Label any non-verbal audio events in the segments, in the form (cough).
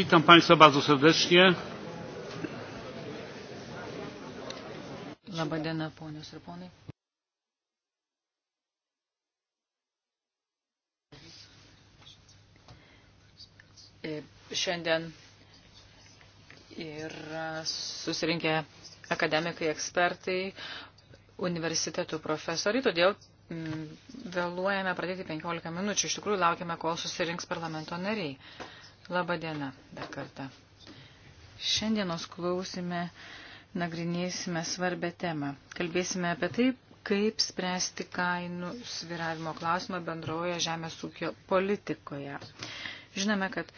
witam państwa bardzo serdecznie. Labą dieną, ponios ir ponai. E, šiandien yra susirinkę akademikai, ekspertai, universitetų profesoriai, todėl mm, vėluojame pradėti 15 minučių. Iš tikrųjų laukiame, kol susirinks parlamento nariai. Labadiena dar kartą. Šiandienos klausime nagrinėsime svarbę temą. Kalbėsime apie tai, kaip spręsti kainų sviravimo klausimą bendroje žemės ūkio politikoje. Žinome, kad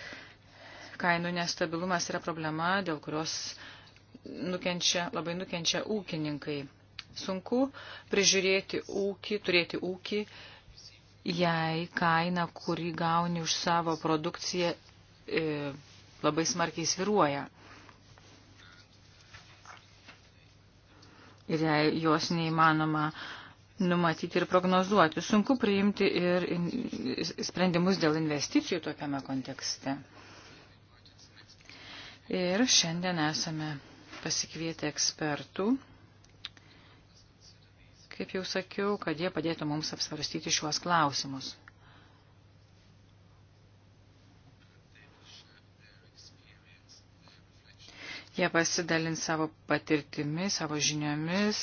kainų nestabilumas yra problema, dėl kurios nukenčia, labai nukenčia ūkininkai. Sunku prižiūrėti ūkį, turėti ūkį, jei kaina, kurį gauni už savo produkciją, E, labai smarkiai sviruoja. Ir jei jos neįmanoma numatyti ir prognozuoti, sunku priimti ir sprendimus dėl investicijų tokiame kontekste. Ir šiandien esame pasikvietę ekspertų, kaip jau sakiau, kad jie padėtų mums apsvarstyti šiuos klausimus. Jie pasidalins savo patirtimi, savo žiniomis,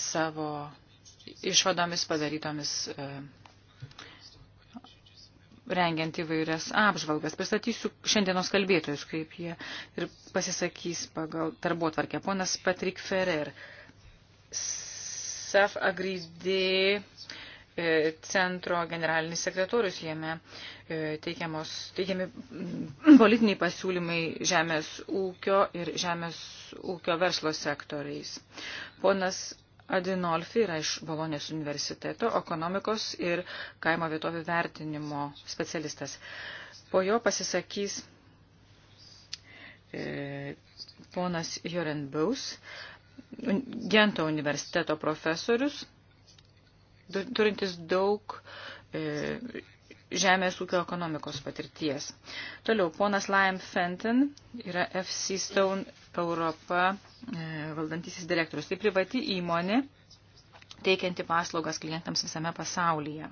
savo išvadomis padarytomis e, rengiant įvairias apžvalgas. Pristatysiu šiandienos kalbėtojus, kaip jie ir pasisakys pagal darbuotvarkę. Ponas Patrik Ferrer, SAF Agridė E, centro generalinis sekretorius jame e, teikiamos, teikiami mm, politiniai pasiūlymai žemės ūkio ir žemės ūkio verslo sektoriais. Ponas Adinolfi yra iš Bolonės universiteto ekonomikos ir kaimo vietovių vertinimo specialistas. Po jo pasisakys e, ponas Joren Baus, Gento universiteto profesorius turintis daug e, žemės ūkio ekonomikos patirties. Toliau, ponas Liam Fenton yra FC Stone Europa e, valdantisis direktorius. Tai privati įmonė, teikianti paslaugas klientams visame pasaulyje.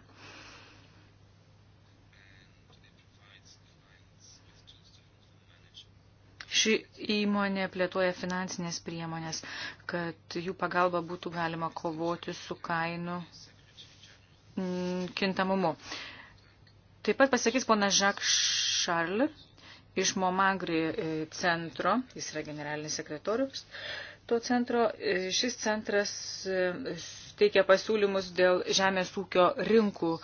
Ši įmonė plėtoja finansinės priemonės, kad jų pagalba būtų galima kovoti su kainų Mm, kintamumu. Taip pat pasakys ponas Žak Šarl iš Momagri e, centro, jis yra generalinis sekretorius to centro. E, šis centras e, teikia pasiūlymus dėl žemės ūkio rinkų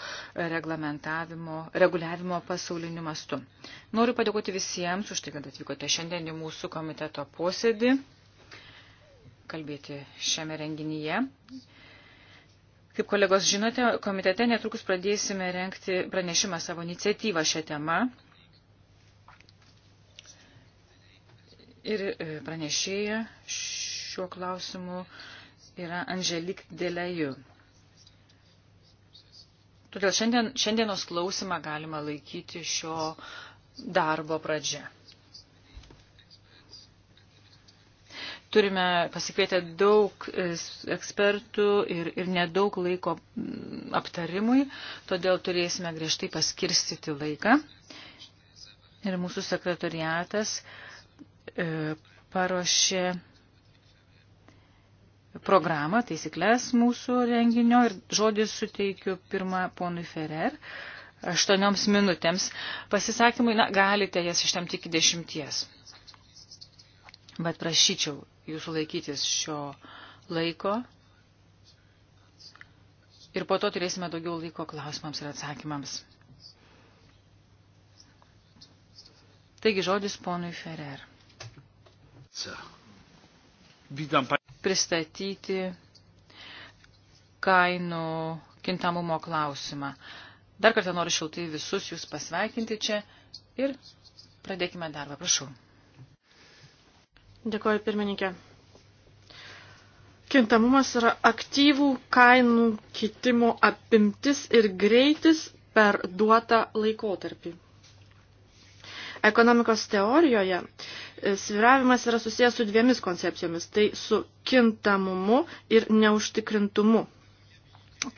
reglamentavimo, reguliavimo pasauliniu mastu. Noriu padėkoti visiems už tai, kad atvykote šiandien į mūsų komiteto posėdį kalbėti šiame renginyje. Kaip kolegos žinote, komitete netrukus pradėsime renkti pranešimą savo iniciatyvą šią temą. Ir e, pranešėja šiuo klausimu yra Anželik Dėlėjų. Todėl šiandien, šiandienos klausimą galima laikyti šio darbo pradžia. turime pasikvietę daug e, ekspertų ir, ir nedaug laiko aptarimui, todėl turėsime griežtai paskirstyti laiką. Ir mūsų sekretoriatas e, paruošė programą, taisyklės mūsų renginio ir žodį suteikiu pirmą ponui Ferrer. Aštuonioms minutėms pasisakymui, na, galite jas ištemti iki dešimties. Bet prašyčiau jūsų laikytis šio laiko. Ir po to turėsime daugiau laiko klausimams ir atsakymams. Taigi žodis ponui Ferrer. Pristatyti kainų kintamumo klausimą. Dar kartą noriu šiltai visus jūs pasveikinti čia ir pradėkime darbą. Prašau. Dėkoju pirmininkė. Kintamumas yra aktyvų kainų kitimo apimtis ir greitis per duotą laikotarpį. Ekonomikos teorijoje e, sviravimas yra susijęs su dviemis koncepcijomis - tai su kintamumu ir neužtikrintumu.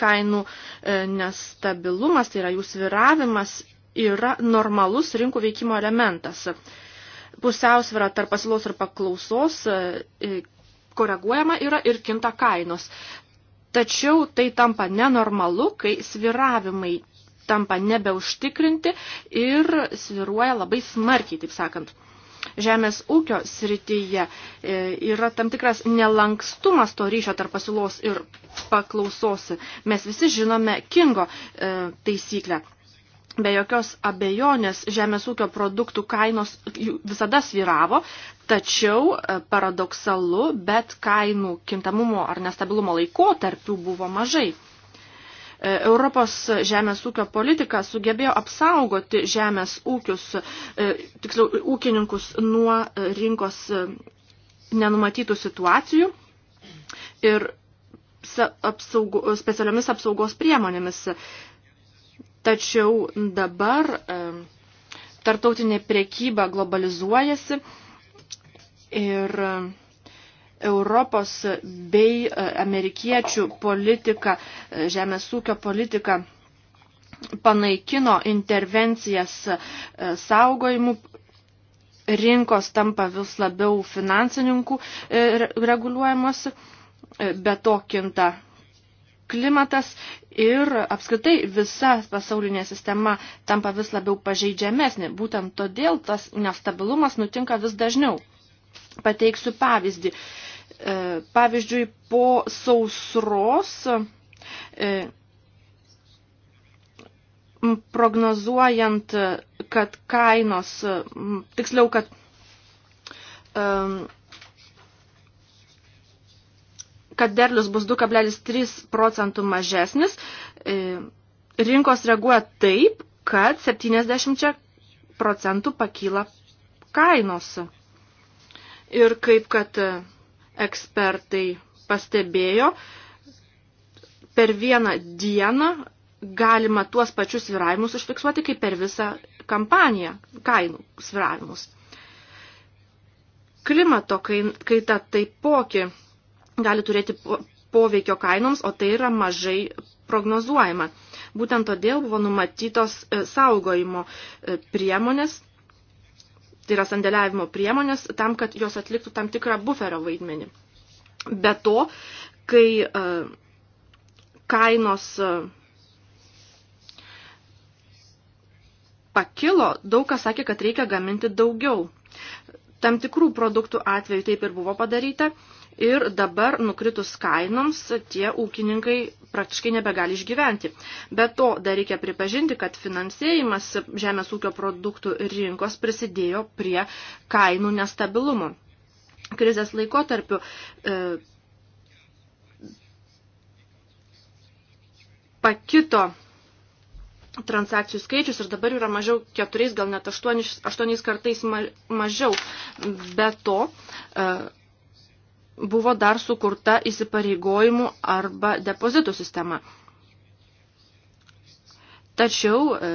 Kainų e, nestabilumas, tai yra jų sviravimas, yra normalus rinkų veikimo elementas pusiausvėra tarp pasiūlos ir paklausos e, e, koreguojama yra ir kinta kainos. Tačiau tai tampa nenormalu, kai sviravimai tampa nebeužtikrinti ir sviruoja labai smarkiai, taip sakant. Žemės ūkio srityje e, yra tam tikras nelankstumas to ryšio tarp pasiūlos ir paklausos. Mes visi žinome Kingo taisyklę. Be jokios abejonės žemės ūkio produktų kainos visada sviravo, tačiau e, paradoksalu, bet kainų kintamumo ar nestabilumo laikotarpių buvo mažai. E, Europos žemės ūkio politika sugebėjo apsaugoti žemės ūkius, e, tiksliau, ūkininkus nuo rinkos nenumatytų situacijų ir apsaugo, specialiomis apsaugos priemonėmis Tačiau dabar e, tartautinė priekyba globalizuojasi ir e, Europos bei e, amerikiečių politika, žemės ūkio politika panaikino intervencijas saugojimų rinkos tampa vis labiau finansininkų reguliuojamos, be to kinta klimatas ir apskritai visa pasaulinė sistema tampa vis labiau pažeidžiamesnė. Būtent todėl tas nestabilumas nutinka vis dažniau. Pateiksiu pavyzdį. E, pavyzdžiui, po sausros e, prognozuojant, kad kainos, tiksliau, kad kad derlius bus 2,3 procentų mažesnis, e, rinkos reaguoja taip, kad 70 procentų pakyla kainos. Ir kaip kad e, ekspertai pastebėjo, per vieną dieną galima tuos pačius sviravimus užfiksuoti kaip per visą kampaniją kainų sviravimus. Klimato kaita taipogi gali turėti poveikio kainoms, o tai yra mažai prognozuojama. Būtent todėl buvo numatytos e, saugojimo e, priemonės, tai yra sandėliavimo priemonės, tam, kad jos atliktų tam tikrą buferio vaidmenį. Be to, kai e, kainos pakilo, daug kas sakė, kad reikia gaminti daugiau. Tam tikrų produktų atveju taip ir buvo padaryta ir dabar nukritus kainoms tie ūkininkai praktiškai nebegali išgyventi. Be to, dar reikia pripažinti, kad finansėjimas žemės ūkio produktų rinkos prisidėjo prie kainų nestabilumo. Krizės laikotarpiu e, pakito transakcijų skaičius ir dabar yra mažiau keturiais, gal net aštuoniais kartais mažiau. Be to, e, buvo dar sukurta įsipareigojimų arba depozitų sistema. Tačiau e,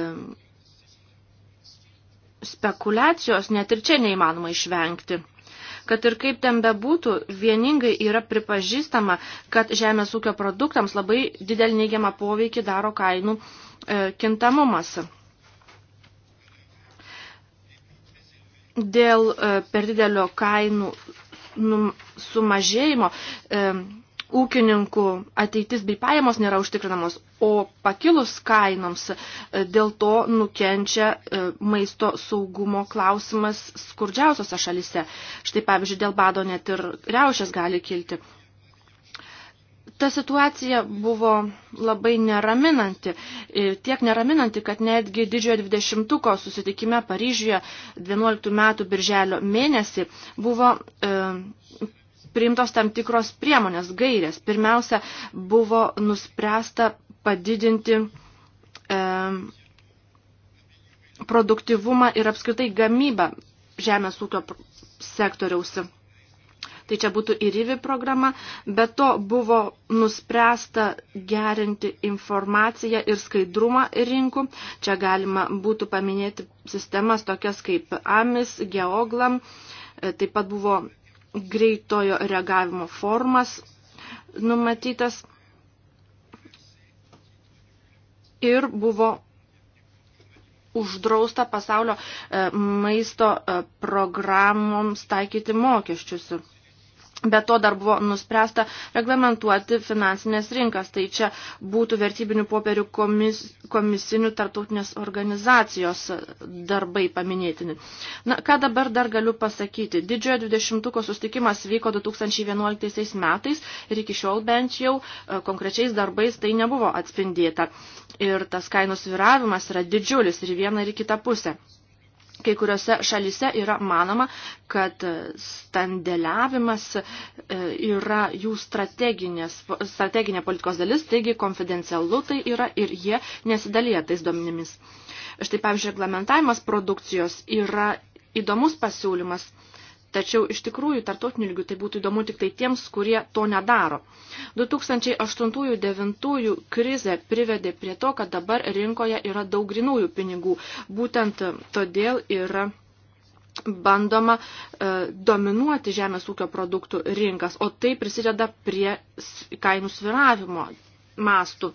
spekulacijos net ir čia neįmanoma išvengti. Kad ir kaip ten bebūtų, vieningai yra pripažįstama, kad žemės ūkio produktams labai didelį neigiamą poveikį daro kainų e, kintamumas. Dėl e, per didelio kainų sumažėjimo e, ūkininkų ateitis bei pajamos nėra užtikrinamos, o pakilus kainoms e, dėl to nukenčia e, maisto saugumo klausimas skurdžiausiose šalise. Štai pavyzdžiui, dėl bado net ir reušės gali kilti. Ta situacija buvo labai neraminanti, e, tiek neraminanti, kad netgi didžiojo dvidešimtuko susitikime Paryžiuje 12 metų birželio mėnesį buvo e, priimtos tam tikros priemonės, gairės. Pirmiausia, buvo nuspręsta padidinti e, produktivumą ir apskritai gamybą žemės ūkio sektoriausi. Tai čia būtų ir IVI programa, bet to buvo nuspręsta gerinti informaciją ir skaidrumą rinkų. Čia galima būtų paminėti sistemas tokias kaip AMIS, Geoglam, e, taip pat buvo greitojo reagavimo formas numatytas ir buvo uždrausta pasaulio e, maisto e, programoms taikyti mokesčius. Be to dar buvo nuspręsta reglamentuoti finansinės rinkas, tai čia būtų vertybinių popierių komis, komisinių tartautinės organizacijos darbai paminėtini. Na, ką dabar dar galiu pasakyti? Didžiojo 20-ko sustikimas vyko 2011 metais ir iki šiol bent jau e, konkrečiais darbais tai nebuvo atspindėta. Ir tas kainų sviravimas yra didžiulis ir viena ir kita pusė. Kai kuriuose šalise yra manoma, kad standeliavimas e, yra jų strateginė politikos dalis, taigi konfidencialu tai yra ir jie nesidalyja tais duomenimis. Štai pavyzdžiui, reglamentavimas produkcijos yra įdomus pasiūlymas Tačiau iš tikrųjų tartotinių lygių tai būtų įdomu tik tai tiems, kurie to nedaro. 2008-2009 krizė privedė prie to, kad dabar rinkoje yra daug grinųjų pinigų. Būtent todėl yra bandoma e, dominuoti žemės ūkio produktų rinkas, o tai prisideda prie kainų sviravimo mastų.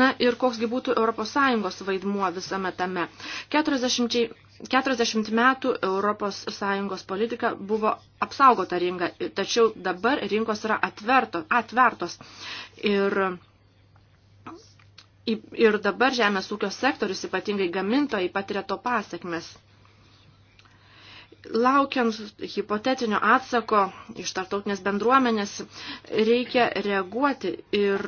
Na ir koksgi būtų ES vaidmuo visame tame. 40 40 metų ES politika buvo apsaugota rinka, tačiau dabar rinkos yra atverto, atvertos. Ir, ir dabar žemės ūkio sektorius, ypatingai gamintojai, patiria to pasiekmes. Laukiant hipotetinio atsako iš tartautinės bendruomenės, reikia reaguoti ir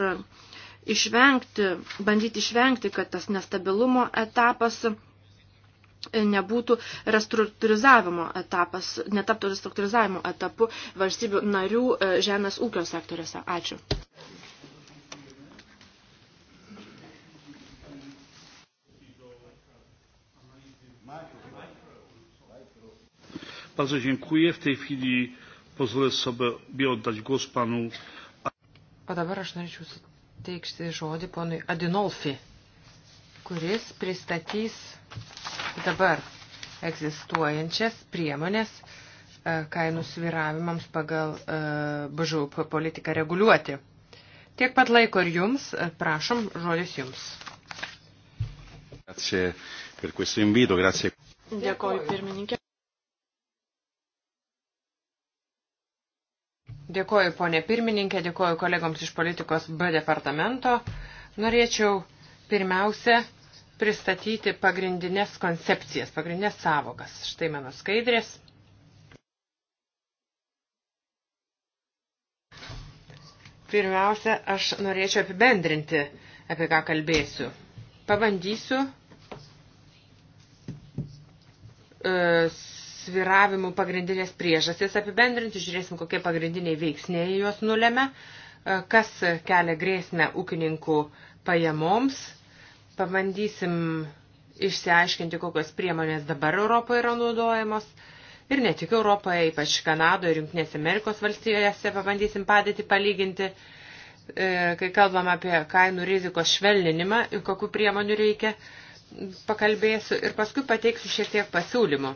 išvengti, bandyti išvengti, kad tas nestabilumo etapas nebūtų restruktūrizavimo etapas, netaptų restruktūrizavimo etapu valstybių narių e, žemės ūkio sektoriuose. Ačiū. Bardzo dziękuję. W tej chwili pozwolę sobie oddać głos panu. O dabar aš norėčiau suteikti žodį ponui Adinolfi, kuris pristatys dabar egzistuojančias priemonės e, kainų sviravimams pagal e, BŽUP politiką reguliuoti. Tiek pat laiko ir jums, e, prašom, žodis jums. Grazie per questo invito, grazie. Dėkoju, pirmininkė. Dėkoju, ponė pirmininkė, dėkoju kolegoms iš politikos B departamento. Norėčiau pirmiausia pristatyti pagrindinės koncepcijas, pagrindinės savokas. Štai mano skaidrės. Pirmiausia, aš norėčiau apibendrinti, apie ką kalbėsiu. Pabandysiu e, sviravimų pagrindinės priežastis apibendrinti, žiūrėsim, kokie pagrindiniai veiksniai juos nulėmė, e, kas kelia grėsmę ūkininkų pajamoms Pabandysim išsiaiškinti, kokios priemonės dabar Europoje yra naudojamos. Ir ne tik Europoje, ypač Kanadoje ir Junktinėse Amerikos valstijose pabandysim padėti palyginti, e, kai kalbam apie kainų rizikos švelninimą ir kokiu priemonių reikia, pakalbėsiu ir paskui pateiksiu šiek tiek pasiūlymų.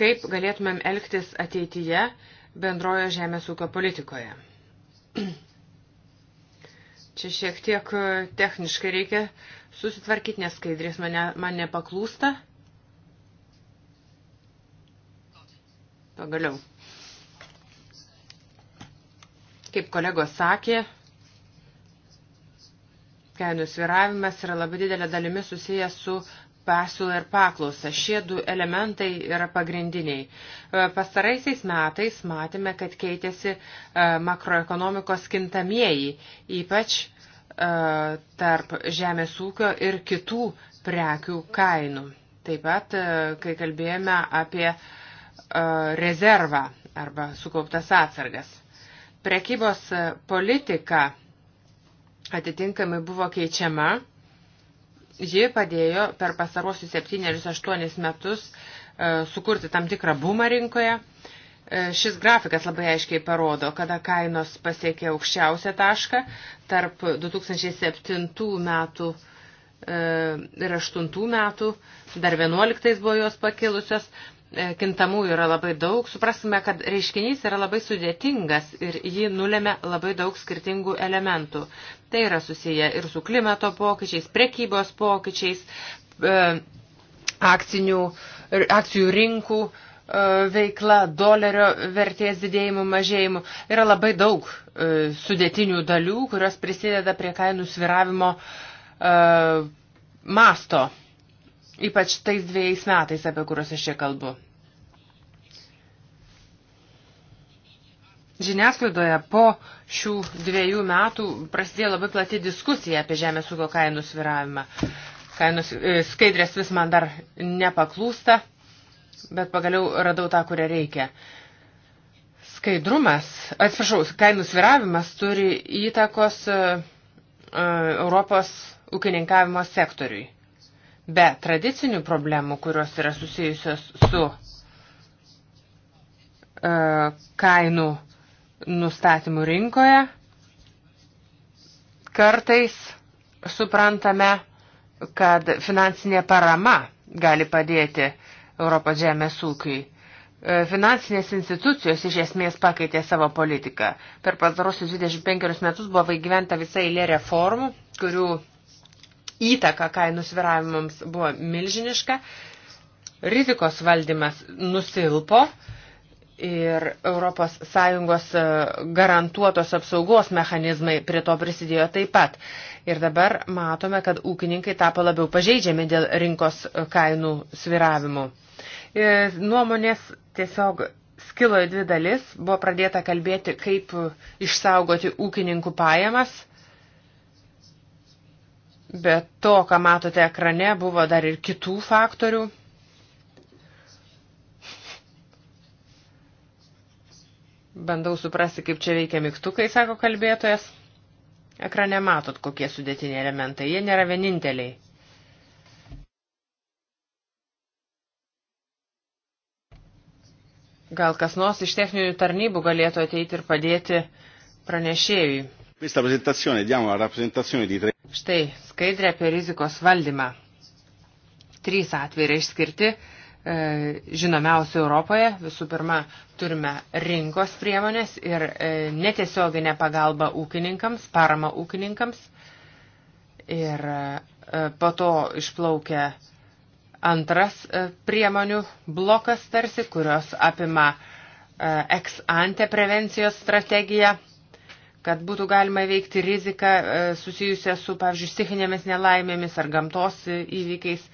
Kaip galėtumėm elgtis ateityje bendrojo žemės ūkio politikoje. (clears throat) Čia šiek tiek e, techniškai reikia susitvarkyti, nes skaidrės mane, man nepaklūsta. Pagaliau. Kaip kolegos sakė, kainų sviravimas yra labai didelė dalimi susijęs su uh, pasiūlą ir paklausą. Šie du elementai yra pagrindiniai. E, pastaraisiais metais matėme, kad keitėsi e, makroekonomikos kintamieji, ypač e, tarp žemės ūkio ir kitų prekių kainų. Taip pat, kai kalbėjome apie rezervą arba sukauptas atsargas. Prekybos politika atitinkamai buvo keičiama Ji padėjo per pasaruosius 7-8 metus e, sukurti tam tikrą bumą rinkoje. E, šis grafikas labai aiškiai parodo, kada kainos pasiekė aukščiausią tašką tarp 2007 metų e, ir 2008 metų, dar 11 buvo jos pakilusios, E, kintamų yra labai daug, supraskime, kad reiškinys yra labai sudėtingas ir jį nulėmė labai daug skirtingų elementų. Tai yra susiję ir su klimato pokyčiais, prekybos pokyčiais, e, akcinių, akcijų rinkų e, veikla, dolerio vertės didėjimų, mažėjimų. Yra labai daug sudėtinių dalių, kurios prisideda prie kainų sviravimo masto. Ypač tais dviejais metais, apie kuriuos aš čia kalbu. Žiniasklaidoje po šių dviejų metų prasidėjo labai plati diskusija apie žemės ūkio kainų sviravimą. Kainos e, skaidrės vis man dar nepaklūsta, bet pagaliau radau tą, kurią reikia. Skaidrumas, atsiprašau, kainų sviravimas turi įtakos uh, Europos ūkininkavimo sektoriui be tradicinių problemų, kurios yra susijusios su e, kainų nustatymų rinkoje, kartais suprantame, kad finansinė parama gali padėti Europos žemės ūkiai. E, finansinės institucijos iš esmės pakeitė savo politiką. Per pastarosius 25 metus buvo vaigventa visa eilė reformų, kurių įtaka kainų sviravimams buvo milžiniška, rizikos valdymas nusilpo ir ES e, garantuotos apsaugos mechanizmai prie to prisidėjo taip pat. Ir dabar matome, kad ūkininkai tapo labiau pažeidžiami dėl rinkos e, kainų sviravimų. E, nuomonės tiesiog skilo į dvi dalis, buvo pradėta kalbėti, kaip išsaugoti ūkininkų pajamas – Bet to, ką matote ekrane, buvo dar ir kitų faktorių. Bandau suprasti, kaip čia veikia mygtukai, sako kalbėtojas. Ekrane matot, kokie sudėtiniai elementai. Jie nėra vieninteliai. Gal kas nors iš techninių tarnybų galėtų ateiti ir padėti pranešėjui. Questa presentazione diamo la rappresentazione di tre. Štai, skaidrė apie rizikos valdymą. Trys atvejai yra išskirti e, žinomiausių Europoje. Visų pirma, turime rinkos priemonės ir e, netiesioginę pagalbą ūkininkams, paramą ūkininkams. Ir e, po to išplaukia antras priemonių blokas tarsi, kurios apima ex ante prevencijos strategiją kad būtų galima veikti riziką e, susijusią su, pavyzdžiui, stichinėmis nelaimėmis ar gamtos e, įvykiais.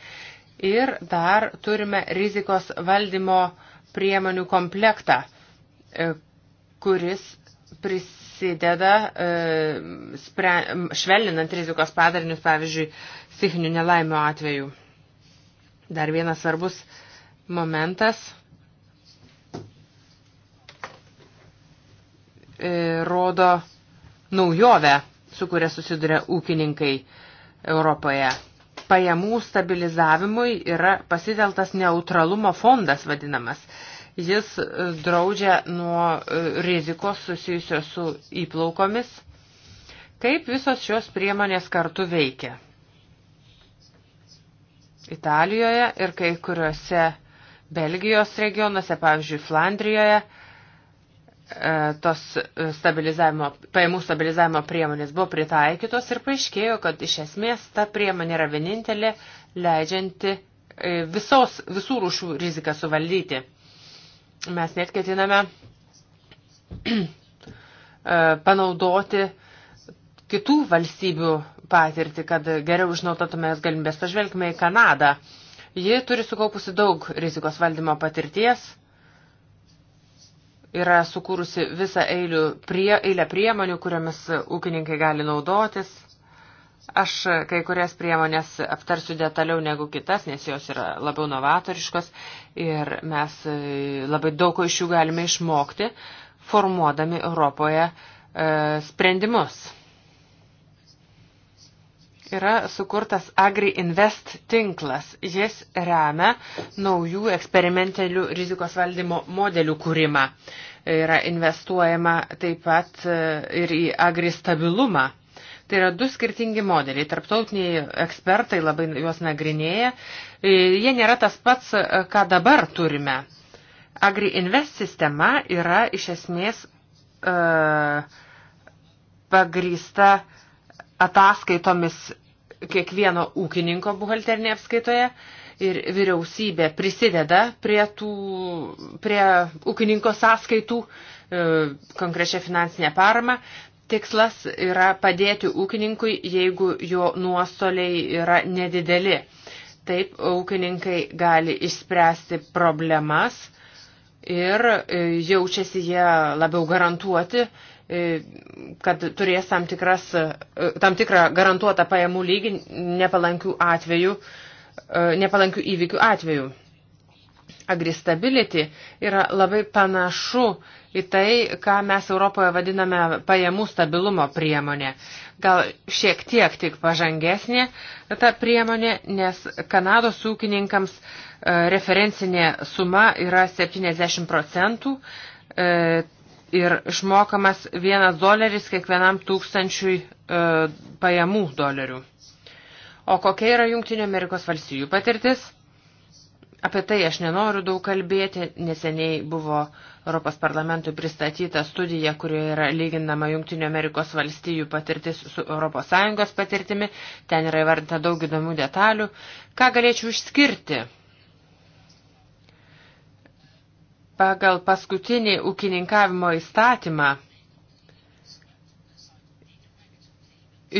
Ir dar turime rizikos valdymo priemonių komplektą, e, kuris prisideda švelninant rizikos padarinius, pavyzdžiui, stichinių nelaimio atveju. Dar vienas svarbus momentas rodo naujovę, su kuria susiduria ūkininkai Europoje. Pajamų stabilizavimui yra pasiteltas neutralumo fondas vadinamas. Jis draudžia nuo e, rizikos susijusios su įplaukomis. Kaip visos šios priemonės kartu veikia? Italijoje ir kai kuriuose Belgijos regionuose, pavyzdžiui, Flandrijoje, E, tos stabilizavimo, pajamų stabilizavimo priemonės buvo pritaikytos ir paaiškėjo, kad iš esmės ta priemonė yra vienintelė leidžianti e, visos, visų rūšių riziką suvaldyti. Mes net ketiname (clears throat) e, panaudoti kitų valstybių patirtį, kad geriau išnaudotume jas galimybės. Pažvelgime į Kanadą. Ji turi sukaupusi daug rizikos valdymo patirties yra sukūrusi visą eilių prie, eilę priemonių, kuriomis ūkininkai gali naudotis. Aš kai kurias priemonės aptarsiu detaliau negu kitas, nes jos yra labiau novatoriškos ir mes e, labai daug ko iš jų galime išmokti, formuodami Europoje e, sprendimus yra sukurtas AgriInvest tinklas. Jis remia naujų eksperimentelių rizikos valdymo modelių kūrimą. Yra investuojama taip pat e, ir į agristabilumą. Tai yra du skirtingi modeliai. Tarptautiniai ekspertai labai juos nagrinėja. E, jie nėra tas pats, e, ką dabar turime. AgriInvest sistema yra iš esmės uh, pagrįsta uh, ataskaitomis kiekvieno ūkininko buhalternėje apskaitoje ir vyriausybė prisideda prie, tų, prie ūkininko sąskaitų e, konkrečią finansinę paramą. Tikslas yra padėti ūkininkui, jeigu jo nuostoliai yra nedideli. Taip ūkininkai gali išspręsti problemas ir e, jaučiasi jie labiau garantuoti E, kad turės tam, tikras, e, tam tikrą garantuotą pajamų lygį nepalankių atvejų, e, nepalankių įvykių atveju. Agristability yra labai panašu į tai, ką mes Europoje vadiname pajamų stabilumo priemonė. Gal šiek tiek tik pažangesnė ta priemonė, nes Kanados ūkininkams referencinė suma yra 70 procentų, ir išmokamas vienas doleris kiekvienam tūkstančiui e, pajamų dolerių. O kokia yra Junktinio Amerikos valstijų patirtis? Apie tai aš nenoriu daug kalbėti, neseniai buvo Europos parlamentui pristatyta studija, kurioje yra lyginama Junktinio Amerikos valstijų patirtis su ES patirtimi, ten yra įvardinta daug įdomių detalių. Ką galėčiau išskirti? Pagal paskutinį ūkininkavimo įstatymą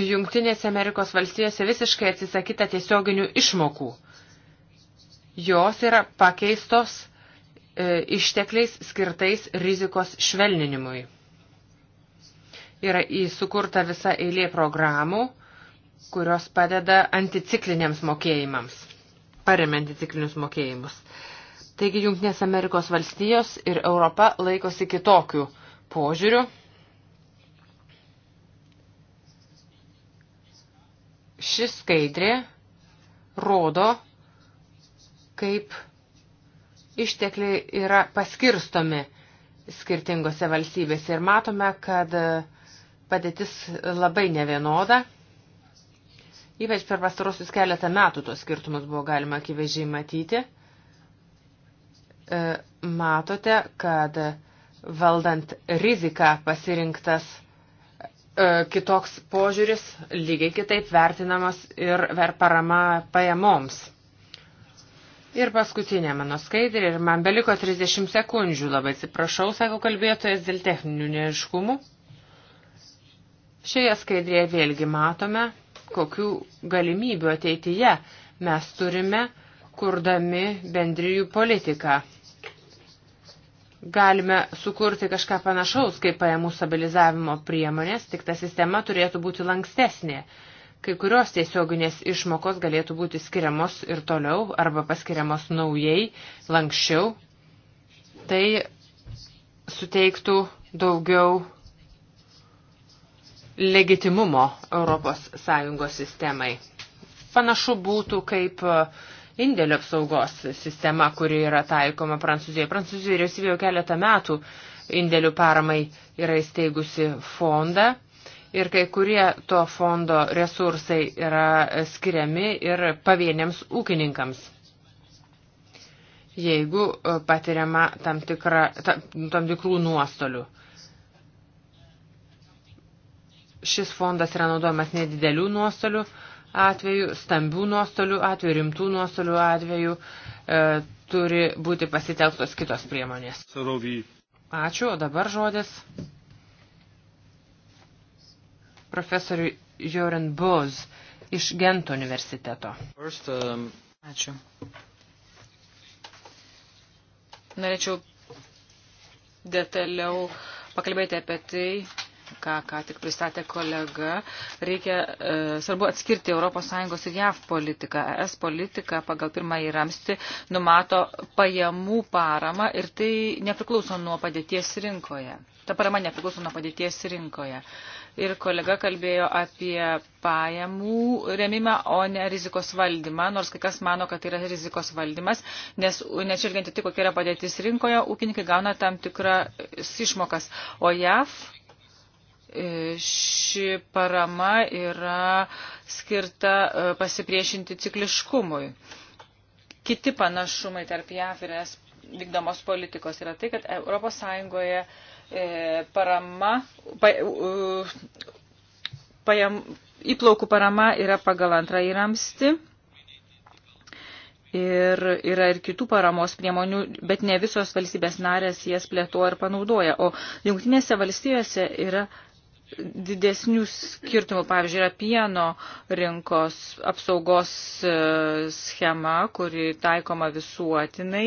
Junktinėse Amerikos valstijose visiškai atsisakyta tiesioginių išmokų. Jos yra pakeistos e, ištekliais skirtais rizikos švelninimui. Yra įsukurta visa eilė programų, kurios padeda anticikliniams mokėjimams, paremia anticiklinius mokėjimus. Taigi Junktinės Amerikos valstijos ir Europa laikosi kitokių požiūrių. Ši skaidrė rodo, kaip ištekliai yra paskirstomi skirtingose valstybėse ir matome, kad padėtis labai nevienoda. Ypač per pastarosius keletą metų tos skirtumus buvo galima akivaizdžiai matyti. E, matote, kad valdant riziką pasirinktas e, kitoks požiūris, lygiai kitaip vertinamas ir ver parama pajamoms. Ir paskutinė mano skaidrė, ir man beliko 30 sekundžių, labai atsiprašau, sako kalbėtojas dėl techninių neiškumų. Šioje skaidrėje vėlgi matome, kokių galimybių ateityje mes turime, kurdami bendrijų politiką galime sukurti kažką panašaus kaip pajamų stabilizavimo priemonės, tik ta sistema turėtų būti lankstesnė. Kai kurios tiesioginės išmokos galėtų būti skiriamos ir toliau arba paskiriamos naujai, lankščiau. Tai suteiktų daugiau legitimumo ES sistemai. Panašu būtų kaip uh, indėlio apsaugos sistema, kuri yra taikoma Prancūzijoje. Prancūzijos vyriausybė jau keletą metų indėlių paramai yra įsteigusi fondą ir kai kurie to fondo resursai yra skiriami ir pavieniams ūkininkams. Jeigu e, patiriama tam, tikra, tam tikrų nuostolių šis fondas yra naudojamas nedidelių nuostolių atveju, stambių nuostolių atveju, rimtų nuostolių atveju e, turi būti pasitelktos kitos priemonės. Ačiū, o dabar žodis profesoriui Joren Boz iš Gento universiteto. First, um... Ačiū. Norėčiau detaliau pakalbėti apie tai, ką, ką tik pristatė kolega, reikia, e, svarbu atskirti ES ir JAV politiką. ES politika pagal pirmąjį ramstį numato pajamų paramą ir tai nepriklauso nuo padėties rinkoje. Ta parama nepriklauso nuo padėties rinkoje. Ir kolega kalbėjo apie pajamų remimą, o ne rizikos valdymą, nors kai kas mano, kad tai yra rizikos valdymas, nes nečilgianti tai, tik kokia yra padėtis rinkoje, ūkininkai gauna tam tikras išmokas. O JAV ši parama yra skirta e, pasipriešinti cikliškumui. Kiti panašumai tarp JAF ir ES vykdomos politikos yra tai, kad ES e, parama, pa, pajam, įplaukų parama yra pagal antrąjį ramsti. Ir yra ir kitų paramos priemonių, bet ne visos valstybės narės jas plėtoja ir panaudoja. O jungtinėse valstijose yra didesnių skirtumų, pavyzdžiui, yra pieno rinkos apsaugos e, schema, kuri taikoma visuotinai.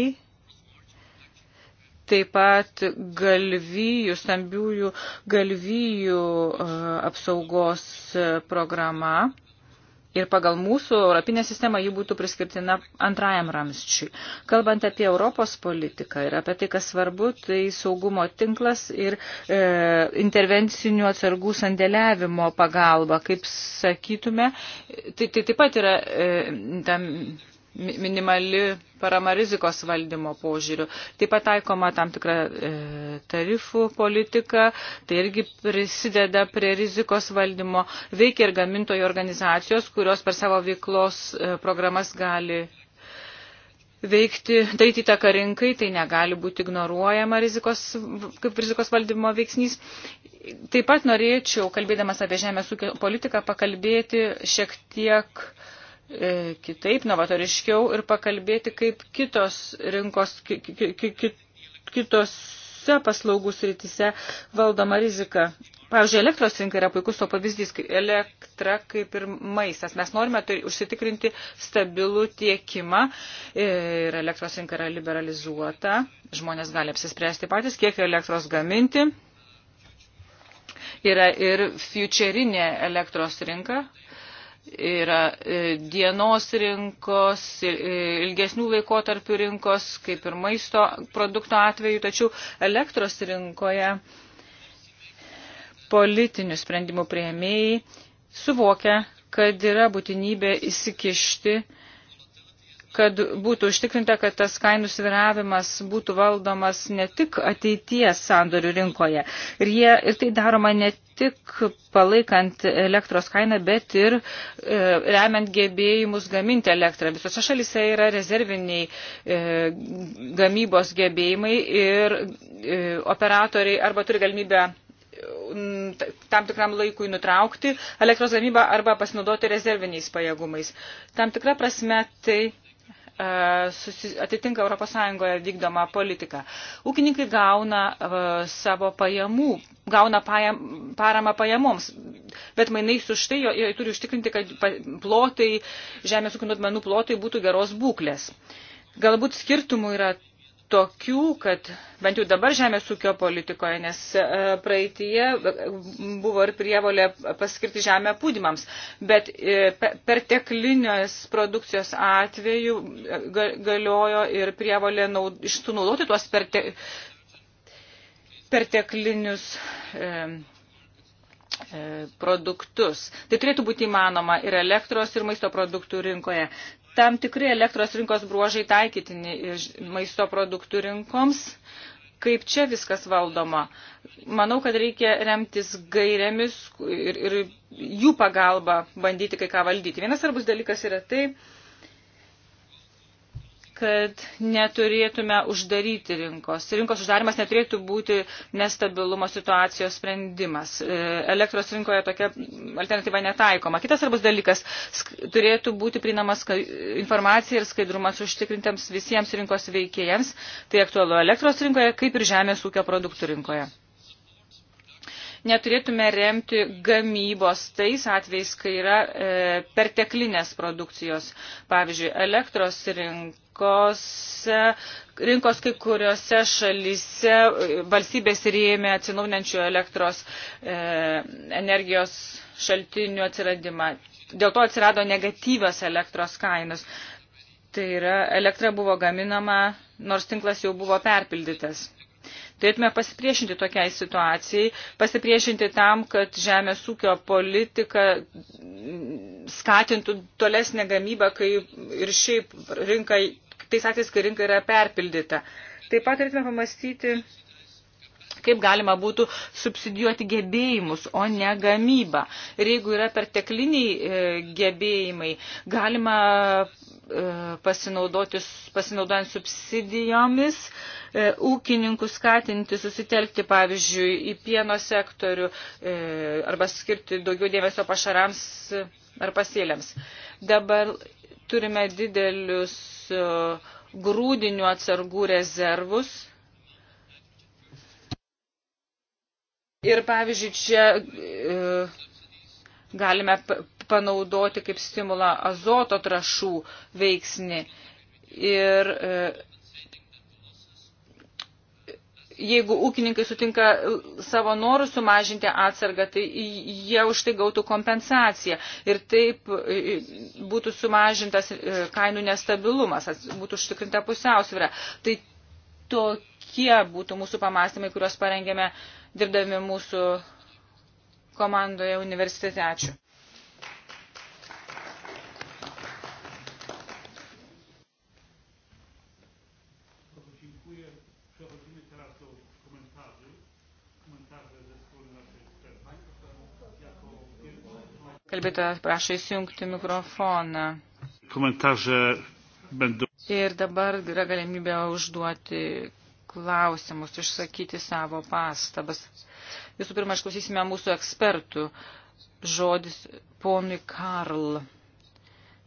Taip pat galvijų, stambiųjų galvijų e, apsaugos e, programa ir pagal mūsų europinę sistemą ji būtų priskirtina antrajam ramsčiui. Kalbant apie Europos politiką ir apie tai, kas svarbu, tai saugumo tinklas ir e, intervencinių atsargų sandėliavimo pagalba, kaip sakytume, tai, tai taip pat yra e, tam minimali parama rizikos valdymo požiūriu. Taip pat taikoma tam tikra e, tarifų politika, tai irgi prisideda prie rizikos valdymo. Veikia ir gamintojų organizacijos, kurios per savo veiklos e, programas gali veikti, daryti įtaką rinkai, tai negali būti ignoruojama rizikos, kaip rizikos valdymo veiksnys. Taip pat norėčiau, kalbėdamas apie žemės ūkio politiką, pakalbėti šiek tiek uh, E, kitaip, novatoriškiau ir pakalbėti, kaip kitos rinkos, ki, ki, ki, kitose paslaugų srityse valdoma rizika. Pavyzdžiui, elektros rinka yra puikus to pavyzdys, elektra kaip ir maistas. Mes norime turi, užsitikrinti stabilų tiekimą ir elektros rinka yra liberalizuota. Žmonės gali apsispręsti patys, kiek elektros gaminti. Yra ir futurinė elektros rinka, yra e, dienos rinkos, ilgesnių laikotarpių rinkos, kaip ir maisto produkto atveju, tačiau elektros rinkoje politinių sprendimų prieimėjai suvokia, kad yra būtinybė įsikišti uh, kad būtų užtikrinta, kad tas kainų sviravimas būtų valdomas ne tik ateities sandorių rinkoje. Ir, jie, ir tai daroma ne tik palaikant elektros kainą, bet ir e, remiant gebėjimus gaminti elektrą. Visose šalise yra rezerviniai e, gamybos gebėjimai ir e, operatoriai arba turi galimybę tam tikram laikui nutraukti elektros gamybą arba pasinaudoti rezerviniais pajėgumais. Tam tikra prasme tai E, atitinka ES vykdomą politiką. Ūkininkai gauna e, savo pajamų, gauna pajam, paramą pajamoms, bet mainais už tai jie turi užtikrinti, kad plotai, žemės ūkio nuotmenų plotai būtų geros būklės. Galbūt skirtumų yra tokių, kad bent jau dabar žemės ūkio politikoje, nes e, praeitie e, buvo ir prievolė paskirti žemę pūdymams, bet e, perteklinės produkcijos atveju galiojo ir prievolė naud, išsunaudoti tuos perte, perteklinius e, e, produktus. Tai turėtų būti įmanoma ir elektros, ir maisto produktų rinkoje tam tikrai elektros rinkos bruožai taikytini maisto produktų rinkoms. Kaip čia viskas valdoma? Manau, kad reikia remtis gairėmis ir, ir jų pagalba bandyti kai ką valdyti. Vienas svarbus dalykas yra tai, kad neturėtume uždaryti rinkos. Rinkos uždarimas neturėtų būti nestabilumo situacijos sprendimas. E, elektros rinkoje tokia alternatyva netaikoma. Kitas svarbus dalykas - turėtų būti prieinamas informacija ir skaidrumas užtikrintiems visiems rinkos veikėjams. Tai aktualu elektros rinkoje, kaip ir žemės ūkio produktų rinkoje. Neturėtume remti gamybos tais atvejais, kai yra e, perteklinės produkcijos. Pavyzdžiui, elektros rinkoje rinkose, rinkos kai kuriuose šalyse valstybės rėmė atsinaujinančių elektros e, energijos šaltinių atsiradimą. Dėl to atsirado negatyvios elektros kainos. Tai yra, elektra buvo gaminama, nors tinklas jau buvo perpildytas. Turėtume pasipriešinti tokiai situacijai, pasipriešinti tam, kad žemės ūkio politika skatintų tolesnę gamybą, kai ir šiaip rinkai tais atvejais, kai rinka yra perpildyta. Taip pat turėtume pamastyti, kaip galima būtų subsidijuoti gebėjimus, o ne gamybą. Ir jeigu yra pertekliniai e, gebėjimai, galima e, pasinaudojant subsidijomis, e, ūkininkus skatinti susitelkti, pavyzdžiui, į pieno sektorių arba skirti daugiau dėmesio pašarams ar pasėliams. Dabar turime didelius E, grūdinių atsargų rezervus. Ir pavyzdžiui, čia e, galime panaudoti kaip stimulą azoto trašų veiksnį. Ir e, jeigu ūkininkai sutinka savo norų sumažinti atsargą, tai jie už tai gautų kompensaciją. Ir taip e, e, būtų sumažintas e, kainų nestabilumas, būtų užtikrinta pusiausvyrė. Tai tokie būtų mūsų pamastymai, kuriuos parengėme dirbdami mūsų komandoje universitete. Ačiū. Kalbėtojas prašo įsijungti mikrofoną. Komentarze bendu. Ir dabar yra galimybė užduoti klausimus, išsakyti savo pastabas. Visų pirma, išklausysime mūsų ekspertų. Žodis ponui Karl.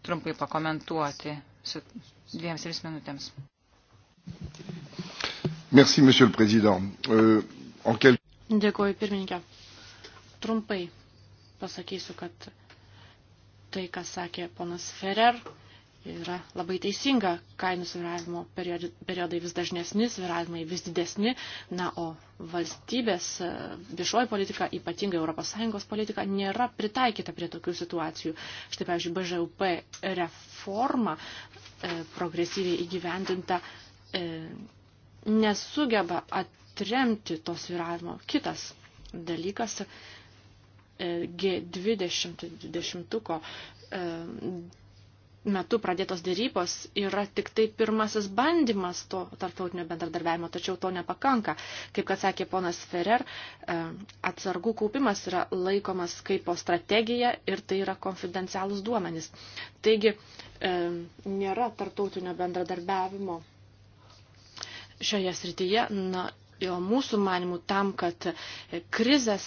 Trumpai pakomentuoti su dviems tris minutėms. Merci, monsieur le président. Euh, en quel... Dėkuoju, pirmininkė. Trumpai pasakysiu, kad tai, kas sakė ponas Ferrer, yra labai teisinga. Kainų sviravimo periodai vis dažnesni, sviravimai vis didesni, na, o valstybės e, viešoji politika, ypatingai ES politika, nėra pritaikyta prie tokių situacijų. Štai, pavyzdžiui, BŽUP reforma e, progresyviai įgyvendinta e, nesugeba atremti to sviravimo. Kitas dalykas G20 dvidešimtuko e, metu pradėtos dėrybos yra tik tai pirmasis bandymas to tarptautinio bendradarbiavimo, tačiau to nepakanka. Kaip kad sakė ponas Ferrer, e, atsargų kaupimas yra laikomas kaip po strategija ir tai yra konfidencialus duomenys. Taigi e, nėra tarptautinio bendradarbiavimo šioje srityje, na, jo mūsų manimų tam, kad krizės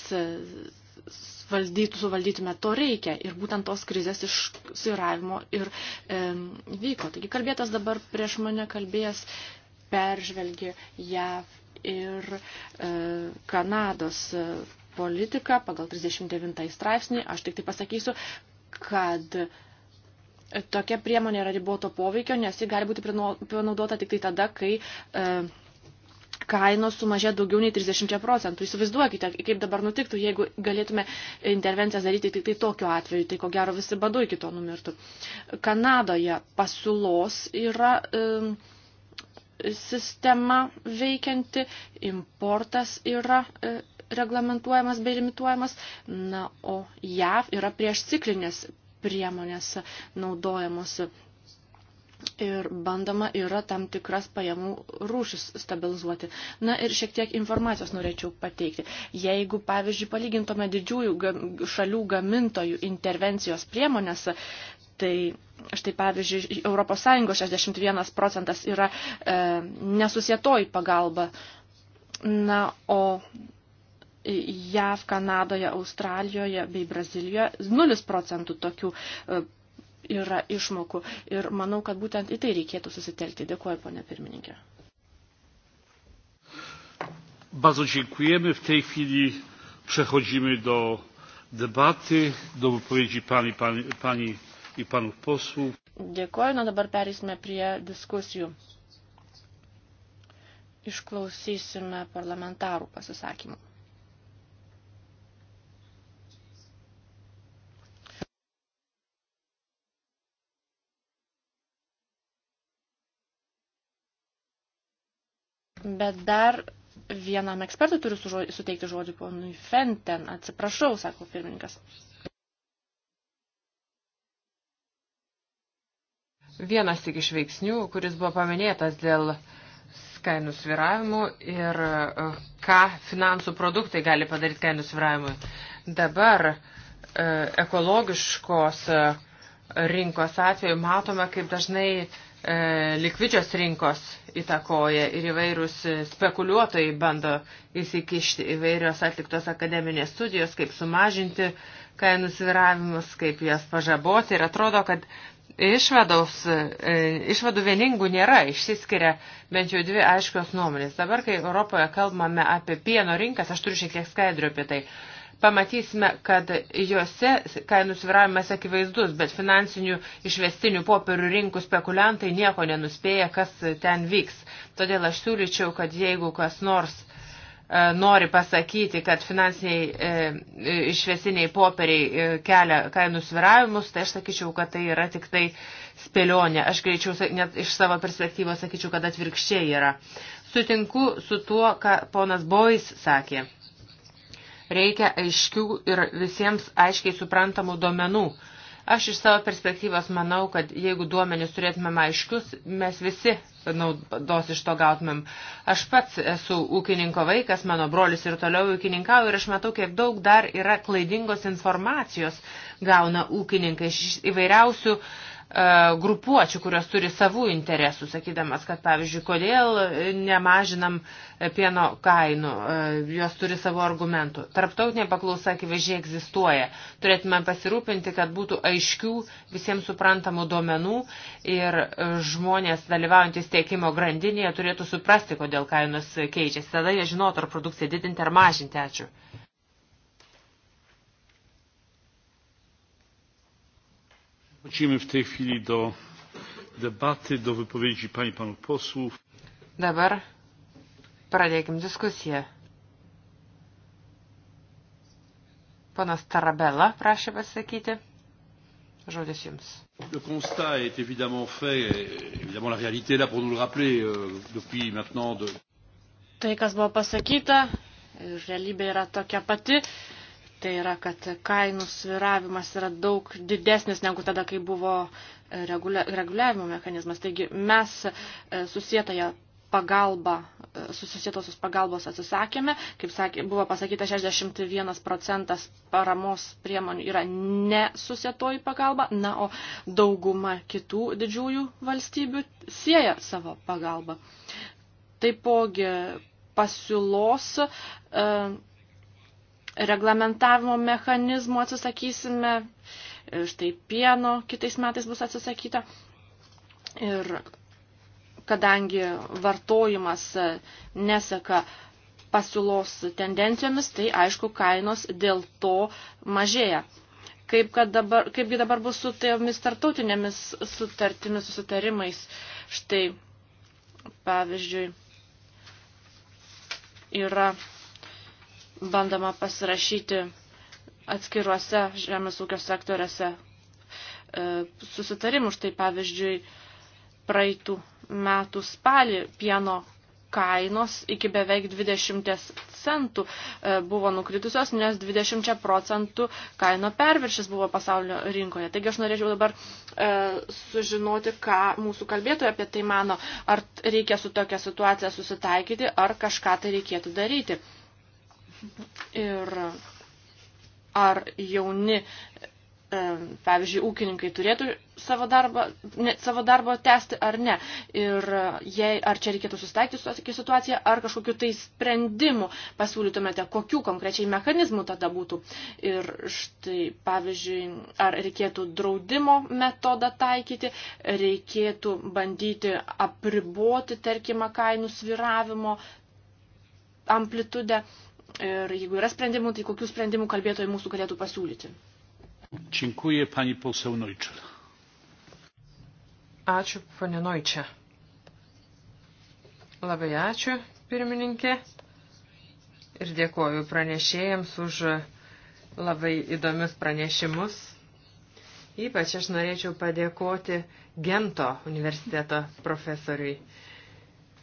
valdytų, suvaldytume, to reikia. Ir būtent tos krizės iš suiravimo ir e, vyko. Taigi kalbėtas dabar prieš mane kalbėjęs peržvelgė JAV ir e, Kanados e, politiką pagal 39 straipsnį. Aš tik tai pasakysiu, kad e, tokia priemonė yra riboto poveikio, nes ji gali būti panaudota tik tai tada, kai e, kainos sumažė daugiau nei 30 procentų. Įsivaizduokite, kaip dabar nutiktų, jeigu galėtume intervencijas daryti tik tai tokiu atveju, tai ko gero visi badu iki to numirtų. Kanadoje pasiūlos yra e, sistema veikianti, importas yra e, reglamentuojamas bei limituojamas, na, o JAV yra prieš ciklinės priemonės naudojamos ir bandoma yra tam tikras pajamų rūšis stabilizuoti. Na ir šiek tiek informacijos norėčiau pateikti. Jeigu, pavyzdžiui, palygintume didžiųjų šalių gamintojų intervencijos priemonės, tai štai pavyzdžiui, ES 61 procentas yra e, nesusietoji pagalba. Na, o JAV, Kanadoje, Australijoje bei Brazilijoje 0 procentų tokių e, yra išmokų. Ir manau, kad būtent į tai reikėtų susitelkti. Dėkuoju, ponė pirmininkė. Bardzo dziękujemy. W tej chwili przechodzimy do debaty, do wypowiedzi pani, pani, pani i panów posłów. Dėkuoju, na dabar perėsime prie diskusijų. Išklausysime parlamentarų pasisakymų. Bet dar vienam ekspertui turiu sužodį, suteikti žodį ponui Fenten. Atsiprašau, sako pirmininkas. Vienas tik iš veiksnių, kuris buvo paminėtas dėl kainų sviravimų ir uh, ką finansų produktai gali padaryti kainų sviravimui. Dabar uh, ekologiškos uh, rinkos atveju matome, kaip dažnai likvidžios rinkos įtakoja ir įvairūs spekuliuotojai bando įsikišti įvairios atliktos akademinės studijos, kaip sumažinti kainų sviravimus, kaip jas pažaboti ir atrodo, kad išvados, e, išvadų vieningų nėra, išsiskiria bent jau dvi aiškios nuomonės. Dabar, kai Europoje kalbame apie pieno rinkas, aš turiu šiek tiek skaidrių apie tai, pamatysime, kad juose kainų sviravimas akivaizdus, bet finansinių išvestinių popierių rinkų spekuliantai nieko nenuspėja, kas ten vyks. Todėl aš siūlyčiau, kad jeigu kas nors e, nori pasakyti, kad finansiniai e, išvesiniai popieriai e, kelia kainų sviravimus, tai aš sakyčiau, kad tai yra tik tai spėlionė. Aš greičiau net iš savo perspektyvos sakyčiau, kad atvirkščiai yra. Sutinku su tuo, ką ponas Bois sakė. Reikia aiškių ir visiems aiškiai suprantamų duomenų. Aš iš savo perspektyvos manau, kad jeigu duomenys turėtumėm aiškius, mes visi naudos iš to gautumėm. Aš pats esu ūkininko vaikas, mano brolis ir toliau ūkininkau ir aš matau, kiek daug dar yra klaidingos informacijos gauna ūkininkai iš įvairiausių uh, E, grupuočių, kurios turi savų interesų, sakydamas, kad pavyzdžiui, kodėl nemažinam pieno kainų, e, jos turi savo argumentų. Tarptautinė paklausa akivaizdžiai egzistuoja. Turėtume pasirūpinti, kad būtų aiškių visiems suprantamų duomenų ir žmonės dalyvaujantis tiekimo grandinėje turėtų suprasti, kodėl kainos keičiasi. Tada jie žinotų, ar produkciją didinti ar mažinti. Ačiū. Przechodzimy w tej chwili do debaty, do wypowiedzi pań i panów posłów. Dabar pradėkim diskusiją. Panas Tarabella prašė pasakyti. Žodis jums. Le constat est évidemment fait, évidemment la réalité est là pour nous le rappeler euh, depuis maintenant de... Tai, kas buvo pasakyta, realybė yra tokia pati. Euh, Tai yra, kad kainų sviravimas yra daug didesnis negu tada, kai buvo e, regulia, reguliavimo mechanizmas. Taigi mes e, susietoje pagalba, e, susietosios pagalbos atsisakėme. Kaip sakė, buvo pasakyta, 61 procentas paramos priemonių yra nesusietoji pagalba, na, o dauguma kitų didžiųjų valstybių sieja savo pagalbą. Taipogi pasiūlos. Uh, e, reglamentavimo mechanizmų atsisakysime, štai pieno kitais metais bus atsisakyta. Ir kadangi vartojimas neseka pasiūlos tendencijomis, tai aišku kainos dėl to mažėja. Kaip kad dabar, kaipgi dabar bus su tomis tartautinėmis sutartimis, susitarimais. Štai, pavyzdžiui, yra bandoma pasirašyti atskiruose žemės ūkio sektoriuose e, susitarimų. Štai pavyzdžiui, praeitų metų spalį pieno kainos iki beveik 20 centų e, buvo nukritusios, nes 20 procentų kaino perviršis buvo pasaulio rinkoje. Taigi aš norėčiau dabar e, sužinoti, ką mūsų kalbėtoja apie tai mano, ar reikia su tokia situacija susitaikyti, ar kažką tai reikėtų daryti. Ir ar jauni, e, pavyzdžiui, ūkininkai turėtų savo darbą, ne, savo darbą tęsti ar ne. Ir jei, ar čia reikėtų sustaikyti su tokia situacija, ar kažkokiu tai sprendimu pasiūlytumėte, kokiu konkrečiai mechanizmu tada būtų. Ir štai, pavyzdžiui, ar reikėtų draudimo metodą taikyti, reikėtų bandyti apriboti, tarkime, kainų sviravimo amplitudę Ir jeigu yra sprendimų, tai kokių sprendimų kalbėtojai mūsų galėtų pasiūlyti. Činkuje, pani poseu Noičel. Ačiū, ponė Noičia. Labai ačiū, pirmininkė. Ir dėkoju pranešėjams už labai įdomius pranešimus. Ypač aš norėčiau padėkoti Gento universiteto profesoriui.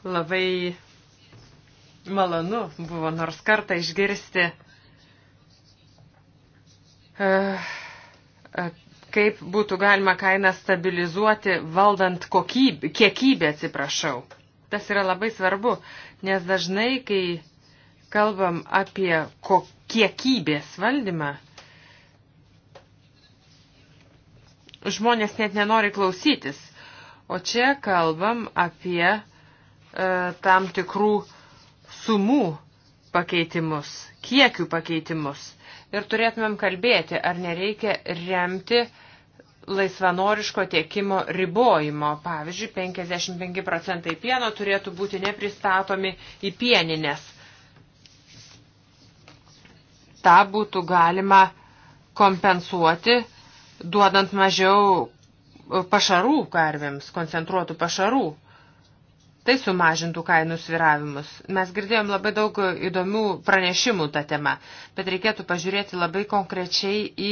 Labai malonu buvo nors kartą išgirsti, eh, eh, kaip būtų galima kainą stabilizuoti valdant kokybę, kiekybę, atsiprašau. Tas yra labai svarbu, nes dažnai, kai kalbam apie kiekybės valdymą, žmonės net nenori klausytis. O čia kalbam apie e, tam tikrų e, sumų pakeitimus, kiekių pakeitimus. Ir turėtumėm kalbėti, ar nereikia remti laisvanoriško tiekimo ribojimo. Pavyzdžiui, 55 procentai pieno turėtų būti nepristatomi į pieninės. Ta būtų galima kompensuoti, duodant mažiau pašarų karvėms, koncentruotų pašarų. Tai sumažintų kainų sviravimus. Mes girdėjom labai daug įdomių pranešimų tą temą, bet reikėtų pažiūrėti labai konkrečiai į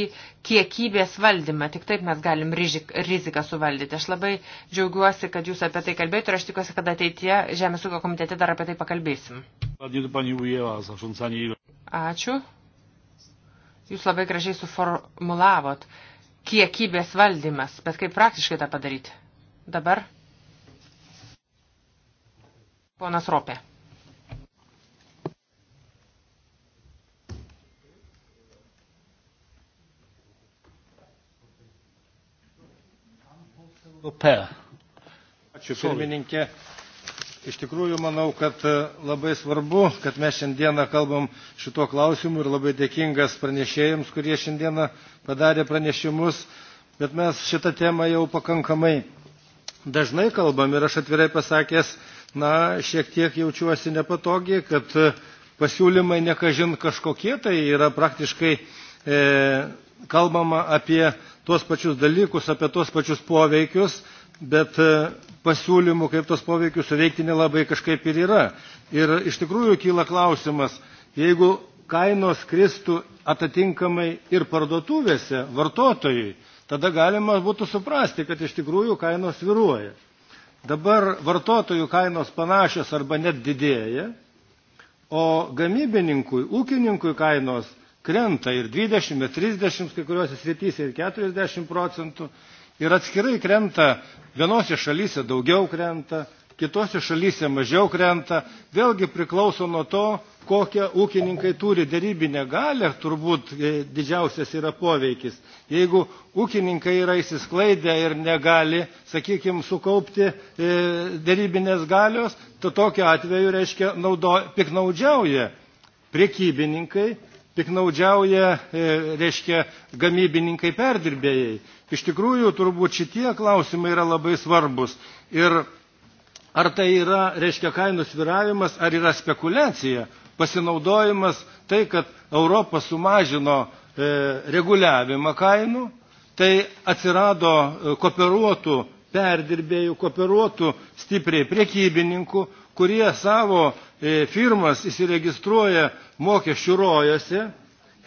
kiekybės valdymą. Tik taip mes galim riziką suvaldyti. Aš labai džiaugiuosi, kad jūs apie tai kalbėjote ir aš tikiuosi, kad ateitie Žemės ūkio komitete dar apie tai pakalbėsim. Ačiū. Jūs labai gražiai suformulavot kiekybės valdymas, bet kaip praktiškai tą padaryti? Dabar Ponas Ropė. Ačiū pirmininkė. Iš tikrųjų, manau, kad e, labai svarbu, kad mes šiandieną kalbam šito klausimu ir labai dėkingas pranešėjams, kurie šiandieną padarė pranešimus, bet mes šitą temą jau pakankamai dažnai kalbam ir aš atvirai pasakęs na, šiek tiek jaučiuosi nepatogiai, kad e, pasiūlymai nekažin kažkokie, tai yra praktiškai e, kalbama apie tuos pačius dalykus, apie tuos pačius poveikius, bet e, pasiūlymų, kaip tos poveikius suveikti nelabai kažkaip ir yra. Ir iš tikrųjų kyla klausimas, jeigu kainos kristų atitinkamai ir parduotuvėse vartotojui, tada galima būtų suprasti, kad iš tikrųjų kainos viruoja. Dabar vartotojų kainos panašios arba net didėja, o gamybininkui, ūkininkui kainos krenta ir 20, ir 30, kai kuriuose srityse ir 40 procentų, ir atskirai krenta, vienose šalyse daugiau krenta, kitose šalyse mažiau krenta. Vėlgi priklauso nuo to, kokią ūkininkai turi dėrybinę galę, turbūt e, didžiausias yra poveikis. Jeigu ūkininkai yra įsisklaidę ir negali, sakykime, sukaupti e, dėrybinės galios, to tai tokiu atveju, reiškia, naudo, piknaudžiauja priekybininkai, piknaudžiauja, e, reiškia, gamybininkai perdirbėjai. Iš tikrųjų, turbūt šitie klausimai yra labai svarbus. Ir ar tai yra, reiškia, kainų sviravimas, ar yra spekulacija, pasinaudojimas tai, kad Europa sumažino e, reguliavimą kainų, tai atsirado e, kooperuotų perdirbėjų, kooperuotų stipriai priekybininkų, kurie savo e, firmas įsiregistruoja mokesčių rojose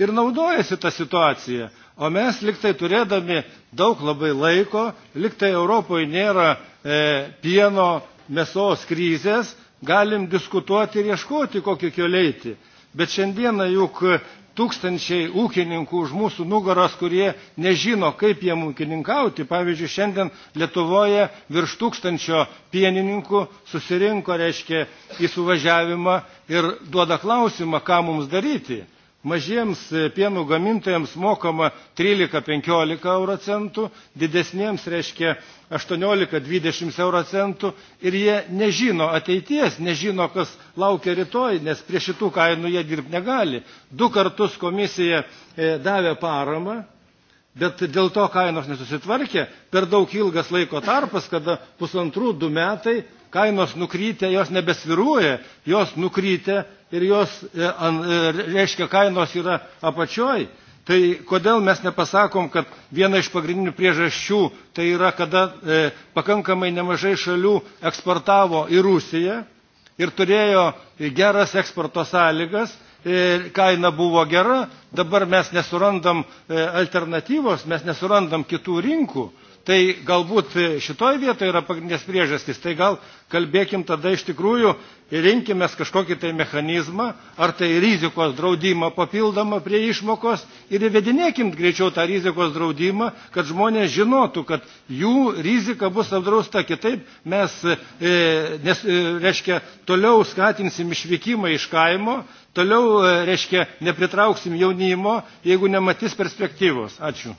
ir naudojasi tą situaciją. O mes liktai turėdami daug labai laiko, liktai Europoje nėra e, pieno mėsos krizės, galim diskutuoti ir ieškoti kokį keliaitį. Bet šiandieną juk tūkstančiai ūkininkų už mūsų nugaros, kurie nežino, kaip jiem ūkininkauti. Pavyzdžiui, šiandien Lietuvoje virš tūkstančio pienininkų susirinko, reiškia, į suvažiavimą ir duoda klausimą, ką mums daryti mažiems e, pieno gamintojams mokama 13-15 euro centų, didesniems reiškia 18-20 euro centų ir jie nežino ateities, nežino, kas laukia rytoj, nes prie šitų kainų jie dirbti negali. Du kartus komisija e, davė paramą, bet dėl to kainos nesusitvarkė, per daug ilgas laiko tarpas, kada pusantrų du metai kainos nukrytė, jos nebesviruoja, jos nukrytė ir jos, e, e, reiškia, kainos yra apačioj. Tai kodėl mes nepasakom, kad viena iš pagrindinių priežasčių tai yra, kada e, pakankamai nemažai šalių eksportavo į Rusiją ir turėjo geras eksporto sąlygas, e, kaina buvo gera, dabar mes nesurandam e, alternatyvos, mes nesurandam kitų rinkų. E, Tai galbūt šitoj vietoje yra pagrindinės priežastys. Tai gal kalbėkim tada iš tikrųjų ir rinkime kažkokį tai mechanizmą, ar tai rizikos draudimą papildomą prie išmokos ir įvedinėkim greičiau tą rizikos draudimą, kad žmonės žinotų, kad jų rizika bus apdrausta. Kitaip mes, e, nes, e, reiškia, toliau skatinsim išvykimą iš kaimo, toliau, e, reiškia, nepritrauksim jaunimo, jeigu nematys perspektyvos. Ačiū.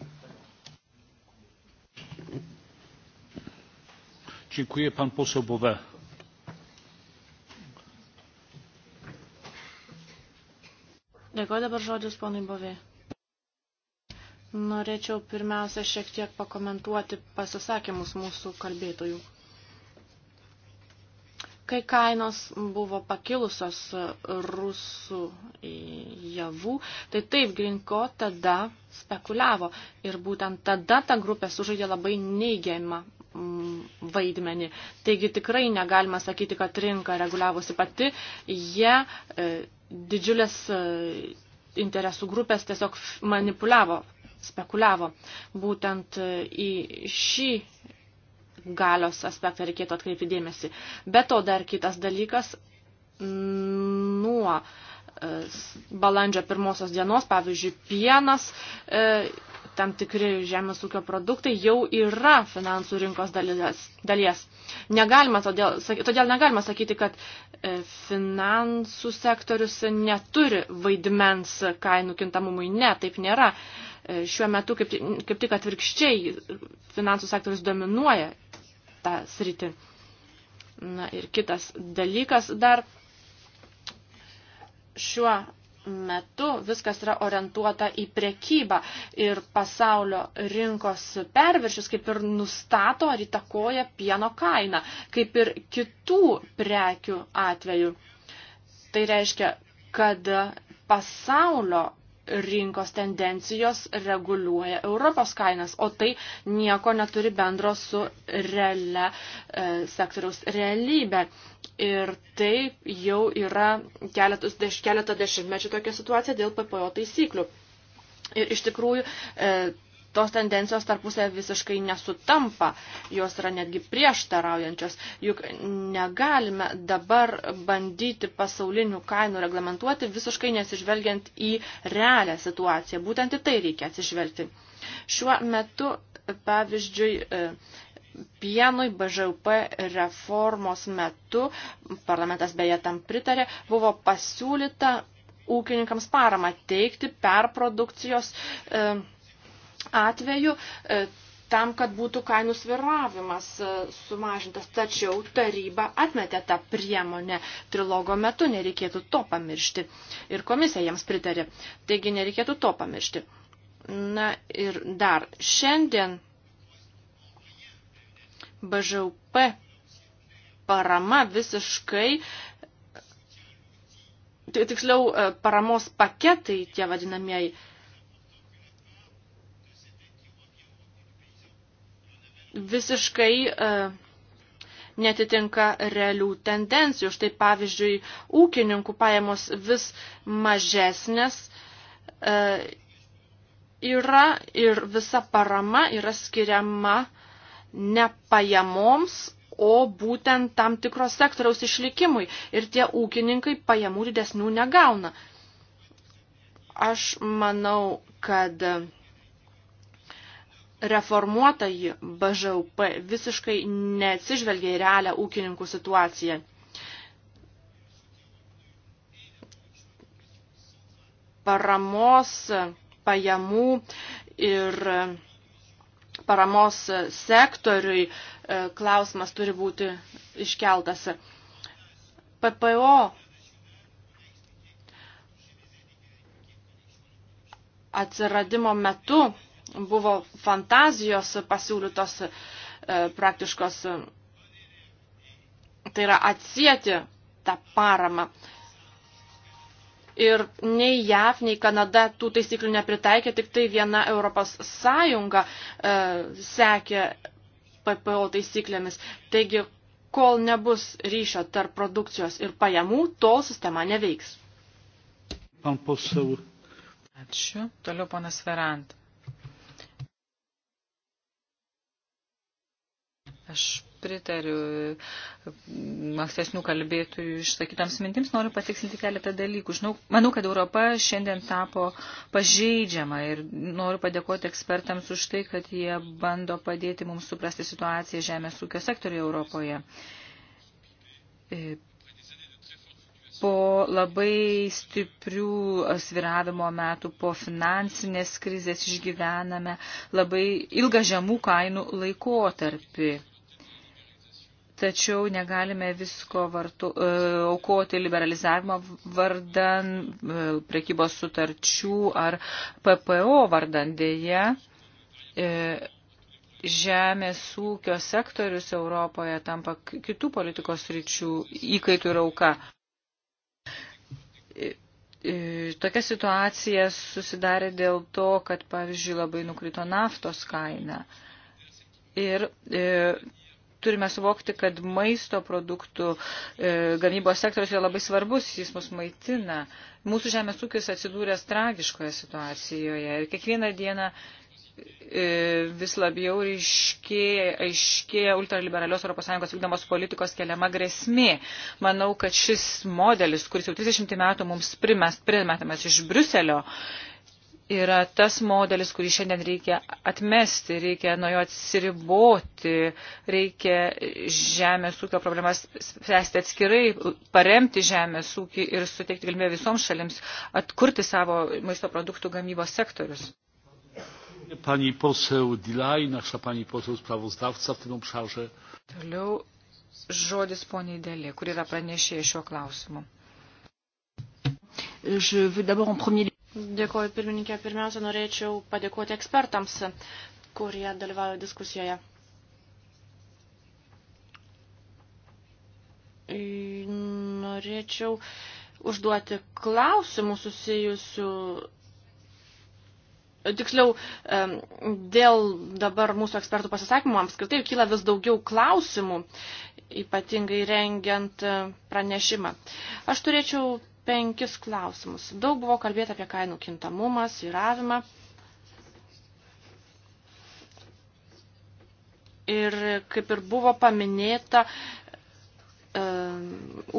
Dziękuję. Pan poseł Bowe. Dėkoju dabar žodžius ponui Bovė. Norėčiau pirmiausia šiek tiek pakomentuoti pasisakymus mūsų kalbėtojų. Kai kainos buvo pakilusios rusų javų, tai taip Grinko tada spekuliavo ir būtent tada ta grupė sužaidė labai neigiamą Mm, vaidmenį. Taigi tikrai negalima sakyti, kad rinka reguliavosi pati, jie e, didžiulės e, interesų grupės tiesiog manipuliavo, spekuliavo. Būtent e, į šį galios aspektą reikėtų atkreipti dėmesį. Be to dar kitas dalykas nuo balandžio pirmosios dienos, pavyzdžiui, pienas tam tikri žemės ūkio produktai jau yra finansų rinkos dalies. Negalima todėl, todėl negalima sakyti, kad e, finansų sektorius neturi vaidmens kainų kintamumui. Ne, taip nėra. E, šiuo metu kaip, kaip tik atvirkščiai finansų sektorius dominuoja tą sritį. Na ir kitas dalykas dar šiuo metu viskas yra orientuota į prekybą ir pasaulio rinkos perviršis kaip ir nustato ar įtakoja pieno kainą, kaip ir kitų prekių atveju. Tai reiškia, kad pasaulio rinkos tendencijos reguliuoja Europos kainas, o tai nieko neturi bendro su realia e, sektoriaus realybė. Ir tai jau yra keletus, deš, keletą dešimtmečių tokia situacija dėl PPO taisyklių. Ir iš tikrųjų e, tos tendencijos tarpusėje visiškai nesutampa, jos yra netgi prieštaraujančios, juk negalime dabar bandyti pasaulinių kainų reglamentuoti visiškai nesižvelgiant į realią situaciją, būtent į tai reikia atsižvelgti. Šiuo metu, pavyzdžiui, e, pienui BŽUP reformos metu, parlamentas beje tam pritarė, buvo pasiūlyta ūkininkams paramą teikti perprodukcijos e, atveju e, tam, kad būtų kainų sviravimas e, sumažintas. Tačiau taryba atmetė tą priemonę trilogo metu, nereikėtų to pamiršti. Ir komisija jiems pritarė. Taigi nereikėtų to pamiršti. Na ir dar šiandien BŽUP parama visiškai tiksliau e, paramos paketai tie vadinamieji visiškai e, netitinka realių tendencijų. Štai pavyzdžiui, ūkininkų pajamos vis mažesnės e, yra ir visa parama yra skiriama ne pajamoms, o būtent tam tikros sektoriaus išlikimui. Ir tie ūkininkai pajamų didesnių negauna. Aš manau, kad reformuotoji BŽUP visiškai neatsižvelgia į realią ūkininkų situaciją. Paramos, pajamų ir paramos sektoriui e, klausimas turi būti iškeltas. PPO atsiradimo metu buvo fantazijos pasiūlytos e, praktiškos, e, tai yra atsijėti tą paramą. Ir nei JAV, nei Kanada tų taisyklių nepritaikė, tik tai viena Europos Sąjunga e, sekė PPO taisyklėmis. Taigi, kol nebus ryšio tarp produkcijos ir pajamų, tol sistema neveiks. Ačiū. Toliau ponas Ferant. Aš pritariu ankstesnių kalbėtojų išsakytoms mintims, noriu patiksinti keletą dalykų. Žinau, manau, kad Europa šiandien tapo pažeidžiama ir noriu padėkoti ekspertams už tai, kad jie bando padėti mums suprasti situaciją žemės ūkio sektoriuje Europoje. E, po labai stiprių sviravimo metų, po finansinės krizės išgyvename labai ilgą žemų kainų laikotarpį tačiau negalime visko vartu, e, aukoti liberalizavimo vardan, e, prekybos sutarčių ar PPO vardan dėje. Žemės ūkio sektorius Europoje tampa kitų politikos ryčių įkaitų ir auka e, tokia situacija susidarė dėl to, kad, pavyzdžiui, labai nukrito naftos kaina. Ir e, turime suvokti, kad maisto produktų e, gamybos sektorius yra labai svarbus, jis mus maitina. Mūsų žemės ūkis atsidūręs tragiškoje situacijoje ir kiekvieną dieną e, vis labiau ryškėja, aiškėja ultraliberalios ES vykdomos politikos keliama grėsmė. Manau, kad šis modelis, kuris jau 30 metų mums primetamas iš Briuselio, yra tas modelis, kurį šiandien reikia atmesti, reikia nuo jo atsiriboti, reikia žemės ūkio problemas spręsti atskirai, paremti žemės ūkį ir suteikti galimybę visoms šalims atkurti savo maisto produktų gamybos sektorius. Pani poseł Dilaj, nasza pani poseł sprawozdawca w tym obszarze. Toliau žodis poniai Dėlė, kur yra pranešė šio klausimu. Je veux d'abord en premier Dėkuoju pirmininkė. Pirmiausia, norėčiau padėkoti ekspertams, kurie dalyvauja diskusijoje. Norėčiau užduoti klausimų susijusių. Tiksliau, dėl dabar mūsų ekspertų pasisakymų apskritai kyla vis daugiau klausimų, ypatingai rengiant pranešimą. Aš turėčiau penkis klausimus. Daug buvo kalbėta apie kainų kintamumą, sviravimą. Ir kaip ir buvo paminėta, e,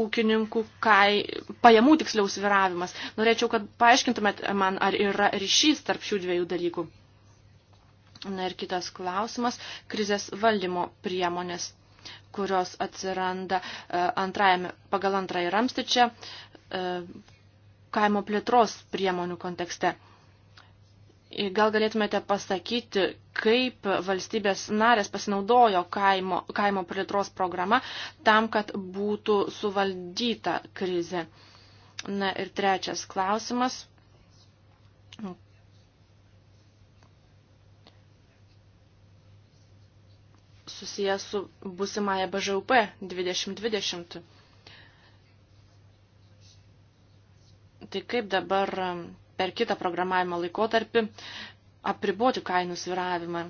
ūkininkų kai, pajamų tiksliau sviravimas. Norėčiau, kad paaiškintumėt man, ar yra ryšys tarp šių dviejų dalykų. Na ir kitas klausimas – krizės valdymo priemonės kurios atsiranda e, antrajame, pagal antrąjį ramstį čia E, kaimo plėtros priemonių kontekste. Gal galėtumėte pasakyti, kaip valstybės narės pasinaudojo kaimo, kaimo plėtros programą tam, kad būtų suvaldyta krizė. Na ir trečias klausimas. Susijęs su busimąją BŽUP 2020. Tai kaip dabar um, per kitą programavimo laikotarpį apriboti kainų sviravimą?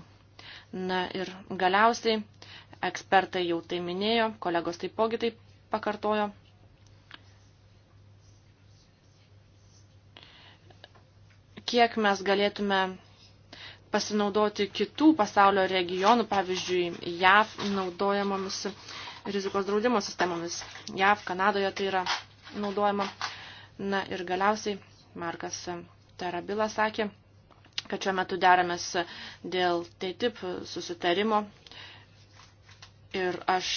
Na ir galiausiai, ekspertai jau tai minėjo, kolegos taipogi tai pakartojo. Kiek mes galėtume pasinaudoti kitų pasaulio regionų, pavyzdžiui, JAV naudojamomis rizikos draudimo sistemomis. JAV, Kanadoje tai yra naudojama. Na ir galiausiai Markas Tarabila sakė, kad šiuo metu deramės dėl TTIP susitarimo. Ir aš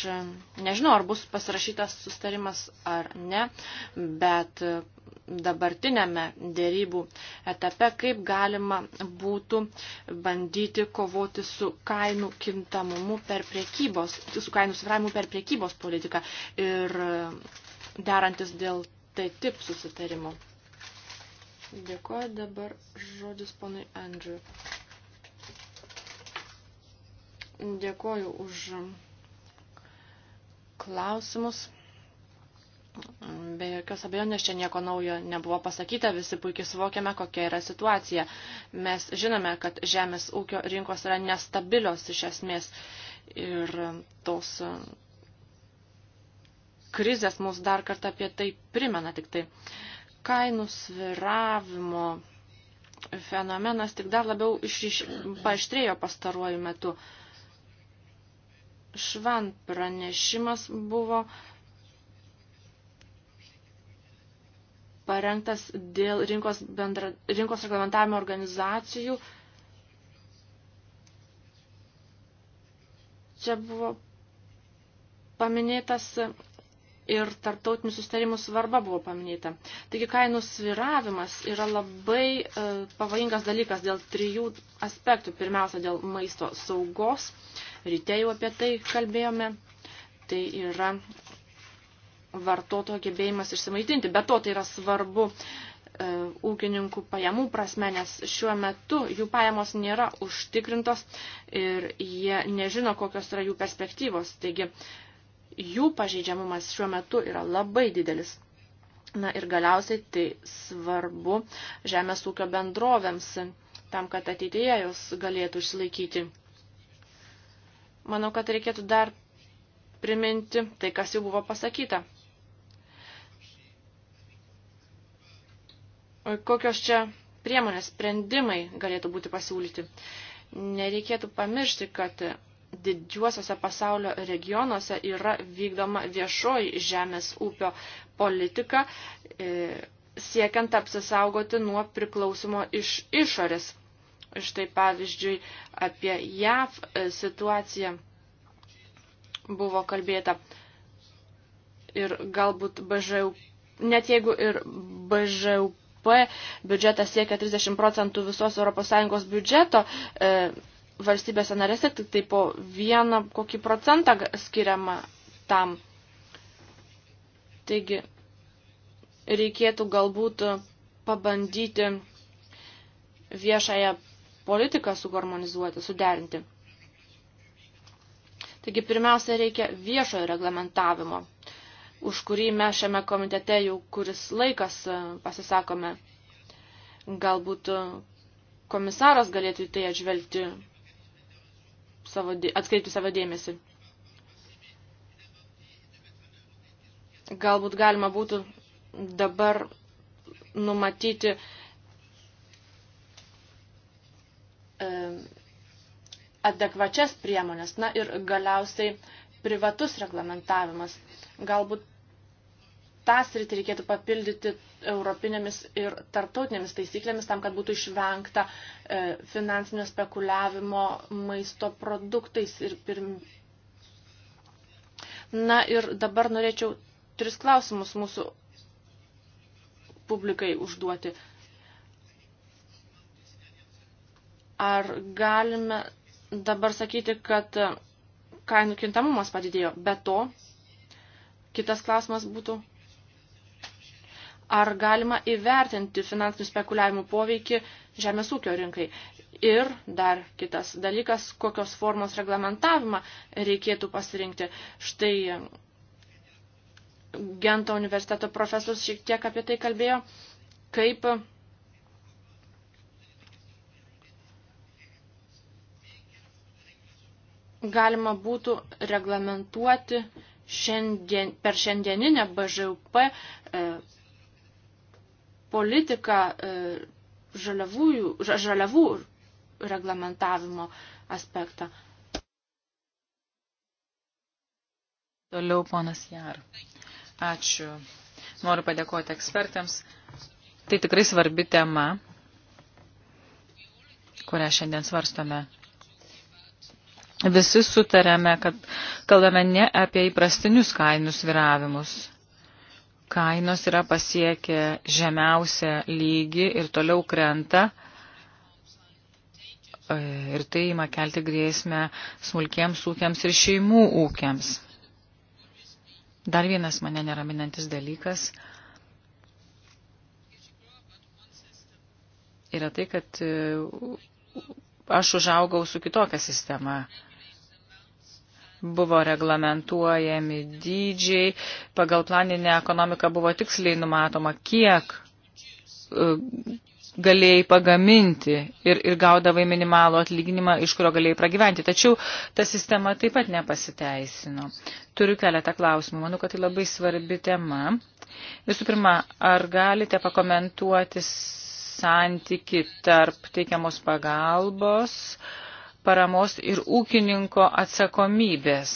nežinau, ar bus pasirašytas sustarimas ar ne, bet dabartinėme dėrybų etape, kaip galima būtų bandyti kovoti su kainų kintamumu per priekybos, su kainų sviravimu per priekybos politiką ir derantis dėl tai tip susitarimo. Dėkuoju dabar žodis ponui Andrew. Dėkuoju už klausimus. Be jokios abejonės čia nieko naujo nebuvo pasakyta, visi puikiai suvokiame, kokia yra situacija. Mes žinome, kad žemės ūkio rinkos yra nestabilios iš esmės ir tos krizės mums dar kartą apie tai primena tik tai. Kainų sviravimo fenomenas tik dar labiau išryš... paaištrėjo pastaruoju metu. Švan pranešimas buvo parengtas dėl rinkos, bendra, rinkos reglamentavimo organizacijų. Čia buvo paminėtas ir tarptautinių sustarimų svarba buvo paminėta. Taigi kainų sviravimas yra labai e, pavojingas dalykas dėl trijų aspektų. Pirmiausia, dėl maisto saugos. Ryte jau apie tai kalbėjome. Tai yra vartotojo gebėjimas išsimaitinti. Be to, tai yra svarbu e, ūkininkų pajamų prasme, nes šiuo metu jų pajamos nėra užtikrintos ir jie nežino, kokios yra jų perspektyvos. Taigi, e, jų pažeidžiamumas šiuo metu yra labai didelis. Na ir galiausiai tai svarbu žemės ūkio bendrovėms, tam, kad ateityje jos galėtų išsilaikyti. Manau, kad reikėtų dar priminti tai, kas jau buvo pasakyta. Kokios čia priemonės, sprendimai galėtų būti pasiūlyti. Nereikėtų pamiršti, kad didžiuosiuose pasaulio regionuose yra vykdoma viešoji žemės ūkio politika, e, siekiant apsisaugoti nuo priklausimo iš išorės. Štai pavyzdžiui, apie JAV e, situaciją buvo kalbėta ir galbūt BŽUP, net jeigu ir BŽUP biudžetas siekia 30 procentų visos ES biudžeto, e, valstybėse narėse tik tai po vieną kokį procentą skiriama tam. Taigi reikėtų galbūt pabandyti viešąją politiką suharmonizuoti, suderinti. Taigi pirmiausia reikia viešojo reglamentavimo, už kurį mes šiame komitete jau kuris laikas e, pasisakome. Galbūt e, komisaras galėtų į tai atžvelgti savo, atskreipti savo dėmesį. Galbūt galima būtų dabar numatyti e, adekvačias priemonės, na ir galiausiai privatus reglamentavimas. Galbūt tą sritį reikėtų papildyti europinėmis ir tarptautinėmis taisyklėmis tam, kad būtų išvengta e, finansinio spekuliavimo maisto produktais ir pirm... Na ir dabar norėčiau tris klausimus mūsų publikai užduoti. Ar galime dabar sakyti, kad kainų kintamumas padidėjo? Be to, kitas klausimas būtų, ar galima įvertinti finansinių spekuliavimų poveikį žemės ūkio rinkai. Ir dar kitas dalykas, kokios formos reglamentavimą reikėtų pasirinkti. Štai Gento universiteto profesorius šiek tiek apie tai kalbėjo, kaip galima būtų reglamentuoti šiandien, per šiandieninę BŽUP e, politiką e, žaliavų, žaliavų reglamentavimo aspektą. Toliau ponas Jar. Ačiū. Noriu padėkoti ekspertams. Tai tikrai svarbi tema, kurią šiandien svarstome. Visi sutarėme, kad kalbame ne apie įprastinius kainų sviravimus, kainos yra pasiekę žemiausią lygį ir toliau krenta. E, ir tai ima kelti grėsmę smulkiems ūkiams ir šeimų ūkiams. Dar vienas mane neraminantis dalykas yra tai, kad e, aš užaugau su kitokia sistema buvo reglamentuojami dydžiai, pagal planinę ekonomiką buvo tiksliai numatoma, kiek e, galėjai pagaminti ir, ir gaudavai minimalų atlyginimą, iš kurio galėjai pragyventi. Tačiau ta sistema taip pat nepasiteisino. Turiu keletą klausimų. Manau, kad tai labai svarbi tema. Visų pirma, ar galite pakomentuoti santyki tarp teikiamos pagalbos, uh, paramos ir ūkininko atsakomybės.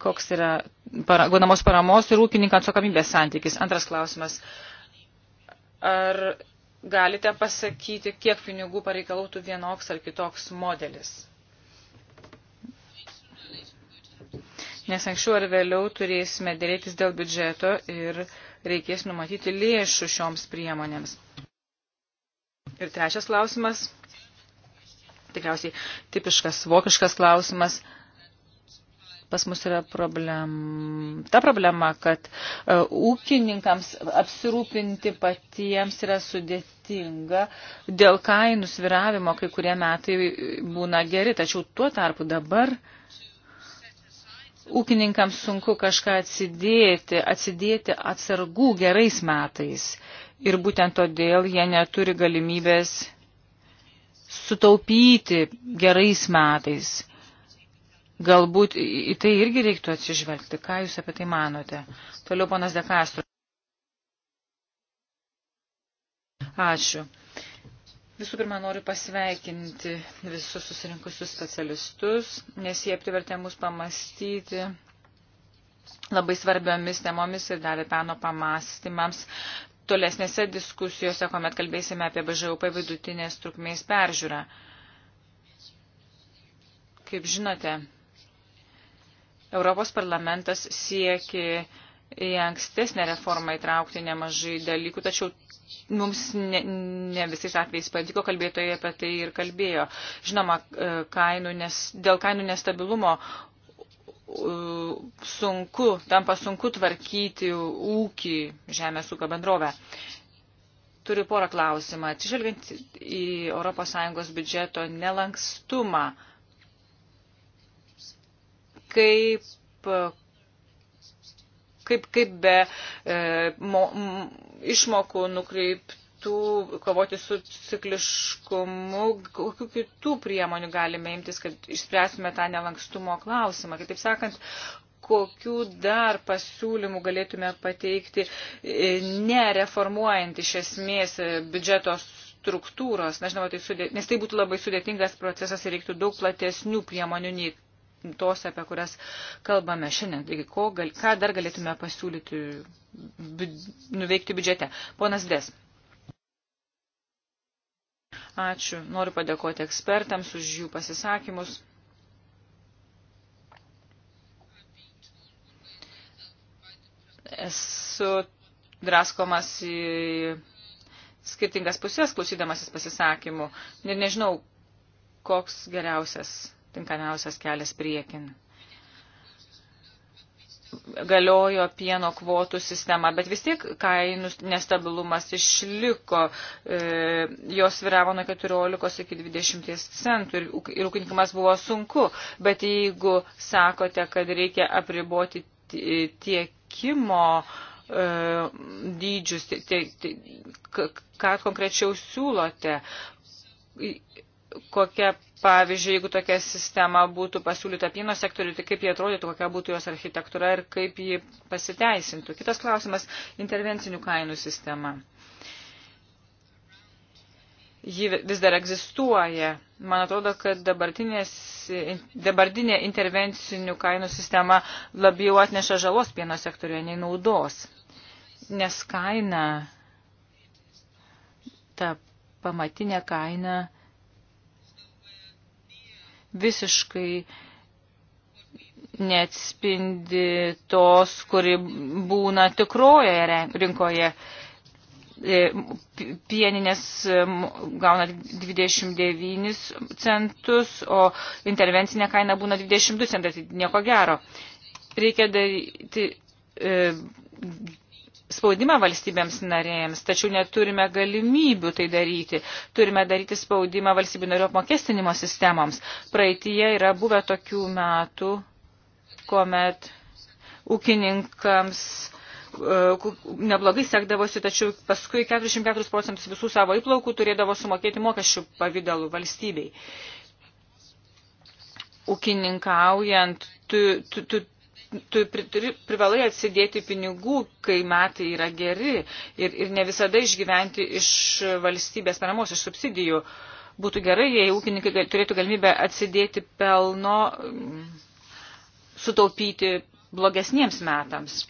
Koks yra para, gaunamos paramos ir ūkininko atsakomybės santykis? Antras klausimas. Ar galite pasakyti, kiek pinigų pareikalautų vienoks ar kitoks modelis? Nes anksčiau ar vėliau turėsime dėrėtis dėl biudžeto ir reikės numatyti lėšų šioms priemonėms. Ir trečias klausimas tikriausiai tipiškas vokiškas klausimas. Pas mus yra problem, ta problema, kad uh, ūkininkams apsirūpinti patiems yra sudėtinga. Dėl kainų sviravimo kai kurie metai būna geri, tačiau tuo tarpu dabar ūkininkams sunku kažką atsidėti, atsidėti atsargų gerais metais. Ir būtent todėl jie neturi galimybės sutaupyti gerais metais. Galbūt į tai irgi reiktų atsižvelgti. Ką Jūs apie tai manote? Toliau ponas Dekastro. Ačiū. Visų pirma, noriu pasveikinti visus susirinkusius specialistus, nes jie privertė mus pamastyti labai svarbiomis temomis ir davė peno pamastymams tolesnėse diskusijose, kuomet kalbėsime apie BŽUP vidutinės trukmės peržiūrą. Kaip žinote, Europos parlamentas sieki į ankstesnę reformą įtraukti nemažai dalykų, tačiau mums ne, ne visais atvejais patiko, kalbėtojai apie tai ir kalbėjo. Žinoma, e, kainų nes, dėl kainų nestabilumo sunku, tampa sunku tvarkyti ūkį žemės ūkio bendrovę. Turiu porą klausimą. Atsižvelgiant į ES biudžeto nelankstumą, kaip, kaip, kaip be e, mo, m, išmokų nukreiptų kitų, kovoti su cikliškumu, kokių kitų priemonių galime imtis, kad išspręsime tą nelankstumo klausimą. Kitaip sakant, kokių dar pasiūlymų galėtume pateikti, e, nereformuojant iš esmės e, biudžeto struktūros, nežinau, tai sudė... nes tai būtų labai sudėtingas procesas ir reiktų daug platesnių priemonių nei tos, apie kurias kalbame šiandien. Taigi, ko, gal, ką dar galėtume pasiūlyti bi, nuveikti biudžete? Ponas Des. Ačiū. Noriu padėkoti ekspertams už jų pasisakymus. Esu draskomas į skirtingas pusės, klausydamasis pasisakymų. Ir nežinau, koks geriausias, tinkamiausias kelias priekin galiojo pieno kvotų sistema, bet vis tiek kainų nestabilumas išliko, e, jos viravo nuo 14 iki 20 centų ir, ir ūkininkimas buvo sunku, bet jeigu sakote, kad reikia apriboti tiekimo e, dydžius, tie, tie, ką konkrečiau siūlote, kokia Pavyzdžiui, jeigu tokia sistema būtų pasiūlyta pieno sektoriui, tai kaip jie atrodytų, kokia būtų jos architektūra ir kaip ji pasiteisintų. Kitas klausimas – intervencinių kainų sistema. Ji vis dar egzistuoja. Man atrodo, kad dabartinė intervencinių kainų sistema labiau atneša žalos pieno sektoriuje nei naudos. Nes kaina, ta pamatinė kaina visiškai neatspindi tos, kuri būna tikrojoje rinkoje. E, pieninės e, gauna 29 centus, o intervencinė kaina būna 22 centai, tai nieko gero. Reikia daryti e, spaudimą valstybėms narėjams, tačiau neturime galimybių tai daryti. Turime daryti spaudimą valstybių narių apmokestinimo sistemoms. Praeitie yra buvę tokių metų, kuomet ūkininkams e, neblogai sekdavosi, tačiau paskui 44 procentus visų savo įplaukų turėdavo sumokėti mokesčių pavydalų valstybei. Ūkininkaujant, tu, tu, tu tu pri, pri, privalai atsidėti pinigų, kai metai yra geri ir, ir ne visada išgyventi iš valstybės paramos, iš subsidijų. Būtų gerai, jei ūkininkai turėtų galimybę atsidėti pelno, mm, sutaupyti blogesniems metams.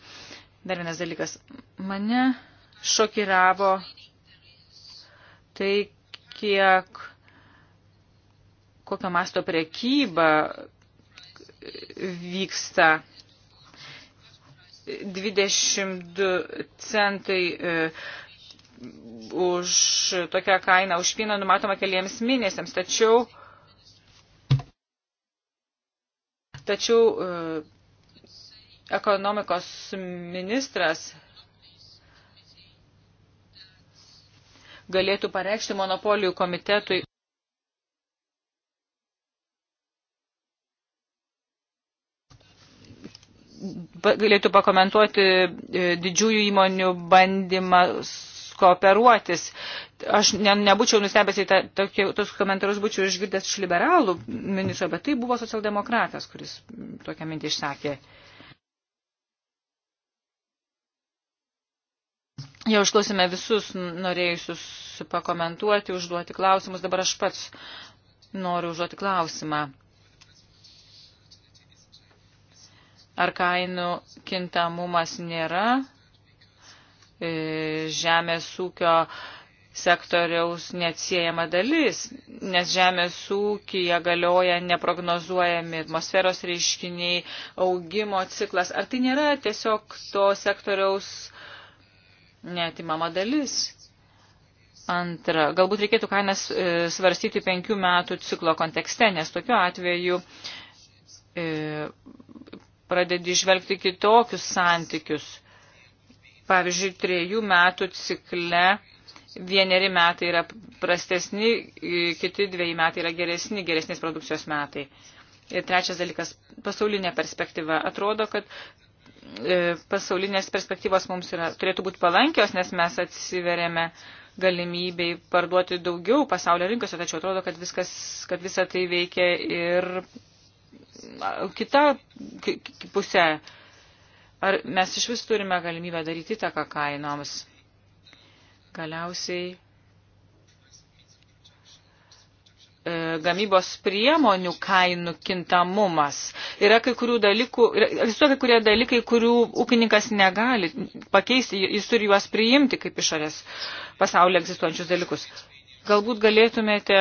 Dar vienas dalykas. Mane šokiravo tai, kiek kokio masto prekyba vyksta 22 centai e, už tokią kainą už pieną numatoma keliems mėnesiams, tačiau Tačiau e, ekonomikos ministras galėtų pareikšti monopolijų komitetui galėtų pakomentuoti e, didžiųjų įmonių bandymą kooperuotis. Aš ne, nebūčiau nustebęs į tokius komentarus, būčiau išgirdęs iš liberalų ministro, bet tai buvo socialdemokratas, kuris tokią mintį išsakė. Jau išklausime visus norėjusius pakomentuoti, užduoti klausimus. Dabar aš pats noriu užduoti klausimą. ar kainų kintamumas nėra, e, žemės ūkio sektoriaus neatsiejama dalis, nes žemės ūkija galioja neprognozuojami atmosferos reiškiniai, augimo ciklas. Ar tai nėra tiesiog to sektoriaus netimama dalis? Antra, galbūt reikėtų kainas e, svarstyti penkių metų ciklo kontekste, nes tokiu atveju e, pradedi žvelgti kitokius santykius. Pavyzdžiui, trejų metų cikle vieneri metai yra prastesni, kiti dviejai metai yra geresni, geresnės produkcijos metai. Ir trečias dalykas - pasaulinė perspektyva. Atrodo, kad e, pasaulinės perspektyvos mums yra, turėtų būti palankios, nes mes atsiverėme galimybei parduoti daugiau pasaulio rinkose, tačiau atrodo, kad, viskas, kad visa tai veikia ir kita pusė, ar mes iš vis turime galimybę daryti įtaką kainoms. Galiausiai e, gamybos priemonių kainų kintamumas. Yra kai kurių dalykų, egzistuoja kai kurie dalykai, kurių ūkininkas negali pakeisti, jis turi juos priimti kaip išorės pasaulio egzistuojančius dalykus. Galbūt galėtumėte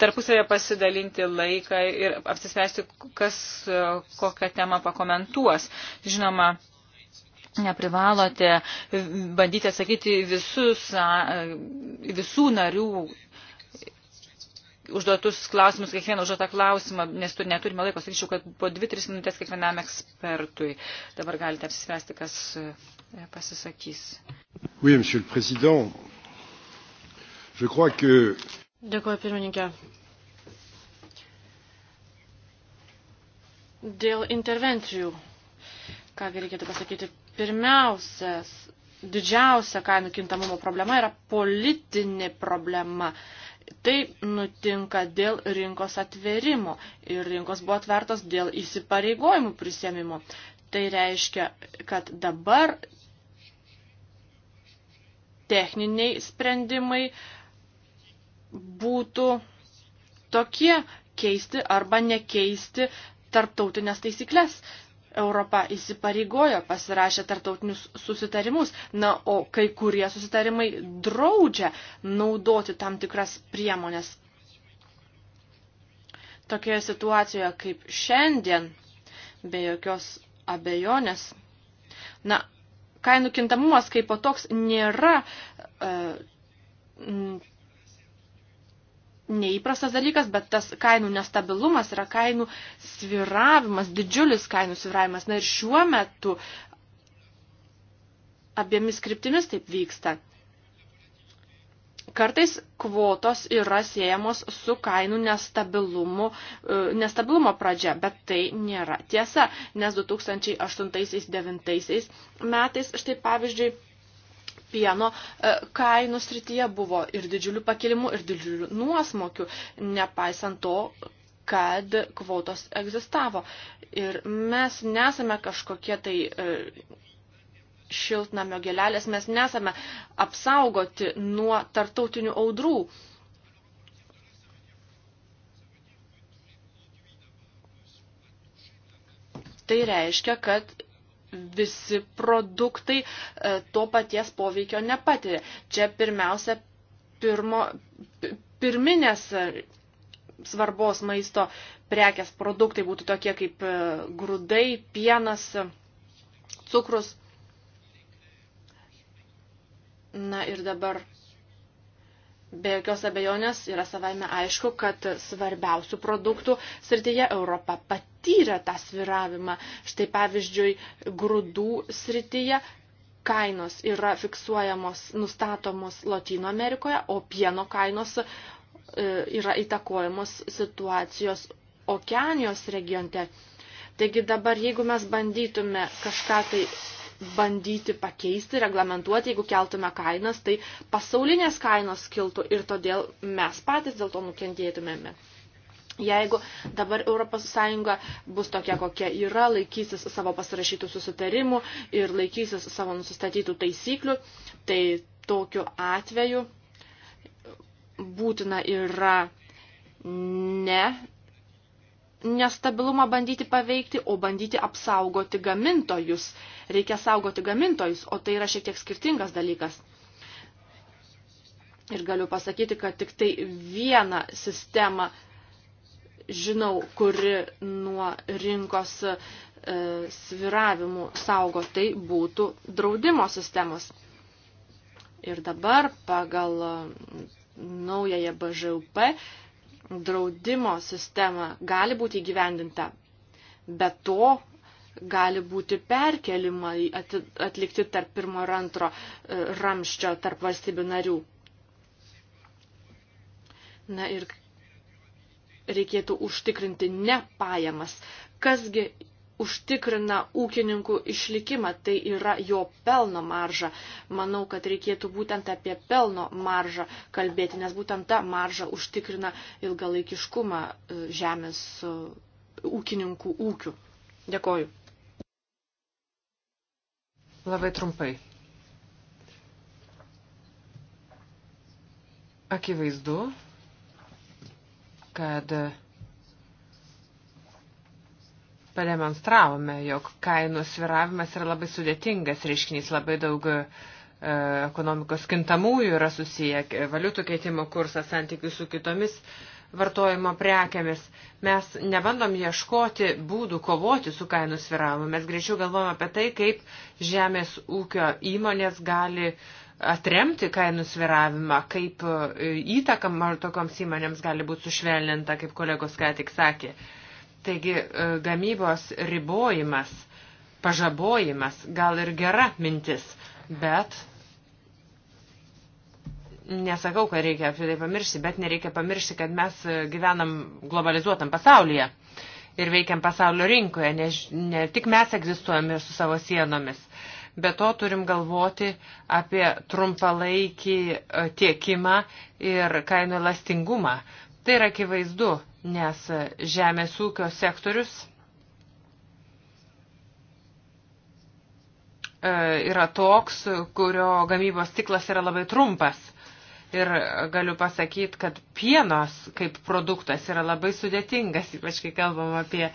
tarpusavėje pasidalinti laiką ir apsispręsti, kas e, kokią temą pakomentuos. Žinoma, neprivalote bandyti atsakyti visus, e, visų narių užduotus klausimus, kiekvieną užduotą klausimą, nes tu neturime laiko, sakyčiau, kad po 2-3 minutės kiekvienam ekspertui. Dabar galite apsispręsti, kas e, pasisakys. Oui, monsieur le président. Je crois que Dėkuoju, pirmininkė. Dėl intervencijų, ką reikėtų pasakyti, pirmiausias, didžiausia kainų kintamumo problema yra politinė problema. Tai nutinka dėl rinkos atverimo ir rinkos buvo atvertos dėl įsipareigojimų prisėmimo. Tai reiškia, kad dabar techniniai sprendimai uh, būtų tokie keisti arba nekeisti tarptautinės taisyklės. Europa įsipareigojo, pasirašė tartautinius susitarimus, na, o kai kurie susitarimai draudžia naudoti tam tikras priemonės. Tokioje situacijoje kaip šiandien, be jokios abejonės, na, kainų kintamumas kaip po toks nėra e, neįprastas dalykas, bet tas kainų nestabilumas yra kainų sviravimas, didžiulis kainų sviravimas. Na ir šiuo metu abiemis kryptimis taip vyksta. Kartais kvotos yra siejamos su kainų nestabilumu, e, nestabilumo pradžia, bet tai nėra tiesa, nes 2008-2009 metais, štai pavyzdžiui, pieno e, kainų srityje buvo ir didžiulių pakilimų, ir didžiulių nuosmokių, nepaisant to, kad kvotos egzistavo. Ir mes nesame kažkokie tai e, šiltnamio gelelės, mes nesame apsaugoti nuo tartautinių audrų. Tai reiškia, kad visi produktai e, to paties poveikio nepatiria. Čia pirmiausia pirmo, pirminės svarbos maisto prekės produktai būtų tokie kaip e, grūdai, pienas, cukrus. Na ir dabar be jokios abejonės yra savaime aišku, kad svarbiausių produktų srityje Europa pati patyrė tą sviravimą. Štai pavyzdžiui, grūdų srityje kainos yra fiksuojamos, nustatomos Latino Amerikoje, o pieno kainos e, yra įtakojamos situacijos Okeanijos regionte. Taigi dabar, jeigu mes bandytume kažką tai bandyti pakeisti, reglamentuoti, jeigu keltume kainas, tai pasaulinės kainos kiltų ir todėl mes patys dėl to nukentėtumėme. Jeigu dabar ES bus tokia, kokia yra, laikysis savo pasirašytų susitarimų ir laikysis savo nusistatytų taisyklių, tai tokiu atveju būtina yra ne nestabilumą bandyti paveikti, o bandyti apsaugoti gamintojus. Reikia saugoti gamintojus, o tai yra šiek tiek skirtingas dalykas. Ir galiu pasakyti, kad tik tai vieną sistemą žinau, kuri nuo rinkos e, sviravimų saugo, tai būtų draudimo sistemos. Ir dabar pagal e, naująją BŽUP draudimo sistema gali būti įgyvendinta. Be to gali būti perkelima atlikti tarp pirmo ir antro e, ramščio tarp valstybių narių. Na ir reikėtų užtikrinti ne pajamas. Kasgi užtikrina ūkininkų išlikimą, tai yra jo pelno marža. Manau, kad reikėtų būtent apie pelno maržą kalbėti, nes būtent ta marža užtikrina ilgalaikiškumą e, žemės e, ūkininkų ūkių. Dėkoju. Labai trumpai. Akivaizdu, kad pademonstravome, jog kainų sviravimas yra labai sudėtingas reiškinys, labai daug e, ekonomikos kintamųjų yra susiję, valiutų keitimo kursas santykių su kitomis vartojimo prekiamis. Mes nebandom ieškoti būdų kovoti su kainų sviravimu, mes greičiau galvojame apie tai, kaip žemės ūkio įmonės gali uh, atremti kainų sviravimą, kaip e, įtaka tokioms įmonėms gali būti sušvelninta, kaip kolegos ką tik sakė. Taigi e, gamybos ribojimas, pažabojimas gal ir gera mintis, bet nesakau, kad reikia apie tai pamiršti, bet nereikia pamiršti, kad mes e, gyvenam globalizuotam pasaulyje ir veikiam pasaulio rinkoje, ne, ne tik mes egzistuojame ir su savo sienomis. Be to turim galvoti apie trumpalaikį e, tiekimą ir kainų elastingumą. Tai yra akivaizdu, nes žemės ūkio sektorius e, yra toks, kurio gamybos ciklas yra labai trumpas. Ir galiu pasakyti, kad pienos kaip produktas yra labai sudėtingas, ypač kai kalbam apie e,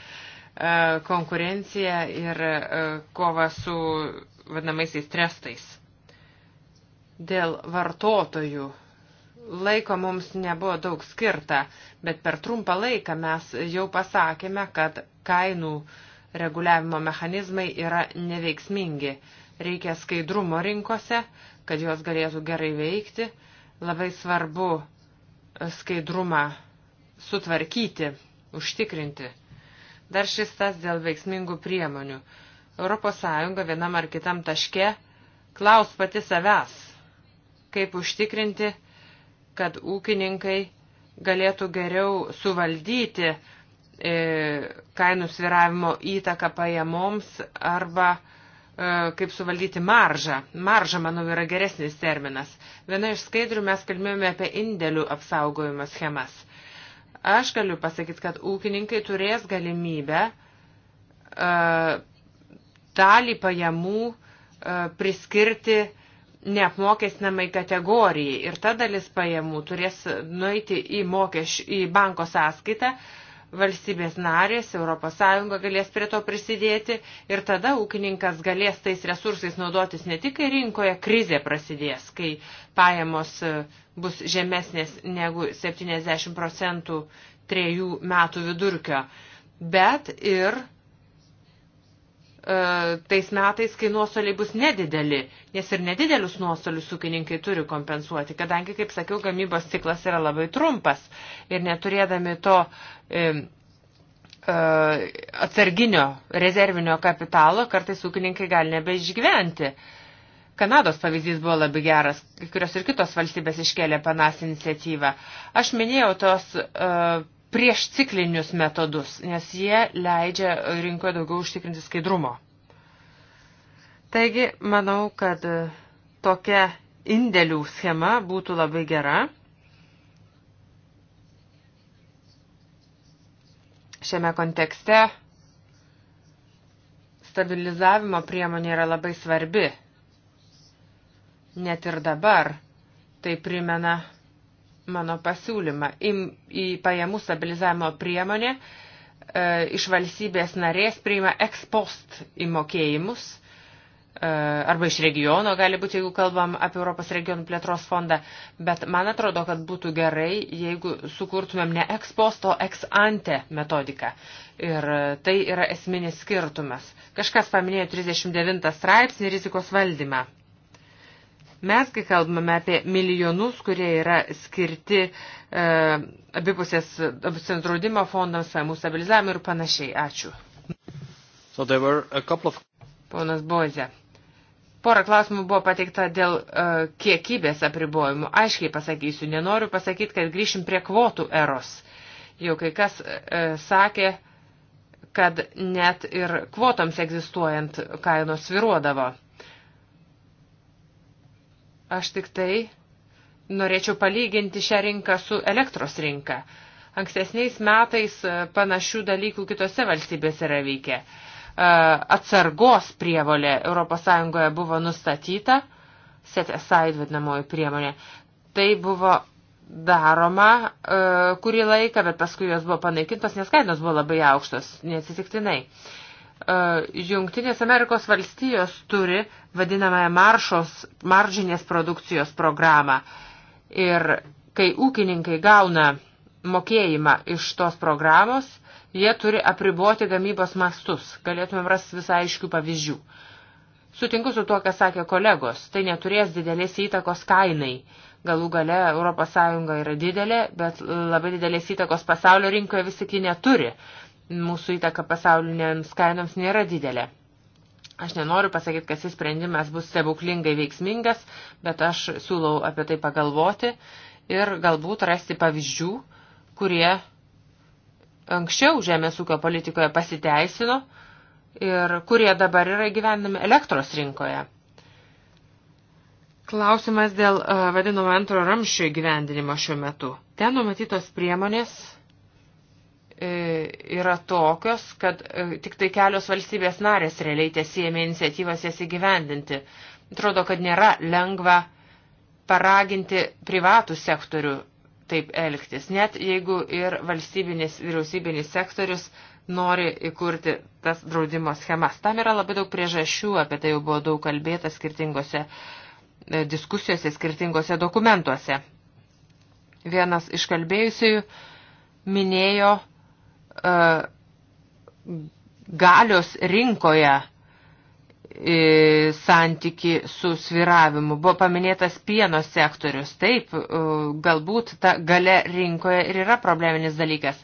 konkurenciją ir kovą su vadinamaisiais trestais. Dėl vartotojų laiko mums nebuvo daug skirta, bet per trumpą laiką mes jau pasakėme, kad kainų reguliavimo mechanizmai yra neveiksmingi. Reikia skaidrumo rinkose, kad jos galėtų gerai veikti. Labai svarbu skaidrumą sutvarkyti, užtikrinti. Dar šis tas dėl veiksmingų priemonių. ES vienam ar kitam taške klaus pati savęs, kaip užtikrinti, kad ūkininkai galėtų geriau suvaldyti e, kainų sviravimo įtaką pajamoms arba e, kaip suvaldyti maržą. Marža, manau, yra geresnis terminas. Viena iš skaidrių mes kalbėjome apie indėlių apsaugojimo schemas. Aš galiu pasakyti, kad ūkininkai turės galimybę e, dalį pajamų e, priskirti neapmokestinamai kategorijai ir ta dalis pajamų turės nueiti į, mokeš, į banko sąskaitą, valstybės narės, ES galės prie to prisidėti ir tada ūkininkas galės tais resursais naudotis ne tik rinkoje, krizė prasidės, kai pajamos e, bus žemesnės negu 70 procentų trejų metų vidurkio, bet ir E, tais metais, kai nuostoliai bus nedideli, nes ir nedidelius nuostolius ūkininkai turi kompensuoti, kadangi, kaip sakiau, gamybos ciklas yra labai trumpas ir neturėdami to e, e, atsarginio rezervinio kapitalo, kartais ūkininkai gali nebeišgyventi. Kanados pavyzdys buvo labai geras, kurios ir kitos valstybės iškėlė panas iniciatyvą. Aš minėjau tos uh, e, prieš ciklinius metodus, nes jie leidžia rinkoje daugiau užtikrinti skaidrumo. Taigi, manau, kad tokia indėlių schema būtų labai gera. Šiame kontekste stabilizavimo priemonė yra labai svarbi. Net ir dabar tai primena mano pasiūlymą Im, į pajamų stabilizavimo priemonę e, iš valstybės narės priima ekspost įmokėjimus e, arba iš regiono, gali būti, jeigu kalbam apie Europos regionų plėtros fondą, bet man atrodo, kad būtų gerai, jeigu sukurtumėm ne ekspost, o ex-ante metodiką. Ir e, tai yra esminis skirtumas. Kažkas paminėjo 39 straipsnį rizikos valdymą. Mes, kai kalbame apie milijonus, kurie yra skirti e, abipusės draudimo fondams, pajamų stabilizavimui ir panašiai. Ačiū. So of... Ponas Boze. Porą klausimų buvo pateikta dėl uh, kiekybės apribojimų. Aiškiai pasakysiu, nenoriu pasakyti, kad grįšim prie kvotų eros. Jau kai kas uh, sakė, kad net ir kvotoms egzistuojant kainos sviruodavo. Uh, Aš tik tai norėčiau palyginti šią rinką su elektros rinka. Ankstesniais metais e, panašių dalykų kitose valstybėse yra vykę. E, atsargos prievolė ES buvo nustatyta, set aside vadinamoji priemonė. Tai buvo daroma e, kurį laiką, bet paskui jos buvo panaikintos, nes kainos buvo labai aukštos, neatsitiktinai. Uh, E, Junktinės Amerikos valstijos turi vadinamąją maršos, maržinės produkcijos programą. Ir kai ūkininkai gauna mokėjimą iš tos programos, jie turi apriboti gamybos mastus. Galėtumėm rasti visai aiškių pavyzdžių. Sutinku su tuo, ką sakė kolegos, tai neturės didelės įtakos kainai. Galų gale ES yra didelė, bet labai didelės įtakos pasaulio rinkoje visi neturi mūsų įtaka pasaulinėms kainoms nėra didelė. Aš nenoriu pasakyti, kad šis sprendimas bus stebuklingai veiksmingas, bet aš siūlau apie tai pagalvoti ir galbūt rasti pavyzdžių, kurie anksčiau žemės ūkio politikoje pasiteisino ir kurie dabar yra gyvenami elektros rinkoje. Klausimas dėl e, vadinamo antro ramščio įgyvendinimo šiuo metu. Ten numatytos priemonės E, yra tokios, kad e, tik tai kelios valstybės narės realiai tiesėjame iniciatyvas jas įgyvendinti. Atrodo, kad nėra lengva paraginti privatų sektorių taip elgtis, net jeigu ir valstybinis vyriausybinis sektorius nori įkurti tas draudimo schemas. Tam yra labai daug priežasčių, apie tai jau buvo daug kalbėta skirtingose e, diskusijose, skirtingose dokumentuose. Vienas iš kalbėjusiųjų minėjo E, galios rinkoje e, santyki su sviravimu. Buvo paminėtas pieno sektorius. Taip, e, galbūt ta gale rinkoje ir yra probleminis dalykas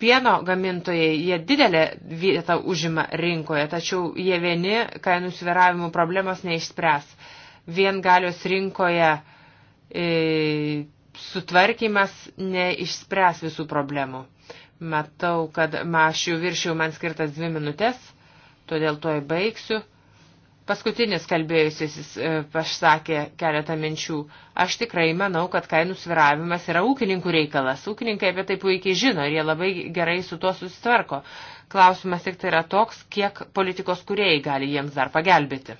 pieno gamintojai, jie didelę vietą užima rinkoje, tačiau jie vieni kainų sviravimų problemos neišspręs. Vien galios rinkoje e, sutvarkymas neišspręs visų problemų. Matau, kad aš jau viršiau man skirtas dvi minutės, todėl toj baigsiu. Paskutinis kalbėjusis e, pasakė keletą minčių. Aš tikrai manau, kad kainų sviravimas yra ūkininkų reikalas. Ūkininkai apie tai puikiai žino ir jie labai gerai su tuo susitvarko. Klausimas tik tai yra toks, kiek politikos kuriejai gali jiems dar pagelbėti.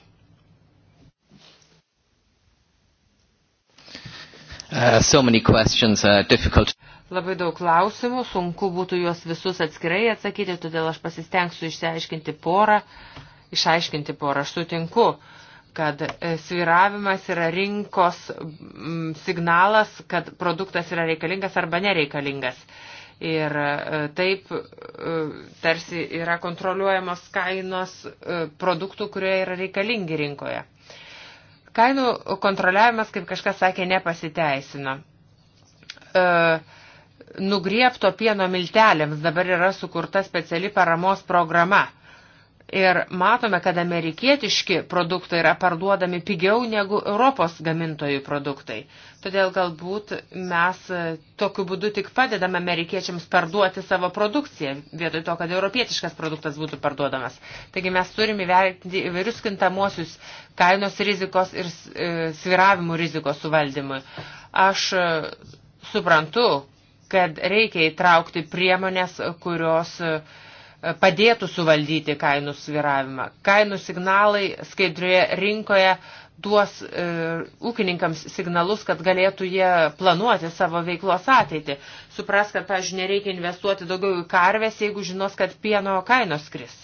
Uh, so many questions, uh, difficult. Labai daug klausimų, sunku būtų juos visus atskirai atsakyti, todėl aš pasistengsiu išsiaiškinti porą, išaiškinti porą. Aš sutinku, kad e, sviravimas yra rinkos signalas, kad produktas yra reikalingas arba nereikalingas. Ir e, taip e, tarsi yra kontroliuojamos kainos produktų, kurie yra reikalingi rinkoje. Kainų kontroliavimas, kaip kažkas sakė, nepasiteisino. Uh, nugriepto pieno miltelėms dabar yra sukurta speciali paramos programa. Ir matome, kad amerikietiški produktai yra parduodami pigiau negu Europos gamintojų produktai. Todėl galbūt mes e, tokiu būdu tik padedam amerikiečiams parduoti savo produkciją, vietoj to, kad europietiškas produktas būtų parduodamas. Taigi mes turime įvertinti įvairius kintamuosius kainos rizikos ir e, sviravimų rizikos suvaldymui. Aš e, suprantu, kad reikia įtraukti priemonės, kurios e, padėtų suvaldyti kainų sviravimą. Kainų signalai skaidrioje rinkoje duos e, ūkininkams signalus, kad galėtų jie planuoti savo veiklos ateitį. Supras, kad, pažiūrėjau, nereikia investuoti daugiau į karvės, jeigu žinos, kad pieno kainos kris.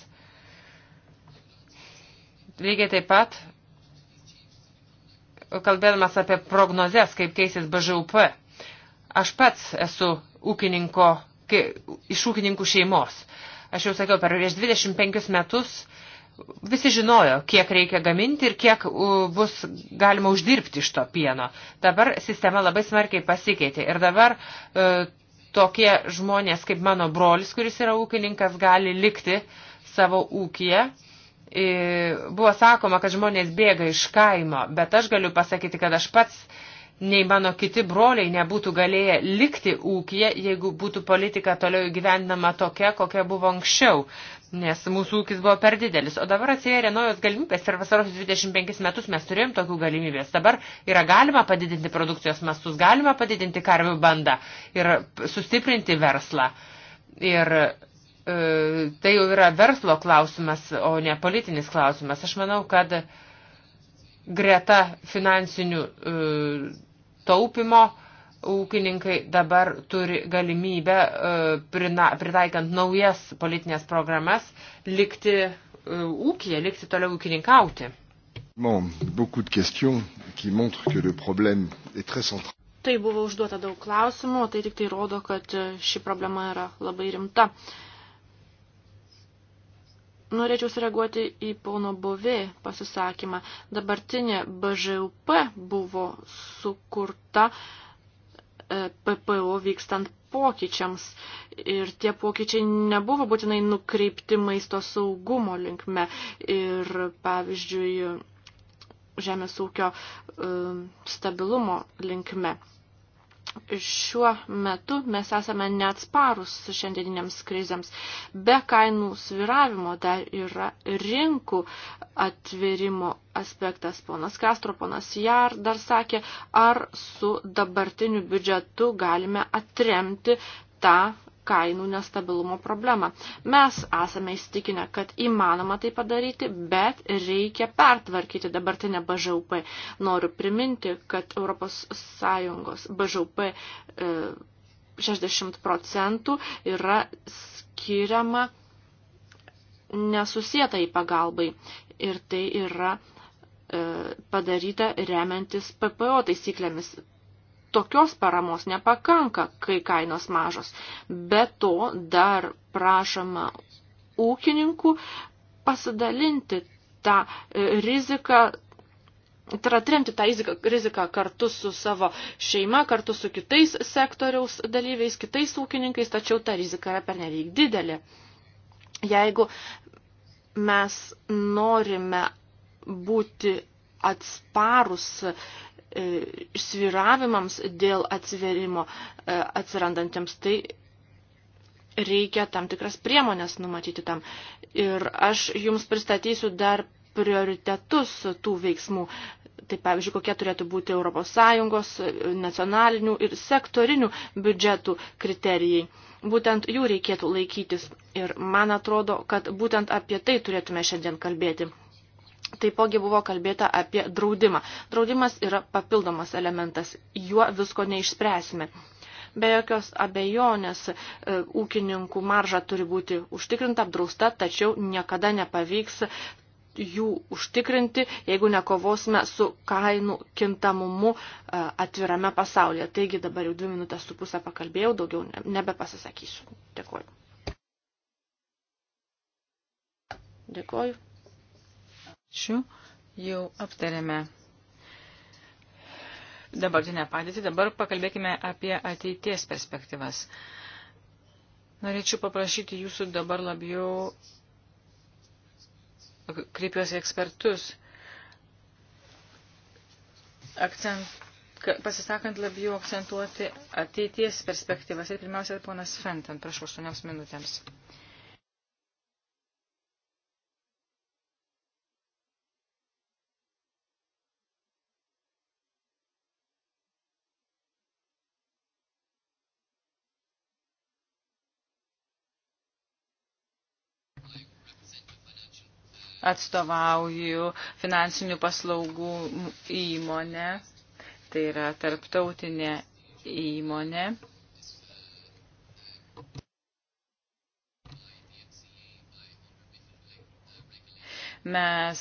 Lygiai taip pat, kalbėdamas apie prognozes, kaip keisis BŽUP, Aš pats esu ūkininko, kai, iš ūkininkų šeimos. Aš jau sakiau, per prieš 25 metus visi žinojo, kiek reikia gaminti ir kiek bus galima uždirbti iš to pieno. Dabar sistema labai smarkiai pasikeitė ir dabar e, tokie žmonės kaip mano brolis, kuris yra ūkininkas, gali likti savo ūkiją. E, buvo sakoma, kad žmonės bėga iš kaimo, bet aš galiu pasakyti, kad aš pats nei mano kiti broliai nebūtų galėję likti ūkiją, jeigu būtų politika toliau gyvendama tokia, kokia buvo anksčiau, nes mūsų ūkis buvo per didelis. O dabar atsivėrė naujos galimybės ir vasarosius 25 metus mes turėjom tokių galimybės. Dabar yra galima padidinti produkcijos mastus, galima padidinti karvių bandą ir sustiprinti verslą. Ir e, tai jau yra verslo klausimas, o ne politinis klausimas. Aš manau, kad greta finansinių e, taupimo, ūkininkai dabar turi galimybę, e, pritaikant naujas politinės programas, likti e, ūkija, likti toliau ūkininkauti. Tai buvo užduota daug klausimų, tai tik tai rodo, kad e, ši problema yra labai rimta. Uh, Norėčiau sureaguoti į pono Bovė pasisakymą. Dabartinė BŽUP buvo sukurta e, PPO vykstant pokyčiams ir tie pokyčiai nebuvo būtinai nukreipti maisto saugumo linkme ir pavyzdžiui žemės ūkio e, stabilumo linkme šiuo metu mes esame neatsparus šiandieniniams krizėms. Be kainų sviravimo dar yra rinkų atvirimo aspektas. Ponas Kastro, ponas Jar dar sakė, ar su dabartiniu biudžetu galime atremti tą kainų nestabilumo problemą. Mes esame įstikinę, kad įmanoma tai padaryti, bet reikia pertvarkyti dabartinę BŽUP. Noriu priminti, kad ES BŽUP 60 procentų yra skiriama nesusietai pagalbai ir tai yra e, padaryta remiantis PPO taisyklėmis tokios paramos nepakanka, kai kainos mažos. Be to dar prašoma ūkininkų pasidalinti tą e, riziką. Tai yra tremti tą riziką kartu su savo šeima, kartu su kitais sektoriaus dalyviais, kitais ūkininkais, tačiau ta rizika yra pernelyg didelė. Jeigu mes norime būti atsparus E, sviravimams dėl atsiverimo e, atsirandantiems, tai reikia tam tikras priemonės numatyti tam. Ir aš jums pristatysiu dar prioritetus tų veiksmų. Tai pavyzdžiui, kokie turėtų būti ES, nacionalinių ir sektorinių biudžetų kriterijai. Būtent jų reikėtų laikytis ir man atrodo, kad būtent apie tai turėtume šiandien kalbėti. Taipogi buvo kalbėta apie draudimą. Draudimas yra papildomas elementas, juo visko neišspręsime. Be jokios abejonės e, ūkininkų marža turi būti užtikrinta, apdrausta, tačiau niekada nepavyks jų užtikrinti, jeigu nekovosime su kainų kintamumu e, atvirame pasaulyje. Taigi dabar jau dvi minutės su pusę pakalbėjau, daugiau nebepasisakysiu. Dėkuoju. Dėkuoju. Ačiū. Jau aptarėme dabartinę padėtį. Dabar pakalbėkime apie ateities perspektyvas. Norėčiau paprašyti jūsų dabar labiau kreipiuosi ekspertus. Akcent, pasisakant labiau akcentuoti ateities perspektyvas. Ir pirmiausia, ponas Fenton, prašau, 8 minutėms. atstovauju finansinių paslaugų įmonę, tai yra tarptautinė įmonė. Mes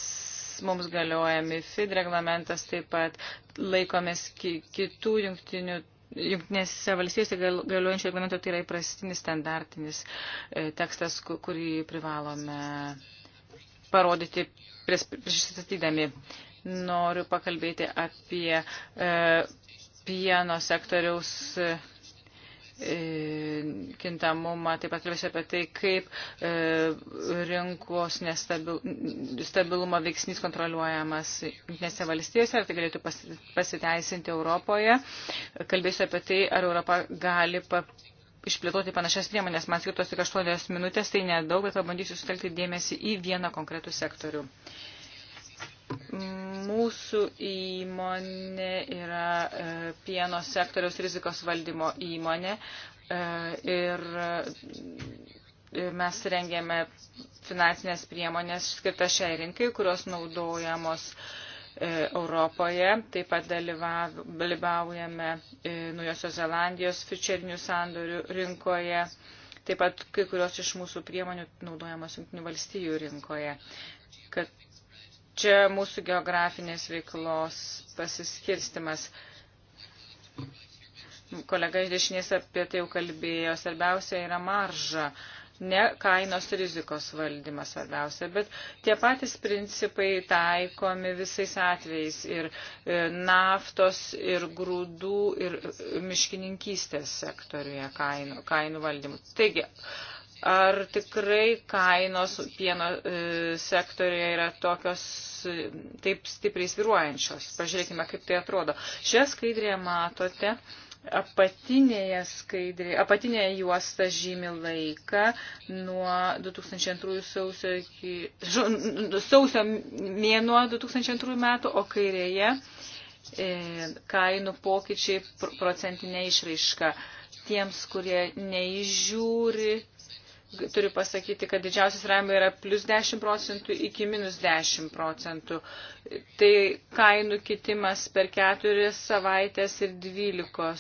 mums galiojami FID reglamentas, taip pat laikomės ki kitų jungtinių Junktinėse valstijose galiojančio reglamento tai yra įprastinis standartinis e, tekstas, kurį privalome parodyti prisistatydami. Noriu pakalbėti apie e, pieno sektoriaus e, kintamumą, taip pat kalbėsiu apie tai, kaip e, rinkos nestabil, stabilumo veiksnys kontroliuojamas jungtinėse valstijose, ar tai galėtų pas, pasiteisinti Europoje. Kalbėsiu apie tai, ar Europa gali papildyti išplėtoti panašias priemonės. Man skirtos tik 8 minutės, tai nedaug, bet pabandysiu sutelkti dėmesį į vieną konkretų sektorių. Mūsų įmonė yra e, pieno sektoriaus rizikos valdymo įmonė e, ir e, mes rengėme finansinės priemonės skirtas šiai rinkai, kurios naudojamos uh, E, Europoje. Taip pat dalyvaujame e, Nujosios Zelandijos fičerinių sandorių rinkoje. Taip pat kai kurios iš mūsų priemonių naudojamos Junktinių valstijų rinkoje. Kad čia mūsų geografinės veiklos pasiskirstimas kolega iš dešinės apie tai jau kalbėjo, svarbiausia yra marža ne kainos rizikos valdymas svarbiausia, bet tie patys principai taikomi visais atvejais ir e, naftos, ir grūdų, ir e, miškininkystės sektoriuje kainų, kainų valdymų. Taigi, ar tikrai kainos pieno e, sektoriuje yra tokios taip stipriai sviruojančios? Pažiūrėkime, kaip tai atrodo. Šią skaidrėje matote apatinėje skaidrėje, apatinėje juosta žymi laiką nuo 2002 sausio iki, sausio mėnuo 2002 metų, o kairėje e, kainų pokyčiai procentinė išraiška. Tiems, kurie neižiūri turiu pasakyti, kad didžiausias ramai yra plus 10 procentų iki minus 10 procentų. Tai kainų kitimas per 4 savaitės ir 12 e,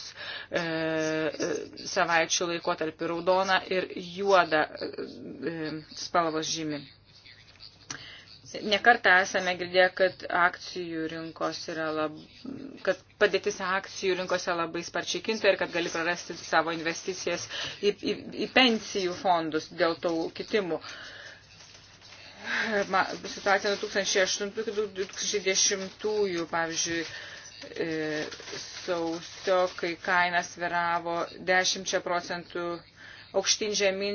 e, savaičių laikotarpį raudona ir juoda e, spalvos žymi. Nekartą esame girdėję, kad akcijų rinkos yra lab, kad padėtis akcijų rinkose labai sparčiai kinta ir kad gali prarasti savo investicijas į, į, į pensijų fondus dėl to kitimų. Ma, situacija nuo 2008-2010, pavyzdžiui, e, sausio, kai kaina sviravo 10 procentų aukštin žemyn,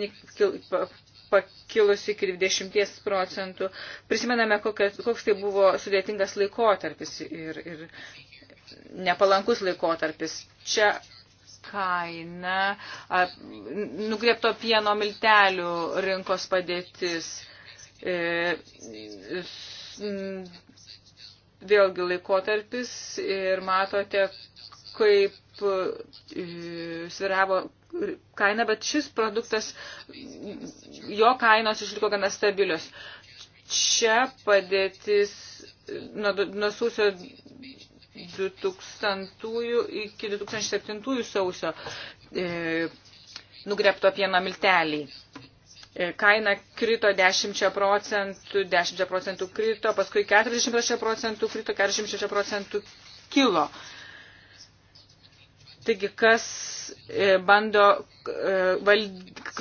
pakilusi iki 20 procentų. Prisimename, kokias, koks tai buvo sudėtingas laikotarpis ir, ir nepalankus laikotarpis. Čia kaina, nugrėpto pieno miltelių rinkos padėtis. E, vėlgi laikotarpis ir matote, kaip e, sviravo kaina, bet šis produktas, jo kainos išliko gana stabilios. Čia padėtis nuo, nuo sausio 2000 iki 2007 sausio e, nugrepto pieno milteliai. E, kaina krito 10 procentų, 10 procentų krito, paskui 46 procentų krito, 46 procentų kilo. E, Taigi, kas e, bando, e,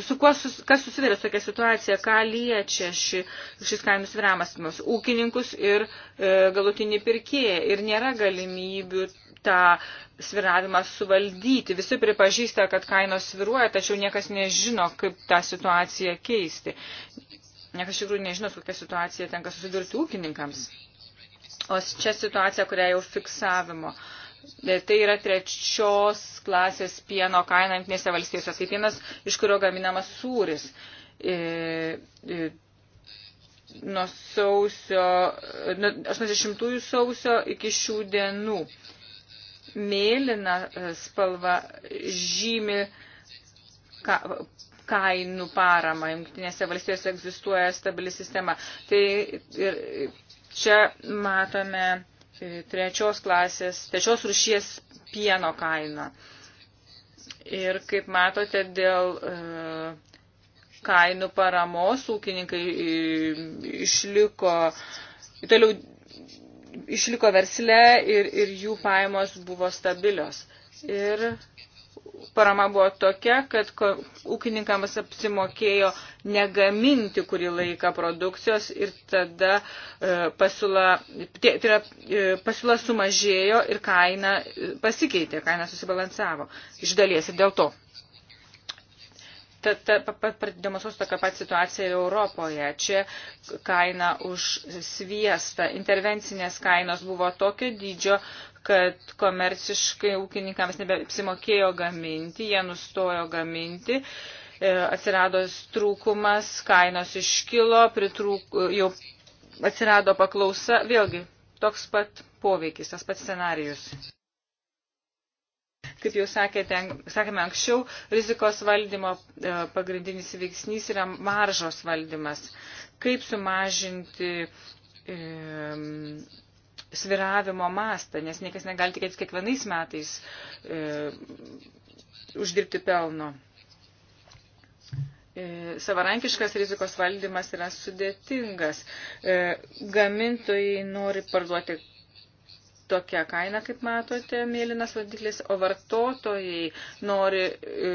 su kuo, kas susidarė su tokia situacija, ką liečia ši, šis kainų sviramas ūkininkus ir e, galutinį pirkėją. Ir nėra galimybių tą sviravimą suvaldyti. Visi pripažįsta, kad kainos sviruoja, tačiau niekas nežino, kaip tą situaciją keisti. Niekas iš tikrųjų nežino, kokią situaciją tenka susidurti ūkininkams. O čia situacija, kurią jau fiksavimo. Uh, Tai, tai yra trečios klasės pieno kaina jungtinėse valstijose, kaip vienas, iš kurio gaminamas sūris. E, e, nuo sausio, nuo 80-ųjų sausio iki šių dienų. Mėlyna e, spalva žymi ka, kainų paramą. Jungtinėse valstijose egzistuoja stabili sistema. Tai ir čia matome E, trečios klasės, trečios rušies pieno kainą. Ir kaip matote, dėl e, kainų paramos ūkininkai e, išliko, toliau išliko versle ir, ir jų pajamos buvo stabilios. Ir parama buvo tokia, kad ūkininkams apsimokėjo negaminti kurį laiką produkcijos ir tada e, pasiūla, tai yra, e, pasiūla sumažėjo ir kaina e, pasikeitė, kaina susibalansavo iš dalies ir dėl to. Ta, ta, pademonstruos tokią pat situaciją ir Europoje. Čia kaina už sviestą, intervencinės kainos buvo tokio dydžio, kad komerciškai ūkininkams nebeapsimokėjo gaminti, jie nustojo gaminti, e, atsirado trūkumas, kainos iškilo, pritrūk, jau atsirado paklausa, vėlgi toks pat poveikis, tas pats scenarius. Kaip jau sakėte, sakėme anksčiau, rizikos valdymo e, pagrindinis veiksnys yra maržos valdymas. Kaip sumažinti e, sviravimo mastą, nes niekas negali tikėtis kiekvienais metais e, uždirbti pelno. E, savarankiškas rizikos valdymas yra sudėtingas. E, gamintojai nori parduoti tokia kaina, kaip matote, mėlynas vardiklis, o vartotojai nori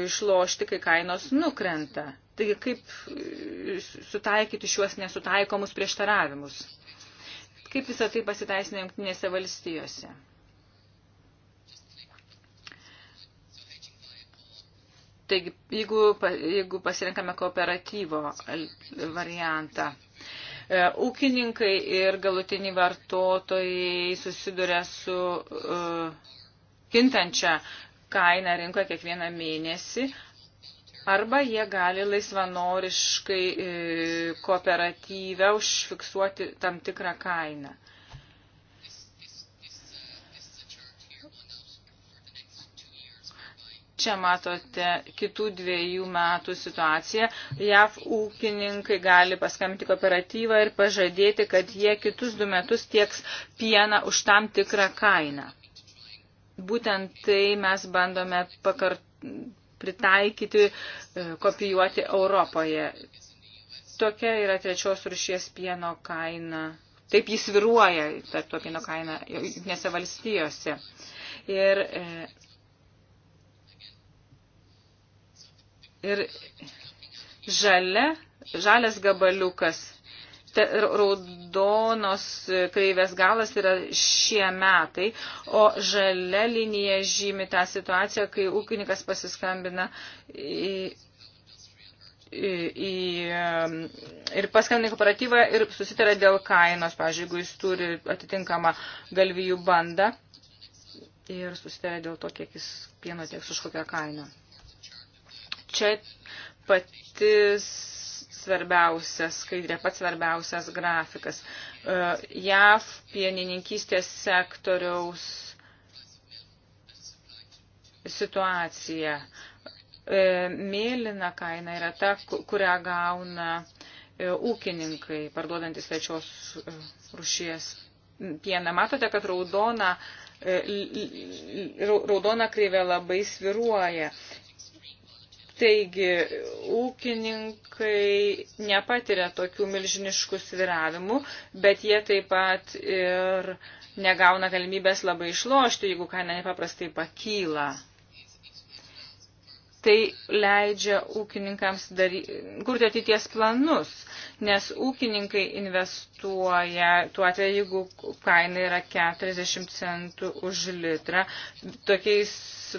išlošti, kai kainos nukrenta. Taigi kaip e, sutaikyti šiuos nesutaikomus prieštaravimus? Kaip visą tai pasiteisina jungtinėse valstijose? Taigi, jeigu, jeigu pasirenkame kooperatyvo variantą, e, ūkininkai ir galutiniai vartotojai susiduria su uh, kintančia kaina rinkoje kiekvieną mėnesį. Arba jie gali laisvanoriškai e, kooperatyvę užfiksuoti tam tikrą kainą. čia matote kitų dviejų metų situaciją. JAV ūkininkai gali paskambinti kooperatyvą ir pažadėti, kad jie kitus du metus tieks pieną už tam tikrą kainą. Būtent tai mes bandome pakart, pritaikyti, e, kopijuoti Europoje. Tokia yra trečios rušies pieno kaina. Taip jis viruoja, tarp to pieno kaina, jungtinėse valstijose. Ir, e, ir žalia, žalias gabaliukas raudonos kreivės galas yra šie metai, o žalia linija žymi tą situaciją, kai ūkininkas pasiskambina į, į, į, ir paskambina kooperatyvą ir susitara dėl kainos, pavyzdžiui, jeigu jis turi atitinkamą galvijų bandą ir susitara dėl to, kiek jis pieno tieks už kokią kainą. Čia patis svarbiausias skaidrė, pats svarbiausias grafikas. E, JAV pienininkystės sektoriaus situacija. E, mėlyna kaina yra ta, kurią gauna e, ūkininkai, parduodantis trečios rušies pieną. Matote, kad raudona, raudona kreivė labai sviruoja. Taigi, ūkininkai nepatiria tokių milžiniškų sviravimų, bet jie taip pat ir negauna galimybės labai išlošti, jeigu kaina nepaprastai pakyla. Tai leidžia ūkininkams dary, kurti ateities planus, nes ūkininkai investuoja tuo atveju, jeigu kaina yra 40 centų už litrą. Tokiais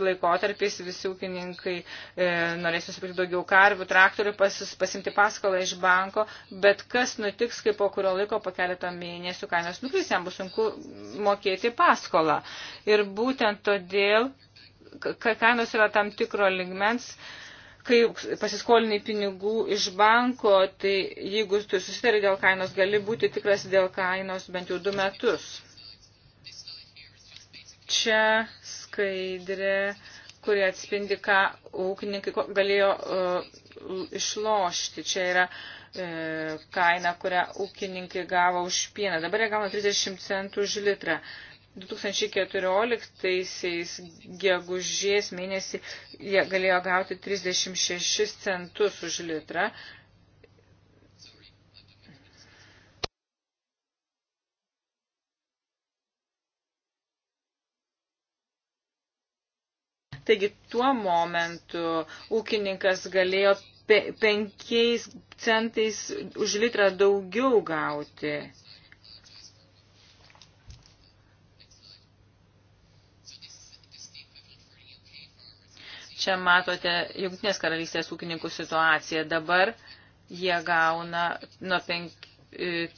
laikotarpiais visi ūkininkai e, norės nusipirkti daugiau karvių, traktorių, pas, pasimti paskolą iš banko, bet kas nutiks, kai po kurio laiko, po keletą mėnesių kainos nukris, jam bus sunku mokėti paskolą. Ir būtent todėl kainos yra tam tikro ligmens, kai pasiskoliniai pinigų iš banko, tai jeigu tu susitari dėl kainos, gali būti tikras dėl kainos bent jau du metus. Čia skaidrė, kurie atspindi, ką ūkininkai galėjo uh, išlošti. Čia yra uh, kaina, kurią ūkininkai gavo už pieną. Dabar jie gauna 30 centų už litrą. Uh, 2014 gegužės mėnesį jie galėjo gauti 36 centus už litrą. Taigi tuo momentu ūkininkas galėjo pe, penkiais centais už litrą daugiau gauti. Čia matote Junktinės karalystės ūkininkų situaciją. Dabar jie gauna nuo 5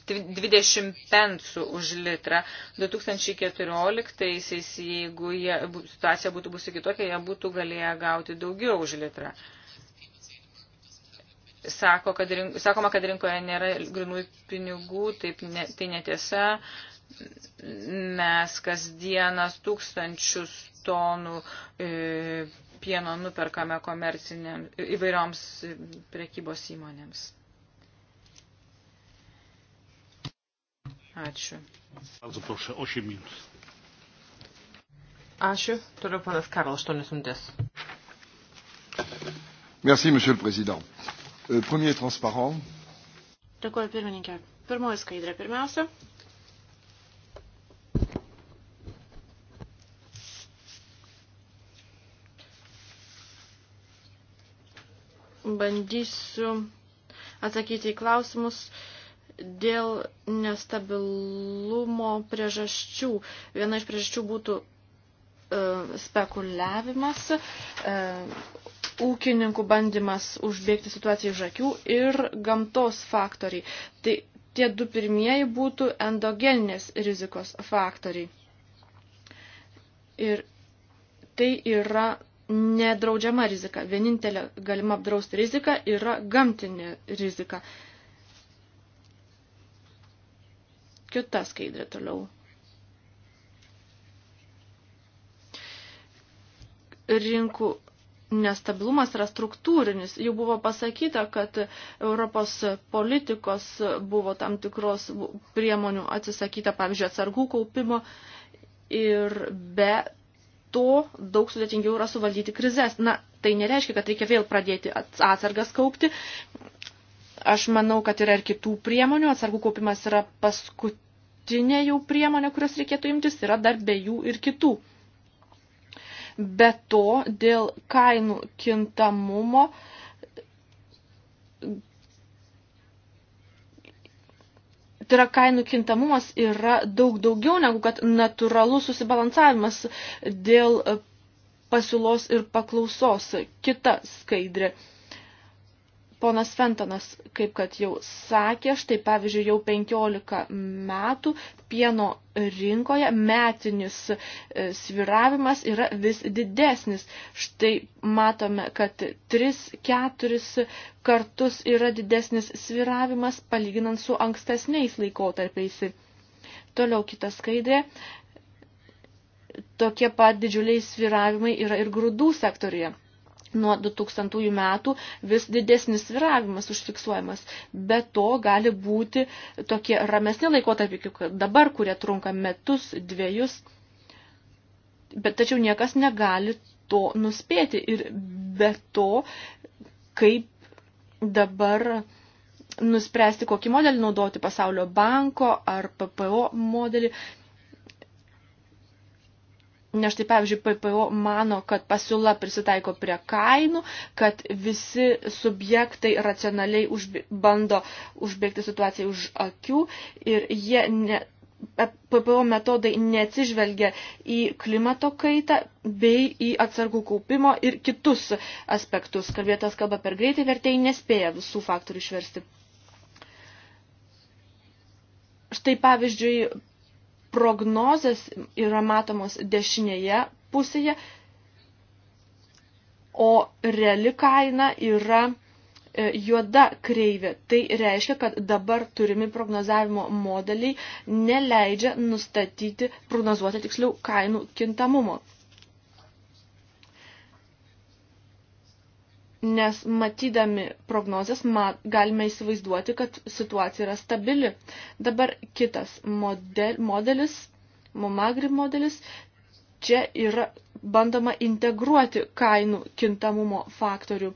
20 pensų už litrą. 2014-aisiais, jeigu jie, situacija būtų busi kitokia, jie būtų galėję gauti daugiau už litrą. Sako, kad rink, sakoma, kad rinkoje nėra grinų pinigų, taip ne, tai netiesa. Mes kasdienas tūkstančius tonų e, pieno nuperkame komerciniam įvairioms prekybos įmonėms. Ačiū. Bardzo proszę, 8 minut. Ačiū. Toliau panas Karl, 8 minutės. Merci, monsieur le président. Euh, premier transparent. Dėkuoju, pirmininkė. Pirmoji skaidrė. Pirmiausia, bandysiu atsakyti į klausimus dėl nestabilumo priežasčių. Viena iš priežasčių būtų e, spekuliavimas, e, ūkininkų bandymas užbėgti situaciją iš akių ir gamtos faktoriai. Tai tie du pirmieji būtų endogeninės rizikos faktoriai. Ir tai yra nedraudžiama rizika. Vienintelė galima apdrausti rizika yra gamtinė rizika. Kita skaidrė toliau. Rinkų nestabilumas yra struktūrinis. Jau buvo pasakyta, kad Europos politikos buvo tam tikros priemonių atsisakyta, pavyzdžiui, atsargų kaupimo ir be to daug sudėtingiau yra suvaldyti krizės. Na, tai nereiškia, kad reikia vėl pradėti atsargas kaupti. Aš manau, kad yra ir kitų priemonių. Atsargų kaupimas yra paskutinė jau priemonė, kurios reikėtų imtis. Yra dar be jų ir kitų. Be to, dėl kainų kintamumo uh, Tai yra kainų kintamumas yra daug daugiau negu kad natūralus susibalansavimas dėl pasiūlos ir paklausos. Kita skaidrė. Ponas Fentanas, kaip kad jau sakė, štai pavyzdžiui, jau 15 metų pieno rinkoje metinis e, sviravimas yra vis didesnis. Štai matome, kad 3-4 kartus yra didesnis sviravimas palyginant su ankstesniais laikotarpiais. Toliau kita skaidrė. Tokie pat didžiuliai sviravimai yra ir grūdų sektorija nuo 2000 metų vis didesnis sviravimas užfiksuojamas. Be to gali būti tokie ramesni laikotarpiai, kaip dabar, kurie trunka metus, dviejus. Bet tačiau niekas negali to nuspėti ir be to, kaip dabar nuspręsti, kokį modelį naudoti pasaulio banko ar PPO modelį, Nes štai, pavyzdžiui, PPO mano, kad pasiūla prisitaiko prie kainų, kad visi subjektai racionaliai užbė, bando užbėgti situaciją už akių ir jie ne, e, PPO metodai neatsižvelgia į klimato kaitą bei į atsargų kaupimo ir kitus aspektus. Kalbėtas kalba per greitai, vertėjai nespėja visų faktorių išversti. Štai pavyzdžiui, prognozės yra matomos dešinėje pusėje, o reali kaina yra e, juoda kreivė. Tai reiškia, kad dabar turimi prognozavimo modeliai neleidžia nustatyti, prognozuoti tiksliau kainų kintamumo. nes matydami prognozes mat, galime įsivaizduoti, kad situacija yra stabili. Dabar kitas model, modelis, Momagri modelis, čia yra bandoma integruoti kainų kintamumo faktorių.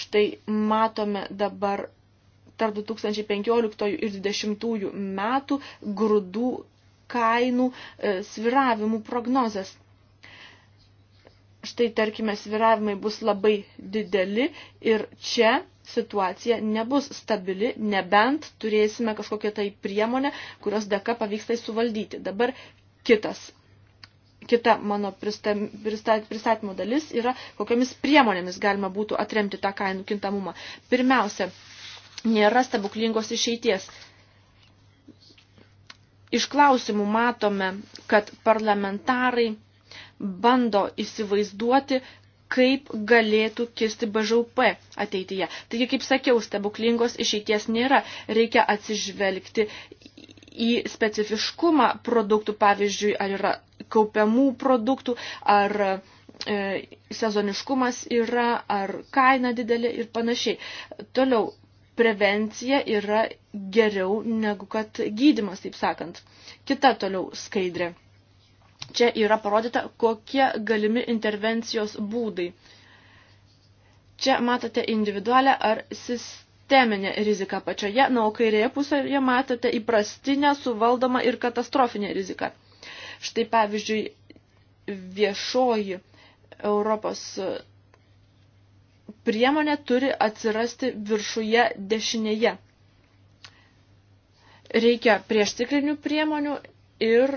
Štai matome dabar tarp 2015 ir 2020 metų grūdų kainų e, sviravimų prognozes štai tarkime sviravimai bus labai dideli ir čia situacija nebus stabili, nebent turėsime kažkokią tai priemonę, kurios dėka pavyks tai suvaldyti. Dabar kitas, kita mano pristatymo dalis yra, kokiamis priemonėmis galima būtų atremti tą kainų kintamumą. Pirmiausia, nėra stebuklingos išeities. Iš klausimų matome, kad parlamentarai bando įsivaizduoti, kaip galėtų kisti BŽUP ateityje. Taigi, kaip sakiau, stebuklingos išeities nėra. Reikia atsižvelgti į specifiškumą produktų, pavyzdžiui, ar yra kaupiamų produktų, ar e, sezoniškumas yra, ar kaina didelė ir panašiai. Toliau, prevencija yra geriau negu kad gydimas, taip sakant. Kita toliau skaidrė. Čia yra parodyta, kokie galimi intervencijos būdai. Čia matote individualią ar sisteminę riziką pačioje, na, o kairėje pusėje matote įprastinę, suvaldomą ir katastrofinę riziką. Štai pavyzdžiui, viešoji Europos priemonė turi atsirasti viršuje dešinėje. Reikia prieš tikrinių priemonių ir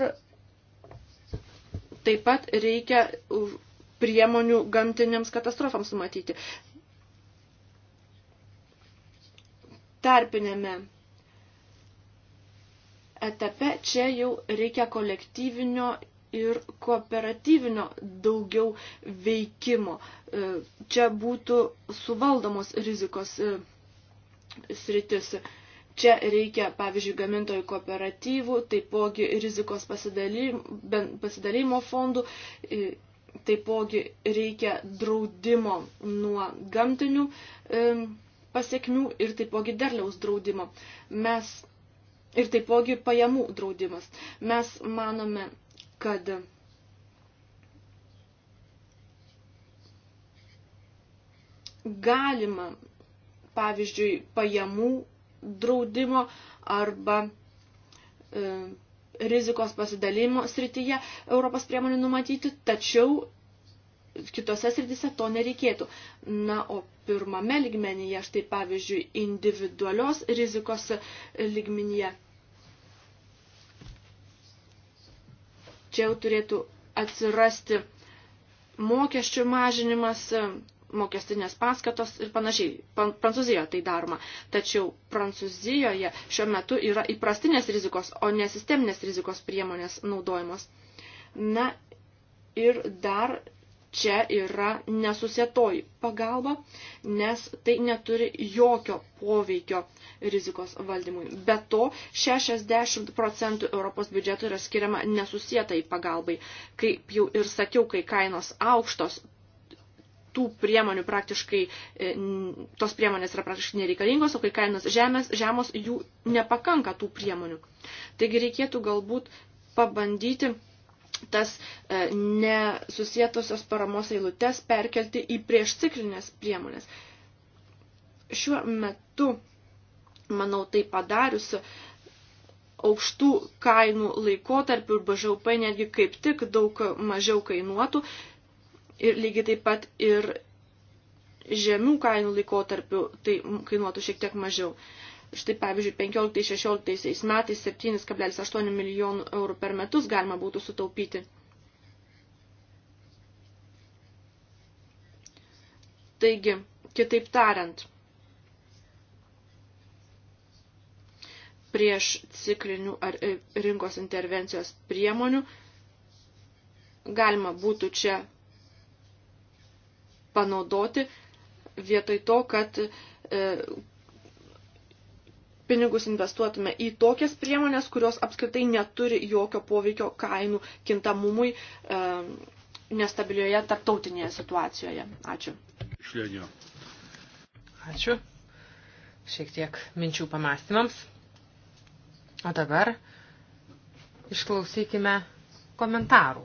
Taip pat reikia priemonių gamtinėms katastrofams numatyti. Tarpinėme etape čia jau reikia kolektyvinio ir kooperatyvinio daugiau veikimo. E, čia būtų suvaldomos rizikos e, sritis. E, Čia reikia, pavyzdžiui, gamintojų kooperatyvų, taipogi rizikos pasidalymo fondų, taipogi reikia draudimo nuo gamtinių pasiekmių ir taipogi derliaus draudimo. Mes ir taipogi pajamų draudimas. Mes manome, kad galima, pavyzdžiui, pajamų draudimo arba e, rizikos pasidalimo srityje Europos priemonių numatyti, tačiau kitose srityse to nereikėtų. Na, o pirmame lygmenyje, štai pavyzdžiui, individualios rizikos lygmenyje, čia jau turėtų atsirasti mokesčių mažinimas, mokestinės paskatos ir panašiai. Prancūzijoje tai daroma. Tačiau Prancūzijoje šiuo metu yra įprastinės rizikos, o ne sisteminės rizikos priemonės naudojamos. Na ir dar čia yra nesusietoji pagalba, nes tai neturi jokio poveikio rizikos valdymui. Be to, 60 procentų Europos biudžeto yra skiriama nesusietai pagalbai. Kaip jau ir sakiau, kai kainos aukštos, tų priemonių praktiškai, e, tos priemonės yra praktiškai nereikalingos, o kai kainos žemės, žemos, jų nepakanka tų priemonių. Taigi reikėtų galbūt pabandyti tas e, nesusietosios paramos eilutes perkelti į priešciklinės priemonės. Šiuo metu, manau, tai padariusi, aukštų kainų laikotarpių ir BŽUP netgi kaip tik daug mažiau kainuotų, ir lygiai taip pat ir žemių kainų laikotarpiu tai kainuotų šiek tiek mažiau. Štai pavyzdžiui, 15-16 metais 7,8 milijonų eurų per metus galima būtų sutaupyti. Taigi, kitaip tariant, prieš ciklinių ar e, rinkos intervencijos priemonių galima būtų čia panaudoti vietoj to, kad e, pinigus investuotume į tokias priemonės, kurios apskritai neturi jokio poveikio kainų kintamumui e, nestabilioje tarptautinėje situacijoje. Ačiū. Išlėnio. Ačiū. Šiek tiek minčių pamastymams. O dabar išklausykime komentarų.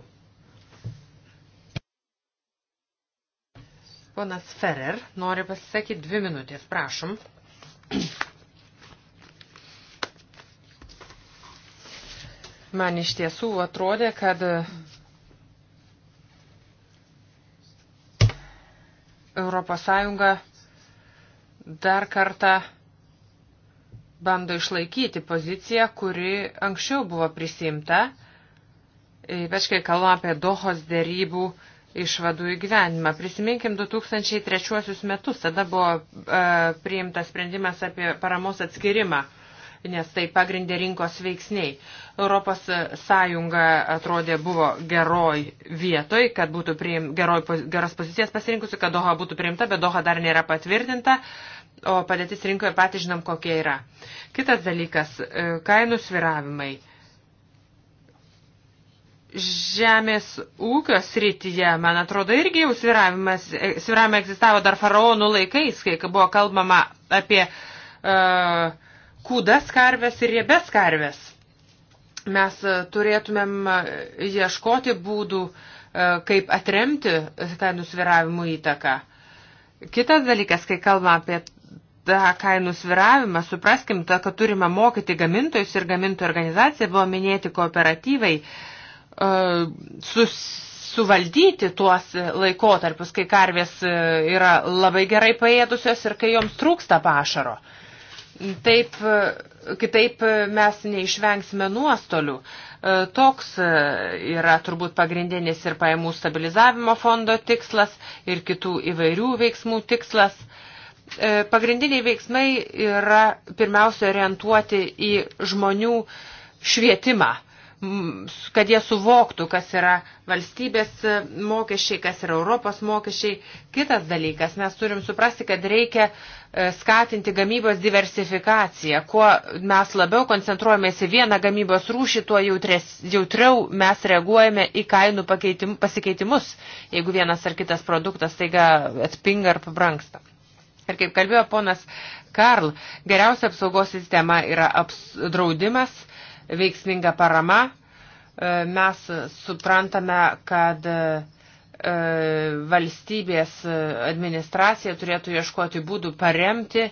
Ponas Ferrer nori pasisakyti dvi minutės, prašom. Man iš tiesų atrodė, kad Europos Sąjunga dar kartą bando išlaikyti poziciją, kuri anksčiau buvo prisimta, ypač kai kalbame apie Dohos dėrybų uh, išvadų įgyvenimą. Prisiminkim 2003 metus, tada buvo e, priimtas sprendimas apie paramos atskirimą, nes tai pagrindė rinkos veiksniai. Europos Sąjunga atrodė buvo geroj vietoj, kad būtų priim, geroj, geros pozicijas pasirinkusi, kad Doha būtų priimta, bet Doha dar nėra patvirtinta. O padėtis rinkoje patys žinom, kokia yra. Kitas dalykas e, - kainų sviravimai žemės ūkio srityje, man atrodo, irgi jau sviravimas, e, sviravimai egzistavo dar faraonų laikais, kai buvo kalbama apie uh, kūdas karves ir riebes karves. Mes e, turėtumėm ieškoti būdų, uh, kaip atremti kainų sviravimų įtaką. Kitas dalykas, kai kalbame apie tą kainų sviravimą, supraskim, ta, kad turime mokyti gamintojus ir gamintojų organizaciją, buvo minėti kooperatyvai. Uh, sus, suvaldyti tuos laikotarpius, kai karvės yra labai gerai paėdusios ir kai joms trūksta pašaro. Taip, kitaip mes neišvengsime nuostolių. Toks yra turbūt pagrindinis ir pajamų stabilizavimo fondo tikslas ir kitų įvairių veiksmų tikslas. E, pagrindiniai veiksmai yra pirmiausia orientuoti į žmonių švietimą kad jie suvoktų, kas yra valstybės mokesčiai, kas yra Europos mokesčiai. Kitas dalykas, mes turim suprasti, kad reikia e, skatinti gamybos diversifikaciją. Kuo mes labiau koncentruojamės į vieną gamybos rūšį, tuo jautres, jautriau mes reaguojame į kainų pasikeitimus, jeigu vienas ar kitas produktas taiga atpinga ar pabranksta. Ir kaip kalbėjo ponas Karl, geriausia apsaugos sistema yra apdraudimas, draudimas veiksminga parama. E, mes suprantame, kad e, valstybės administracija turėtų ieškoti būdų paremti e,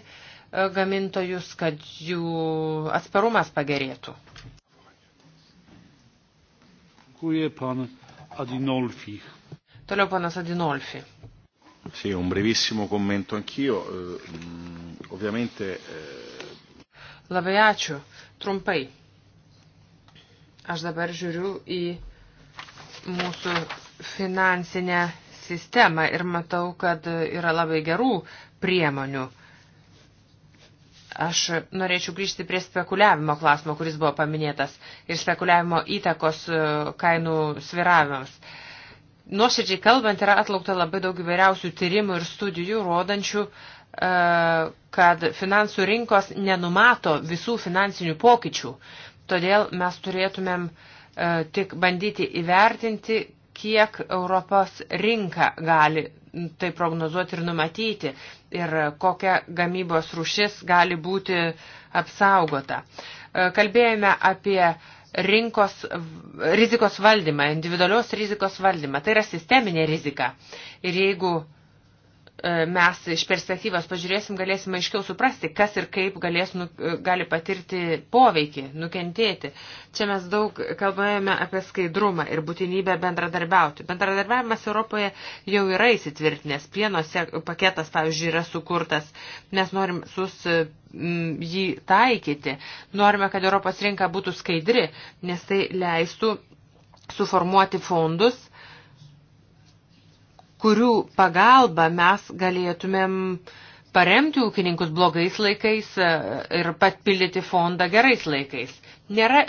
gamintojus, kad jų atsparumas pagerėtų. Dziękuję pan Adinolfi. Toliau panas Adinolfi. Sì, un brevissimo commento anch'io. Eh, ovviamente. Eh... Labai ačiū. Trumpai. Aš dabar žiūriu į mūsų finansinę sistemą ir matau, kad yra labai gerų priemonių. Aš norėčiau grįžti prie spekuliavimo klausimo, kuris buvo paminėtas, ir spekuliavimo įtakos e, kainų sviravimams. Nuoširdžiai kalbant, yra atlaukta labai daug įvairiausių tyrimų ir studijų, rodančių, e, kad finansų rinkos nenumato visų finansinių pokyčių. Todėl mes turėtumėm e, tik bandyti įvertinti, kiek Europos rinka gali tai prognozuoti ir numatyti ir kokia gamybos rušis gali būti apsaugota. E, kalbėjome apie rinkos, rizikos valdymą, individualios rizikos valdymą. Tai yra sisteminė rizika. Ir jeigu E, mes iš perspektyvos pažiūrėsim, galėsim aiškiau suprasti, kas ir kaip galės, nu, e, gali patirti poveikį, nukentėti. Čia mes daug kalbėjome apie skaidrumą ir būtinybę bendradarbiauti. Bendradarbiavimas Europoje jau yra įsitvirtinęs. Pieno paketas, pavyzdžiui, yra sukurtas. Mes norim sus e, jį taikyti. Norime, kad Europos rinka būtų skaidri, nes tai leistų suformuoti fondus, kurių pagalba mes galėtumėm paremti ūkininkus blogais laikais e, ir patpildyti fondą gerais laikais. Nėra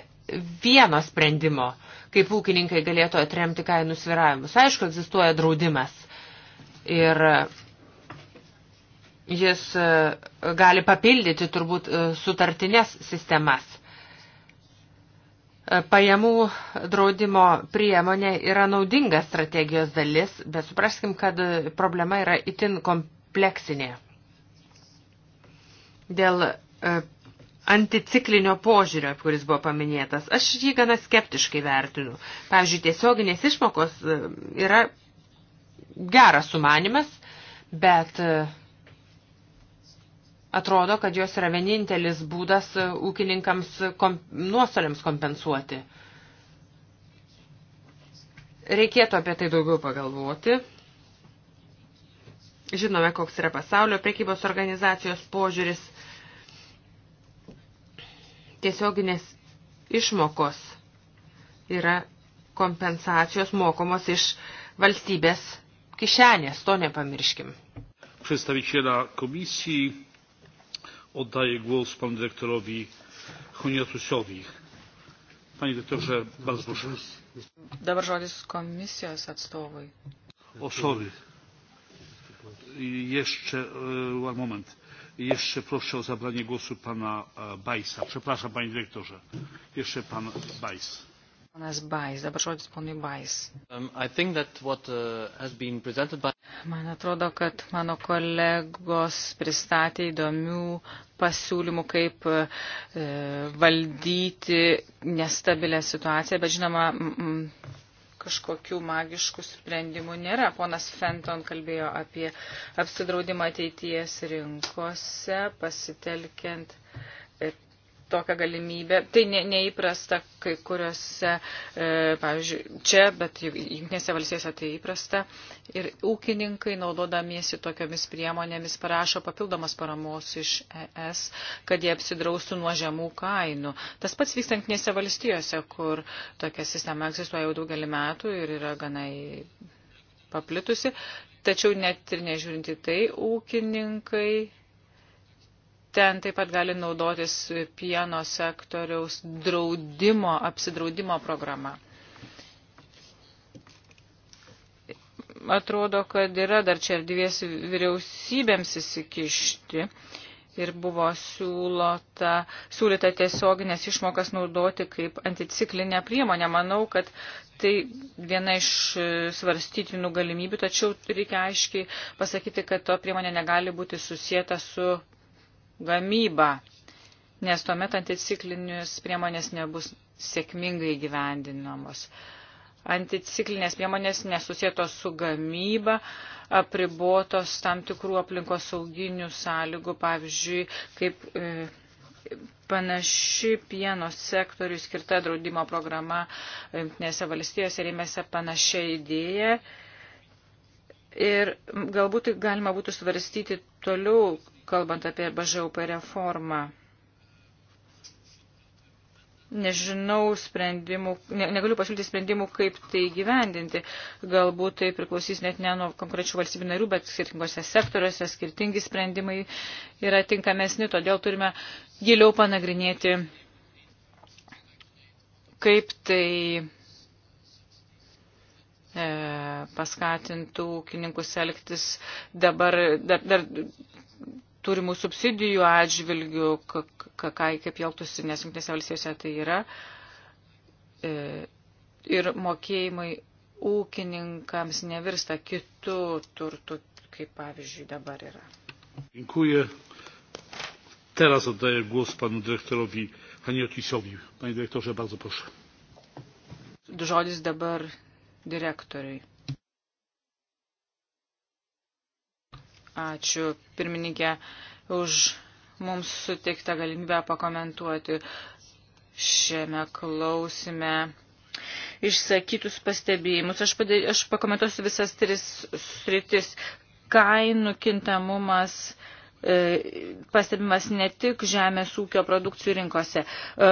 vieno sprendimo, kaip ūkininkai galėtų atremti kainų sviravimus. Aišku, egzistuoja draudimas ir e, jis e, gali papildyti turbūt sutartinės sistemas. E, pajamų draudimo priemonė yra naudinga strategijos dalis, bet supraskim, kad e, problema yra itin kompleksinė. Dėl e, anticiklinio požiūrio, kuris buvo paminėtas, aš jį gana skeptiškai vertinu. Pavyzdžiui, tiesioginės išmokos yra geras sumanimas, bet uh, Atrodo, kad jos yra vienintelis būdas e, ūkininkams kom, nuostoliams kompensuoti. Reikėtų apie tai daugiau pagalvoti. Žinome, koks yra pasaulio prekybos organizacijos požiūris. Tiesioginės išmokos yra kompensacijos mokomos iš valstybės kišenės, to nepamirškim. Przedstawiciela komisijai oddaję głos panu dyrektorowi Honiatusiowi. Panie dyrektorze, bardzo proszę. Dabar žodis komisijos atstovui. O, sorry. Jeszcze, e, one moment. Jeszcze proszę o zabranie głosu pana e, Bajsa. Przepraszam, panie dyrektorze. Jeszcze pan Bajs. Ponas Bais, dabar žodis ponui Bais. Um, what, uh, by... Man atrodo, kad mano kolegos pristatė įdomių pasiūlymų, kaip e, valdyti nestabilę situaciją, bet žinoma, mm, kažkokių magiškų sprendimų nėra. Ponas Fenton kalbėjo apie apsidraudimą ateities rinkose, pasitelkiant. E, tokią galimybę. Tai ne, neįprasta kai kuriuose, e, pavyzdžiui, čia, bet jungtinėse valstijose tai įprasta. Ir ūkininkai, naudodamiesi tokiomis priemonėmis, parašo papildomas paramos iš ES, kad jie apsidraustų nuo žemų kainų. Tas pats vyksta jungtinėse valstijose, kur tokia sistema egzistuoja jau daugelį metų ir yra ganai paplitusi. Tačiau net ir nežiūrinti tai, ūkininkai Ten taip pat gali naudotis pieno sektoriaus draudimo, apsidraudimo programa. Atrodo, kad yra dar čia erdvės vyriausybėms įsikišti ir buvo siūlota, siūlyta tiesioginės išmokas naudoti kaip anticiklinę priemonę. Manau, kad tai viena iš svarstytinų galimybių, tačiau reikia aiškiai pasakyti, kad to priemonė negali būti susijęta su gamybą, nes tuomet anticiklinis priemonės nebus sėkmingai gyvendinamos. Anticiklinės priemonės nesusietos su gamyba, apribotos tam tikrų aplinkos sauginių sąlygų, pavyzdžiui, kaip e, panaši pieno sektoriui skirta draudimo programa Junktinėse valstijose rėmėse panašia idėja. Ir galbūt galima būtų svarstyti toliau kalbant apie BŽUP reformą. Nežinau sprendimų, ne, negaliu pasiūlyti sprendimų, kaip tai gyvendinti. Galbūt tai priklausys net ne nuo konkrečių valstybių narių, bet skirtingose sektoriuose skirtingi sprendimai yra tinkamesni, todėl turime giliau panagrinėti, kaip tai e, paskatintų ūkininkus elgtis dabar dar, dar turimų subsidijų atžvilgių, kaip jautųsi, nes jungtinėse valstijose tai yra. E, ir mokėjimai ūkininkams nevirsta kitų turtų, kaip pavyzdžiui dabar yra. Dziękuję. Teraz oddaję głos panu dyrektorowi Haniotisowi. Panie dyrektorze, bardzo proszę. Žodis dabar direktoriui. Ačiū pirmininkė už mums suteiktą galimybę pakomentuoti šiame klausime išsakytus pastebėjimus. Aš, padė, aš pakomentuosiu visas tris sritis. Kainų kintamumas, uh, E, pastebimas ne tik žemės ūkio produkcijų rinkose. E,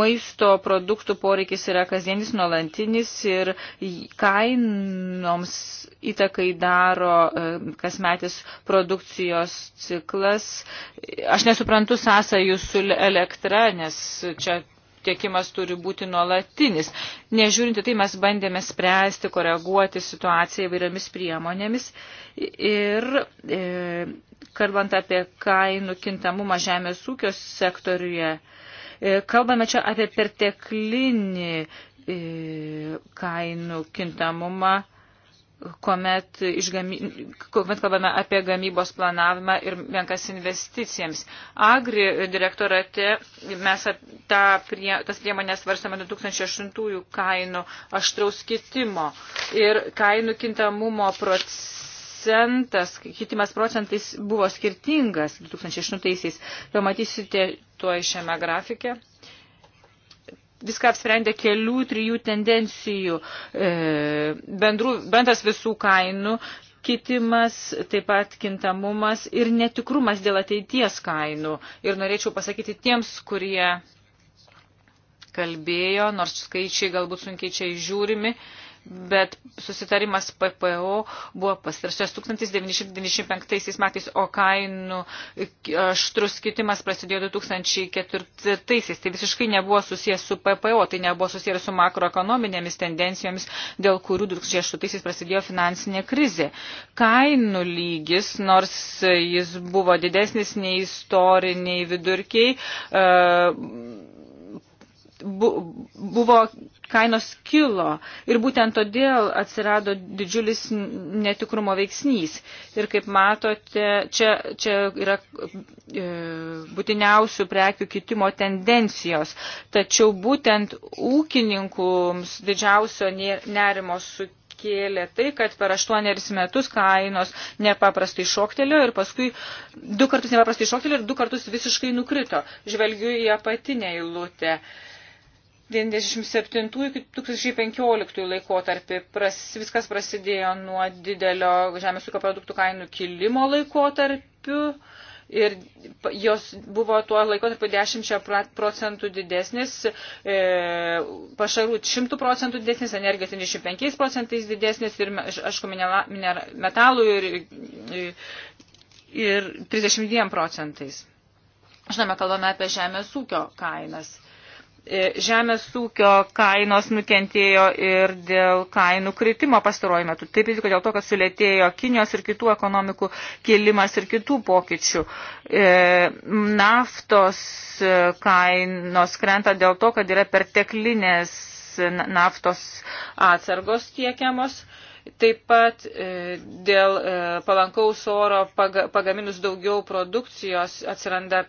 maisto produktų poreikis yra kasdienis, nuolantinis ir kainoms įtakai daro e, kasmetis produkcijos ciklas. Aš nesuprantu sąsajų su elektra, nes čia tiekimas turi būti nuolatinis. Nežiūrinti tai, mes bandėme spręsti, koreguoti situaciją įvairiomis priemonėmis ir e, kalbant apie kainų kintamumą žemės ūkio sektoriuje, e, kalbame čia apie perteklinį e, kainų kintamumą. E, kuomet, išgamy, kuomet kalbame apie gamybos planavimą ir menkas investicijams. Agri direktorate mes tą prie, tas priemonės svarstame 2008 kainų aštraus kitimo ir kainų kintamumo procentas, kitimas procentais buvo skirtingas 2008-aisiais. Jau matysite tuo šiame grafike. Uh, viską apsprendė kelių, trijų tendencijų, e, bendrų, bendras visų kainų, kitimas, taip pat kintamumas ir netikrumas dėl ateities kainų. Ir norėčiau pasakyti tiems, kurie kalbėjo, nors skaičiai galbūt sunkiai čia įžiūrimi, bet susitarimas PPO buvo pasirašęs 1995 metais, o kainų aštrus kitimas prasidėjo 2004-aisiais. Tai visiškai nebuvo susijęs su PPO, tai nebuvo susijęs su makroekonominėmis tendencijomis, dėl kurių 2008-aisiais prasidėjo finansinė krizė. Kainų lygis, nors jis buvo didesnis nei istoriniai vidurkiai, e, buvo kainos kilo ir būtent todėl atsirado didžiulis netikrumo veiksnys. Ir kaip matote, čia, čia yra e, būtiniausių prekių kitimo tendencijos. Tačiau būtent ūkininkums didžiausio nerimo su kėlė tai, kad per aštuonerius metus kainos nepaprastai šoktelio ir paskui du kartus nepaprastai šoktelio ir du kartus visiškai nukrito. Žvelgiu į apatinę eilutę. E, 1997-2015 laikotarpį. Pras, viskas prasidėjo nuo didelio žemės ūkio produktų kainų kilimo laikotarpiu ir jos buvo tuo laikotarpiu 10 procentų didesnis, e, pašarų 100 procentų didesnis, energija 75 procentais didesnis ir, aišku, metalų ir, ir 32 procentais. Žinome, kalbame apie žemės ūkio kainas. E, žemės ūkio kainos nukentėjo ir dėl kainų kritimo pastaruoju metu. Taip įvyko dėl to, kad sulėtėjo Kinijos ir kitų ekonomikų kilimas ir kitų pokyčių. E, naftos e, kainos krenta dėl to, kad yra perteklinės naftos atsargos tiekiamos. E, Taip pat e, dėl e, palankaus oro pagaminus daugiau produkcijos atsiranda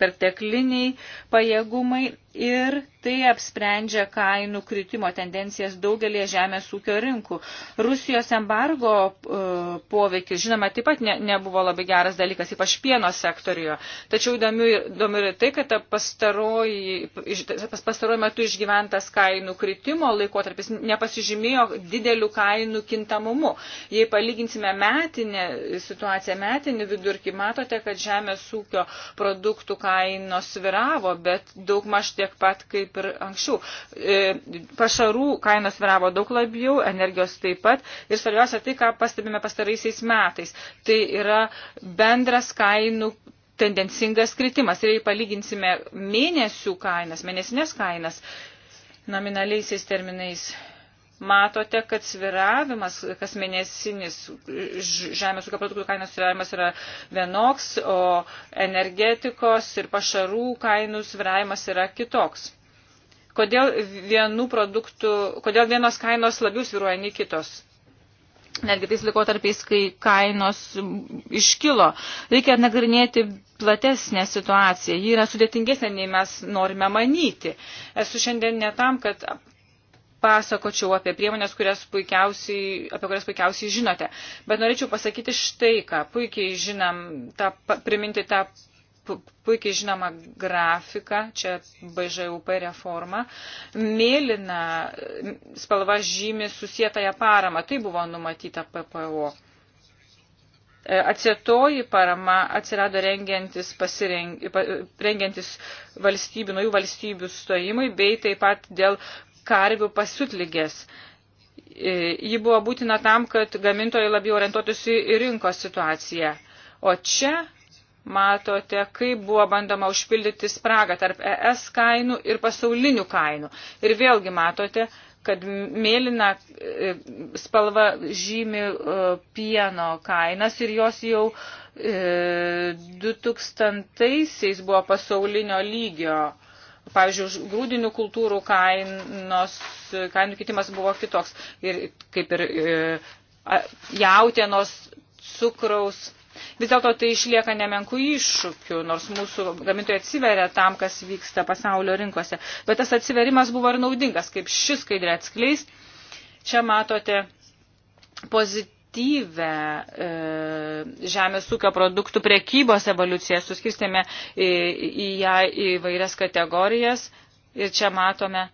pertekliniai pajėgumai ir tai apsprendžia kainų kritimo tendencijas daugelie žemės ūkio rinkų. Rusijos embargo e, poveikis, žinoma, taip pat ne, nebuvo labai geras dalykas, ypač pieno sektorijoje. Tačiau įdomu ir tai, kad pastaruoju metu išgyventas kainų kritimo laikotarpis nepasižymėjo didelių kainų kritimo kintamumu. Jei palyginsime metinę situaciją, metinį vidurkį, matote, kad žemės ūkio produktų kainos sviravo, bet daug maž tiek pat kaip ir anksčiau. E, pašarų kainos sviravo daug labiau, energijos taip pat. Ir svarbiausia tai, ką pastebime pastaraisiais metais. Tai yra bendras kainų tendencingas kritimas. Ir jei palyginsime mėnesių kainas, mėnesinės kainas nominaliaisiais terminais matote, kad sviravimas, kas mėnesinis žemės ūkio produktų kainos sviravimas yra vienoks, o energetikos ir pašarų kainų sviravimas yra kitoks. Kodėl, vienų produktų, kodėl vienos kainos labiau sviruoja nei kitos? Netgi tais laikotarpiais, kai kainos iškilo, reikia nagrinėti platesnę situaciją. Ji yra sudėtingesnė, nei mes norime manyti. Esu šiandien ne tam, kad pasakočiau apie priemonės, kurias puikiausiai, apie kurias puikiausiai žinote. Bet norėčiau pasakyti štai ką. Puikiai žinom, tą, priminti tą puikiai žinomą grafiką, čia BŽUP reforma. Mėlyna spalva žymi susietąją paramą. Tai buvo numatyta PPO. E, atsietoji parama atsirado rengiantis, pasireng, rengiantis valstybių, naujų valstybių stojimui, bei taip pat dėl karvių pasiutlygės. E, Ji buvo būtina tam, kad gamintojai labiau orientuotųsi į rinkos situaciją. O čia matote, kaip buvo bandoma užpildyti spragą tarp ES kainų ir pasaulinių kainų. Ir vėlgi matote, kad mėlyna e, spalva žymi e, pieno kainas ir jos jau 2000-aisiais buvo pasaulinio lygio pavyzdžiui, grūdinių kultūrų kainos, kainų kitimas buvo kitoks. Ir kaip ir e, jautienos, cukraus. Vis dėlto tai išlieka nemenkų iššūkių, nors mūsų gamintojai atsiveria tam, kas vyksta pasaulio rinkose. Bet tas atsiverimas buvo ir naudingas, kaip šis skaidrė atskleis. Čia matote pozit aktyvę e, žemės ūkio produktų prekybos evoliuciją, suskirstėme į, į ją į vairias kategorijas ir čia matome,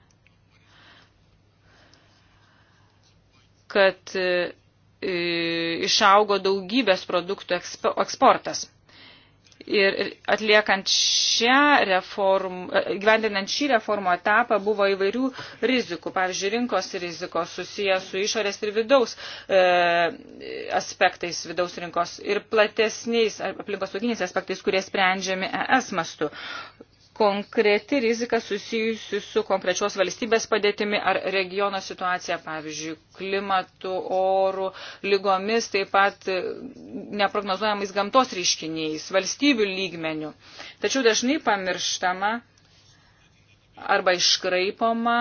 kad e, išaugo daugybės produktų eksportas. Ir atliekant šią reformą, gyvendinant šį reformų etapą buvo įvairių rizikų, pavyzdžiui, rinkos rizikos susijęs su išorės ir vidaus e, aspektais vidaus rinkos ir platesniais aplinkosauginiais aspektais, kurie sprendžiami ES mastu konkreti rizika susijusi su konkrečios valstybės padėtimi ar regiono situacija, pavyzdžiui, klimatu, oru, lygomis, taip pat neprognozuojamais gamtos reiškiniais, valstybių lygmenių. Tačiau dažnai pamirštama arba iškraipoma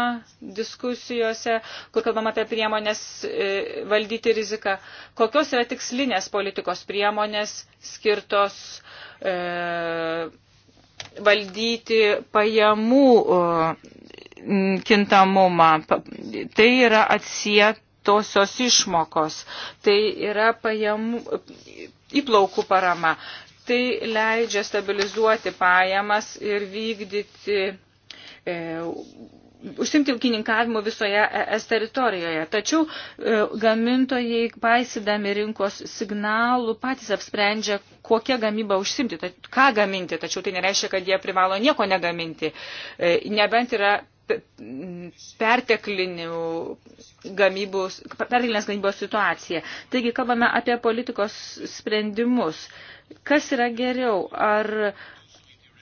diskusijose, kur kalbama apie priemonės e, valdyti riziką. Kokios yra tikslinės politikos priemonės skirtos e, valdyti pajamų kintamumą. Tai yra atsietosios išmokos, tai yra pajamų, įplaukų parama. Tai leidžia stabilizuoti pajamas ir vykdyti e, užsimti ūkininkavimu visoje ES teritorijoje. Tačiau e, gamintojai, paisydami rinkos signalų, patys apsprendžia, kokią gamybą užsimti, ką gaminti, tačiau tai nereiškia, kad jie privalo nieko negaminti. E, nebent yra perteklinių gamybos, perteklinės gamybos situacija. Taigi kalbame apie politikos sprendimus. Kas yra geriau? Ar uh,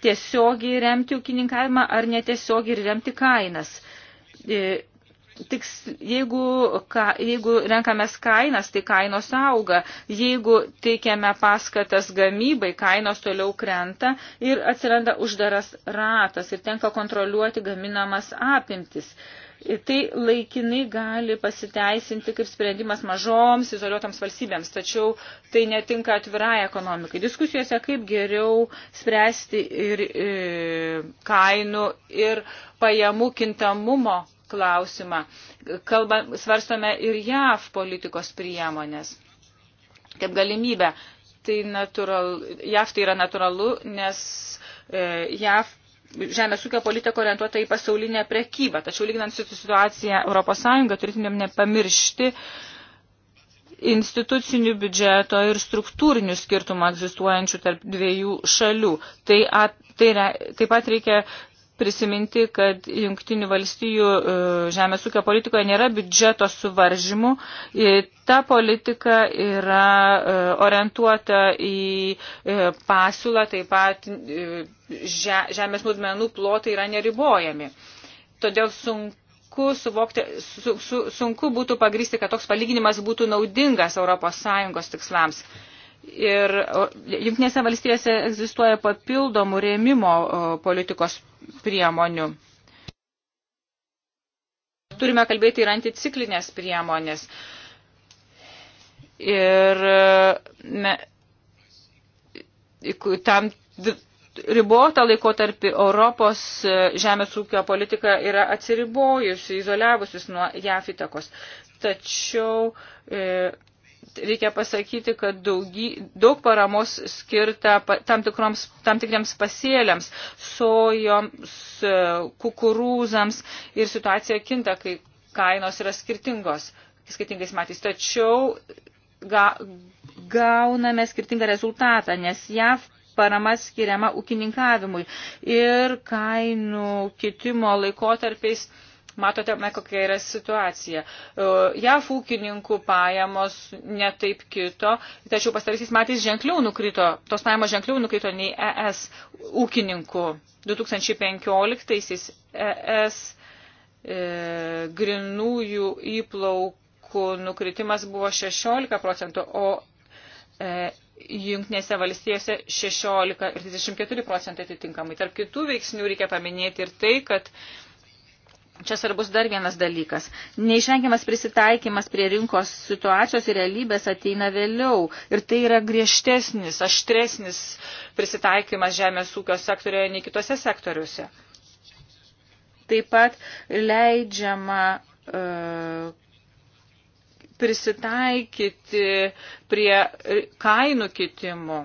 tiesiogiai remti ūkininkavimą ar netiesiogiai remti kainas. E, tiks, jeigu, ka, jeigu renkamės kainas, tai kainos auga. Jeigu teikiame paskatas gamybai, kainos toliau krenta ir atsiranda uždaras ratas ir tenka kontroliuoti gaminamas apimtis. E, Tai laikinai gali pasiteisinti kaip sprendimas mažoms izoliuotams valstybėms, tačiau tai netinka atvirai ekonomikai. Diskusijose kaip geriau spręsti ir e, kainų ir pajamų kintamumo klausimą. Kalba, svarstome ir JAV politikos priemonės kaip galimybę. Tai natural, JAV tai yra natūralu, nes e, JAV žemės ūkio politika orientuota į pasaulinę prekybą. Tačiau lyginant su situacija ES turėtumėm nepamiršti institucinių biudžeto ir struktūrinių skirtumų egzistuojančių tarp dviejų šalių. Tai, at, tai re, taip pat reikia prisiminti, kad jungtinių valstijų e, žemės ūkio politikoje nėra biudžeto suvaržymų. E, ta politika yra e, orientuota į pasiūlą, taip pat žemės naudmenų plotai yra neribojami. Todėl sunku, suvokti, su, su, sunku būtų pagrysti, kad toks palyginimas būtų naudingas ES tikslams. Ir Junktinėse valstijose egzistuoja papildomų rėmimo politikos priemonių. Turime kalbėti ir anticiklinės priemonės. Ir me, tam ribotą laikotarpį Europos e, žemės ūkio politika yra atsiribojusi, izoliavusius nuo JAF įtakos. Tačiau e, reikia pasakyti, kad daugy, daug paramos skirta tam, tikroms, tam tikriams pasėliams, sojoms, e, kukurūzams ir situacija kinta, kai kainos yra skirtingos, skirtingais matys. Tačiau ga, gauname skirtingą rezultatą, nes JAV parama skiriama ūkininkavimui ir kainų kitimo laikotarpiais matotame, kokia yra situacija. E, JAF ūkininkų pajamos netaip kito, tačiau pastarysiais metais ženkliau nukrito, tos pajamos ženkliau nukrito nei ES ūkininkų. 2015 ES e, grinųjų įplaukų nukritimas buvo 16 procentų, o e, jungtinėse valstijose 16 ir 34 procentai atitinkamai. Tarp kitų veiksnių reikia paminėti ir tai, kad e, Čia svarbus dar vienas dalykas. Neišvengiamas prisitaikymas prie rinkos situacijos ir realybės ateina vėliau. Ir tai yra griežtesnis, aštresnis prisitaikymas žemės ūkio sektorioje nei kitose sektoriuose. Taip pat leidžiama uh, prisitaikyti prie kainų kitimų.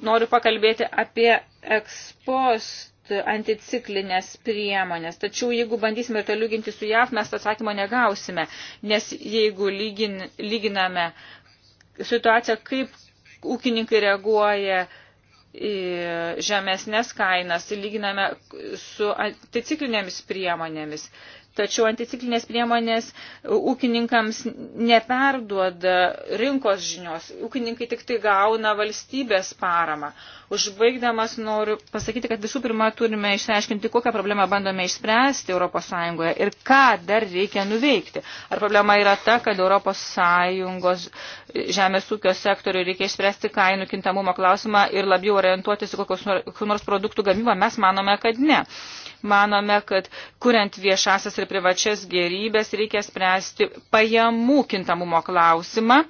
Noriu pakalbėti apie ekspost anticiklinės priemonės. Tačiau jeigu bandysime ir tai lyginti su JAV, mes atsakymo negausime, nes jeigu lygin, lyginame situaciją, kaip ūkininkai reaguoja į žemesnės kainas, lyginame su anticiklinėmis priemonėmis tačiau anticiklinės priemonės ūkininkams neperduoda rinkos žinios. Ūkininkai tik tai gauna valstybės paramą. Užbaigdamas noriu pasakyti, kad visų pirma turime išsiaiškinti, kokią problemą bandome išspręsti ES ir ką dar reikia nuveikti. Ar problema yra ta, kad ES žemės ūkio sektoriui reikia išspręsti kainų kintamumo klausimą ir labiau orientuotis į kokios nors produktų gamybą? Mes manome, kad ne. Uh, manome, kad kuriant viešasias ir privačias gerybės reikia spręsti pajamų kintamumo klausimą.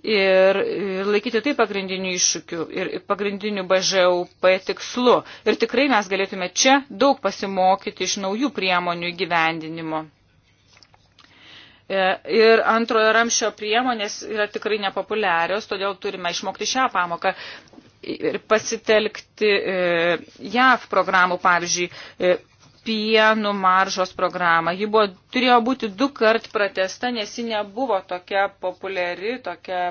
Ir, ir laikyti tai pagrindiniu iššūkiu ir pagrindiniu BŽUP tikslu. Ir tikrai mes galėtume čia daug pasimokyti iš naujų priemonių įgyvendinimo. E, ir antrojo ramšio priemonės yra tikrai nepopuliarios, todėl turime išmokti šią pamoką ir pasitelkti e, JAV programų, pavyzdžiui, e, pienų maržos programą. Ji buvo, turėjo būti du kart pratesta, nes ji nebuvo tokia populiari, tokia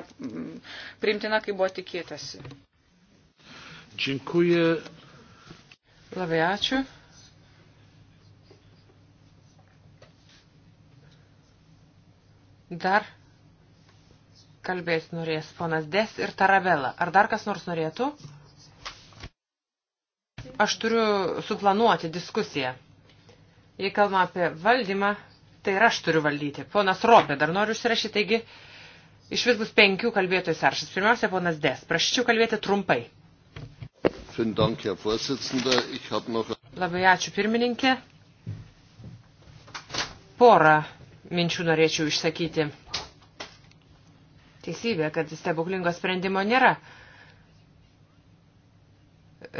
primtina, kaip buvo tikėtasi. Dziękuję. Labai ačiū. Dar kalbės norės ponas Des ir Tarabela. Ar dar kas nors norėtų? Aš turiu suplanuoti diskusiją. Jei kalbam apie valdymą, tai ir aš turiu valdyti. Ponas Ropė, dar noriu užsirašyti, taigi iš vis bus penkių kalbėtojų sąrašas. Pirmiausia, ponas Des. Prašyčiau kalbėti trumpai. Labai ačiū pirmininkė. Porą minčių norėčiau išsakyti teisybė, kad stebuklingo sprendimo nėra.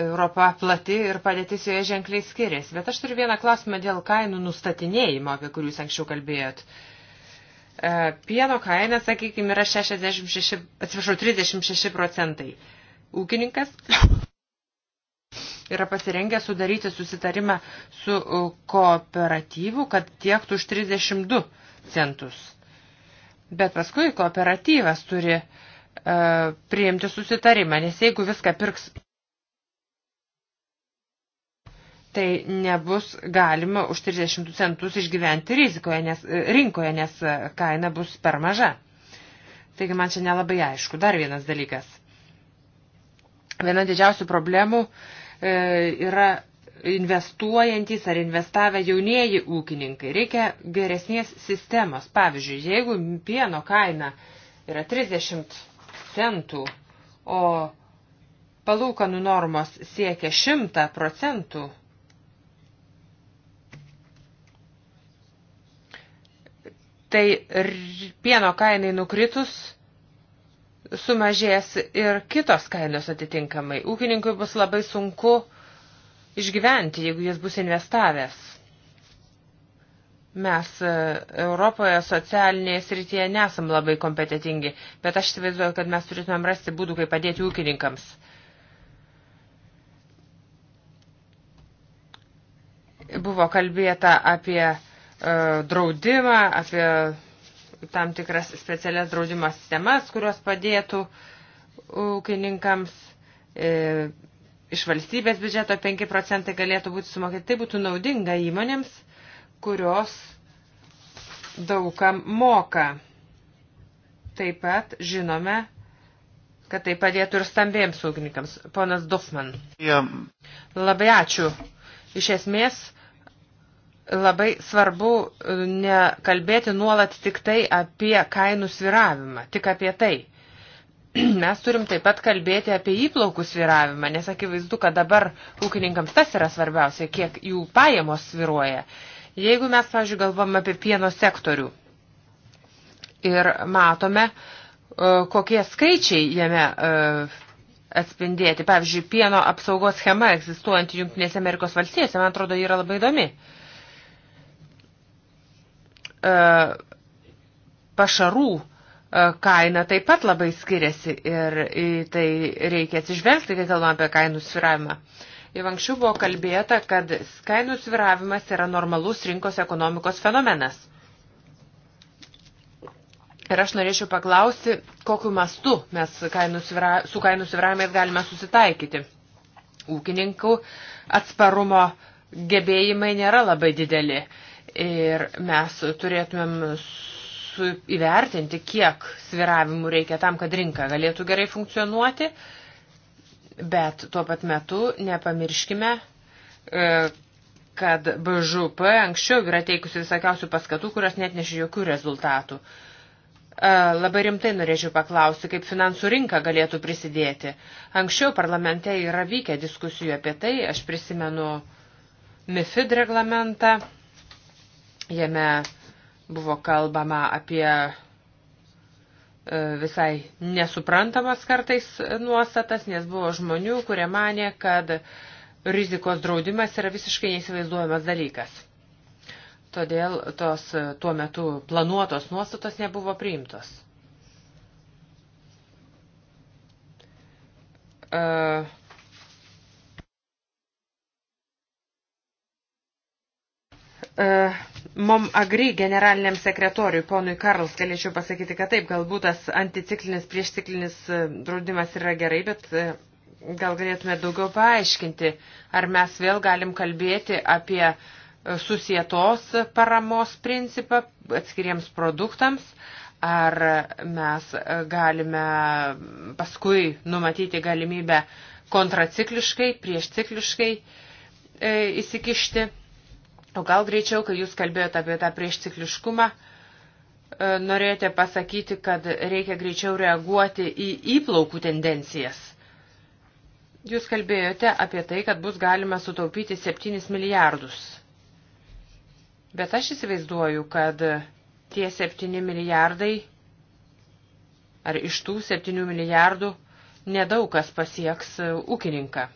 Europa plati ir padėtis joje ženkliai skiriasi. Bet aš turiu vieną klausimą dėl kainų nustatinėjimo, apie kurį jūs anksčiau kalbėjot. E, pieno kaina, sakykime, yra 66, atsiprašau, 36 procentai. Ūkininkas yra pasirengę sudaryti susitarimą su e, kooperatyvu, kad tiektų už 32 centus. Bet paskui kooperatyvas turi e, priimti susitarimą, nes jeigu viską pirks, tai nebus galima už 30 centus išgyventi rizikoje, nes, e, rinkoje, nes e, kaina bus per maža. Taigi man čia nelabai aišku. Dar vienas dalykas. Viena didžiausių problemų e, yra investuojantis ar investavę jaunieji ūkininkai. Reikia geresnės sistemos. Pavyzdžiui, jeigu pieno kaina yra 30 centų, o palūkanų normos siekia 100 procentų, tai pieno kainai nukritus sumažės ir kitos kainos atitinkamai. Ūkininkui bus labai sunku uh, išgyventi, jeigu jis bus investavęs. Mes e, Europoje socialinėje srityje nesam labai kompetitingi, bet aš įsivaizduoju, kad mes turėtumėm rasti būdų, kaip padėti ūkininkams. Buvo kalbėta apie uh, draudimą, apie tam tikras specialias draudimo sistemas, kurios padėtų ūkininkams. Uh, iš valstybės biudžeto 5 procentai galėtų būti sumokėti. Tai būtų naudinga įmonėms, kurios daugam moka. Taip pat žinome, kad tai padėtų ir stambiems ūkininkams. Ponas Dufman. Ja. Labai ačiū. Iš esmės, labai svarbu nekalbėti nuolat tik tai apie kainų sviravimą, tik apie tai. (clears throat) mes turim taip pat kalbėti apie įplaukų sviravimą, nes akivaizdu, kad dabar ūkininkams tas yra svarbiausia, kiek jų pajamos sviruoja. Jeigu mes, pavyzdžiui, galvom apie pieno sektorių ir matome, e, kokie skaičiai jame e, atspindėti. Pavyzdžiui, pieno apsaugos schema egzistuojanti Junktinėse Amerikos valstijose, man atrodo, yra labai įdomi. E, pašarų E, kaina taip pat labai skiriasi ir į tai reikia atsižvelgti, kai kalbame apie kainų sviravimą. Jau anksčiau buvo kalbėta, kad kainų sviravimas yra normalus rinkos ekonomikos fenomenas. Ir aš norėčiau paklausti, kokiu mastu mes kainų svira, su kainų sviravimais galime susitaikyti. Ūkininkų atsparumo gebėjimai nėra labai dideli. Ir mes turėtumėm su, įvertinti, kiek sviravimų reikia tam, kad rinka galėtų gerai funkcionuoti, bet tuo pat metu nepamirškime, e, kad BŽP anksčiau yra teikusi visokiausių paskatų, kurios net neši jokių rezultatų. E, labai rimtai norėčiau paklausti, kaip finansų rinka galėtų prisidėti. Anksčiau parlamente yra vykę diskusijų apie tai, aš prisimenu MIFID reglamentą, jame Buvo kalbama apie e, visai nesuprantamas kartais nuostatas, nes buvo žmonių, kurie manė, kad rizikos draudimas yra visiškai neįsivaizduojamas dalykas. Todėl tos tuo metu planuotos nuostatos nebuvo priimtos. Uh, E, Mom Agri generaliniam sekretoriui, ponui Karls, galėčiau pasakyti, kad taip, galbūt tas anticiklinis, priešciklinis e, draudimas yra gerai, bet e, gal galėtume daugiau paaiškinti, ar mes vėl galim kalbėti apie susietos paramos principą atskiriems produktams, ar mes galime paskui numatyti galimybę kontracikliškai, priešcikliškai įsikišti O gal greičiau, kai jūs kalbėjote apie tą priešcikliškumą, e, norėjote pasakyti, kad reikia greičiau reaguoti į įplaukų tendencijas. Jūs kalbėjote apie tai, kad bus galima sutaupyti 7 milijardus. Bet aš įsivaizduoju, kad tie 7 milijardai ar iš tų 7 milijardų nedaug kas pasieks e, ūkininką.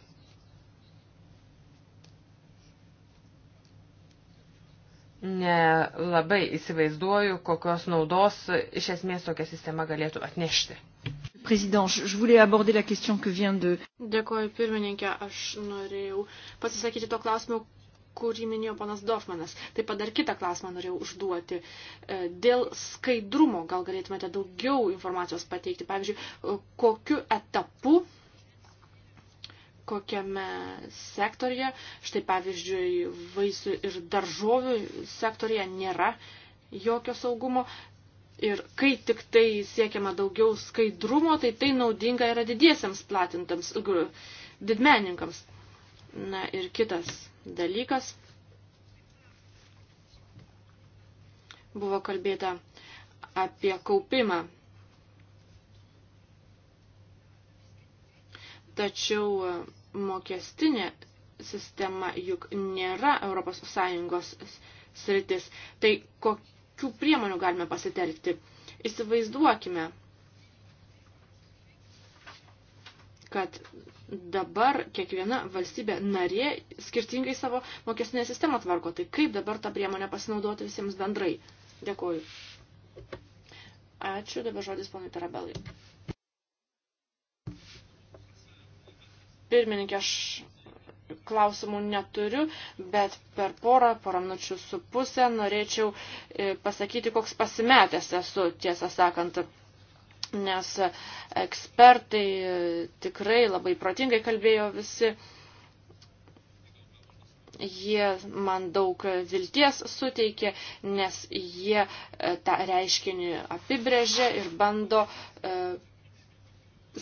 nelabai įsivaizduoju, kokios naudos iš esmės tokia sistema galėtų atnešti. Dėkoju pirmininkė, aš norėjau pasisakyti to klausimu, kurį minėjo panas Dofmanas. Taip pat dar kitą klausimą norėjau užduoti. E, dėl skaidrumo gal galėtumėte daugiau informacijos pateikti. Pavyzdžiui, e, kokiu etapu kokiame sektorija. Štai pavyzdžiui, vaisių ir daržovių sektorija nėra jokio saugumo. Ir kai tik tai siekiama daugiau skaidrumo, tai tai naudinga yra didiesiams platintams, didmeninkams. Na ir kitas dalykas. Buvo kalbėta apie kaupimą Tačiau e, mokestinė sistema juk nėra ES sritis. Tai kokių priemonių galime pasitelkti? Įsivaizduokime, kad dabar kiekviena valstybė narė skirtingai savo mokestinę sistemą tvarko. Tai kaip dabar tą priemonę pasinaudoti visiems bendrai? Dėkuoju. Ačiū, dabar žodis ponui Tarabelai. pirmininkė, aš klausimų neturiu, bet per porą, porą minučių su pusę norėčiau e, pasakyti, koks pasimetęs esu, tiesą sakant, nes ekspertai e, tikrai labai protingai kalbėjo visi. Jie man daug vilties suteikė, nes jie e, tą reiškinį apibrėžė ir bando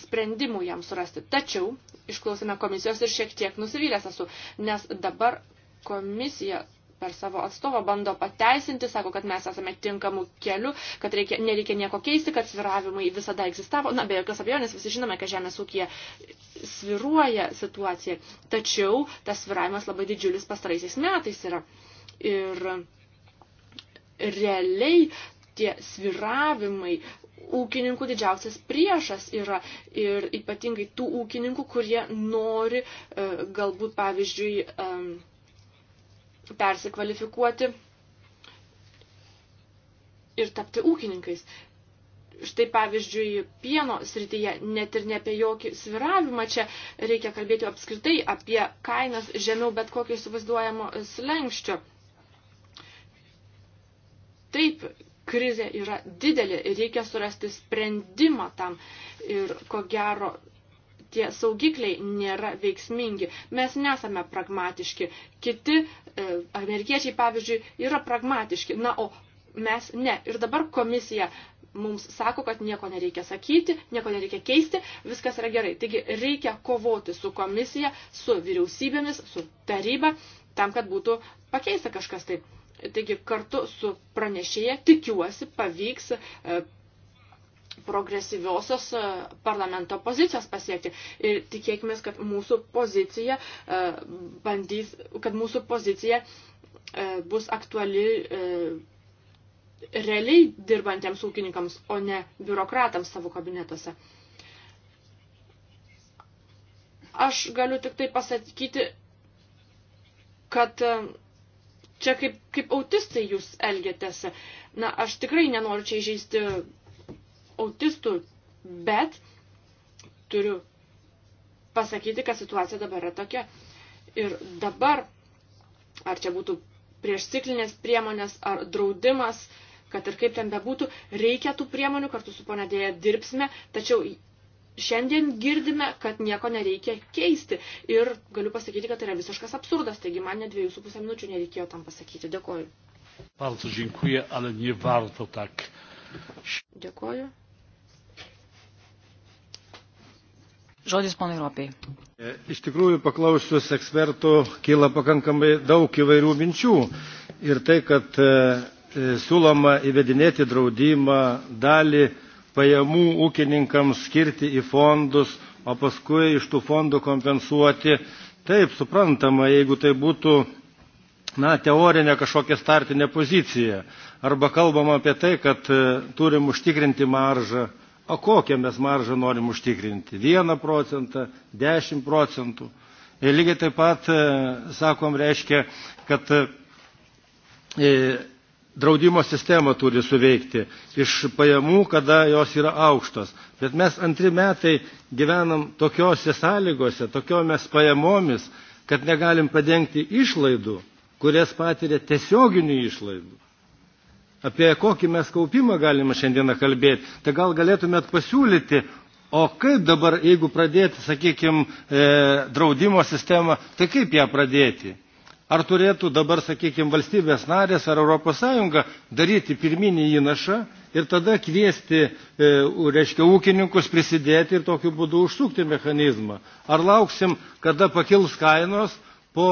sprendimų jam surasti. Tačiau išklausime komisijos ir šiek tiek nusivylęs esu, nes dabar komisija per savo atstovą bando pateisinti, sako, kad mes esame tinkamų kelių, kad reikia, nereikia nieko keisti, kad sviravimai visada egzistavo. Na, be jokios abejonės visi žinome, kad žemės ūkija sviruoja situacija. Tačiau tas sviravimas labai didžiulis pastaraisiais metais yra. Ir realiai tie sviravimai ūkininkų didžiausias priešas yra ir ypatingai tų ūkininkų, kurie nori e, galbūt, pavyzdžiui, persikvalifikuoti ir tapti ūkininkais. Štai pavyzdžiui, pieno srityje net ir ne apie jokį sviravimą čia reikia kalbėti apskritai apie kainas žemiau bet kokio įsivaizduojamo slengščio. Taip, krizė yra didelė ir reikia surasti sprendimą tam. Ir ko gero, tie saugikliai nėra veiksmingi. Mes nesame pragmatiški. Kiti, e, amerikiečiai pavyzdžiui, yra pragmatiški. Na, o mes ne. Ir dabar komisija mums sako, kad nieko nereikia sakyti, nieko nereikia keisti, viskas yra gerai. Taigi reikia kovoti su komisija, su vyriausybėmis, su taryba, tam, kad būtų pakeista kažkas taip. Taigi kartu su pranešėja tikiuosi pavyks e, progresyviosios e, parlamento pozicijos pasiekti. Ir tikėkime, kad mūsų pozicija e, bandys, kad mūsų pozicija bus aktuali realiai dirbantiems ūkininkams, o ne biurokratams savo kabinetuose. Aš galiu tik tai pasakyti, kad čia kaip, kaip autistai jūs elgiatės. Na, aš tikrai nenoriu čia įžeisti autistų, bet turiu pasakyti, kad situacija dabar yra tokia. Ir dabar, ar čia būtų prieš ciklinės priemonės, ar draudimas, kad ir kaip ten bebūtų, reikia tų priemonių, kartu su ponedėje dirbsime, tačiau šiandien girdime, kad nieko nereikia keisti. Ir galiu pasakyti, kad tai yra visiškas absurdas, taigi man net dviejų su pusę minučių nereikėjo tam pasakyti. Dėkoju. Bardzo dziękuję, ale nie warto tak. Dėkoju. Žodis ponui Ropiai. E, iš tikrųjų, paklausius ekspertų, kyla pakankamai daug įvairių minčių. Ir tai, kad e, e siūloma įvedinėti draudimą dalį pajamų ūkininkams skirti į fondus, o paskui iš tų fondų kompensuoti. Taip, suprantama, jeigu tai būtų na, teorinė kažkokia startinė pozicija. Arba kalbam apie tai, kad e, turim užtikrinti maržą. O kokią mes maržą norim užtikrinti? 1 procentą, 10 procentų. Ir lygiai taip pat, e, sakom, reiškia, kad e, draudimo sistema turi suveikti iš pajamų, kada jos yra aukštos. Bet mes antri metai gyvenam tokiose sąlygose, tokiomis pajamomis, kad negalim padengti išlaidų, kurias patiria tiesioginių išlaidų. Apie kokį mes kaupimą galime šiandieną kalbėti, tai gal galėtumėt pasiūlyti, o kaip dabar, jeigu pradėti, sakykime, draudimo sistemą, tai kaip ją pradėti? ar turėtų dabar, sakykime, valstybės narės ar ES daryti pirminį įnašą ir tada kviesti, e, reiškia, ūkininkus prisidėti ir tokiu būdu užsukti mechanizmą. Ar lauksim, kada pakils kainos, po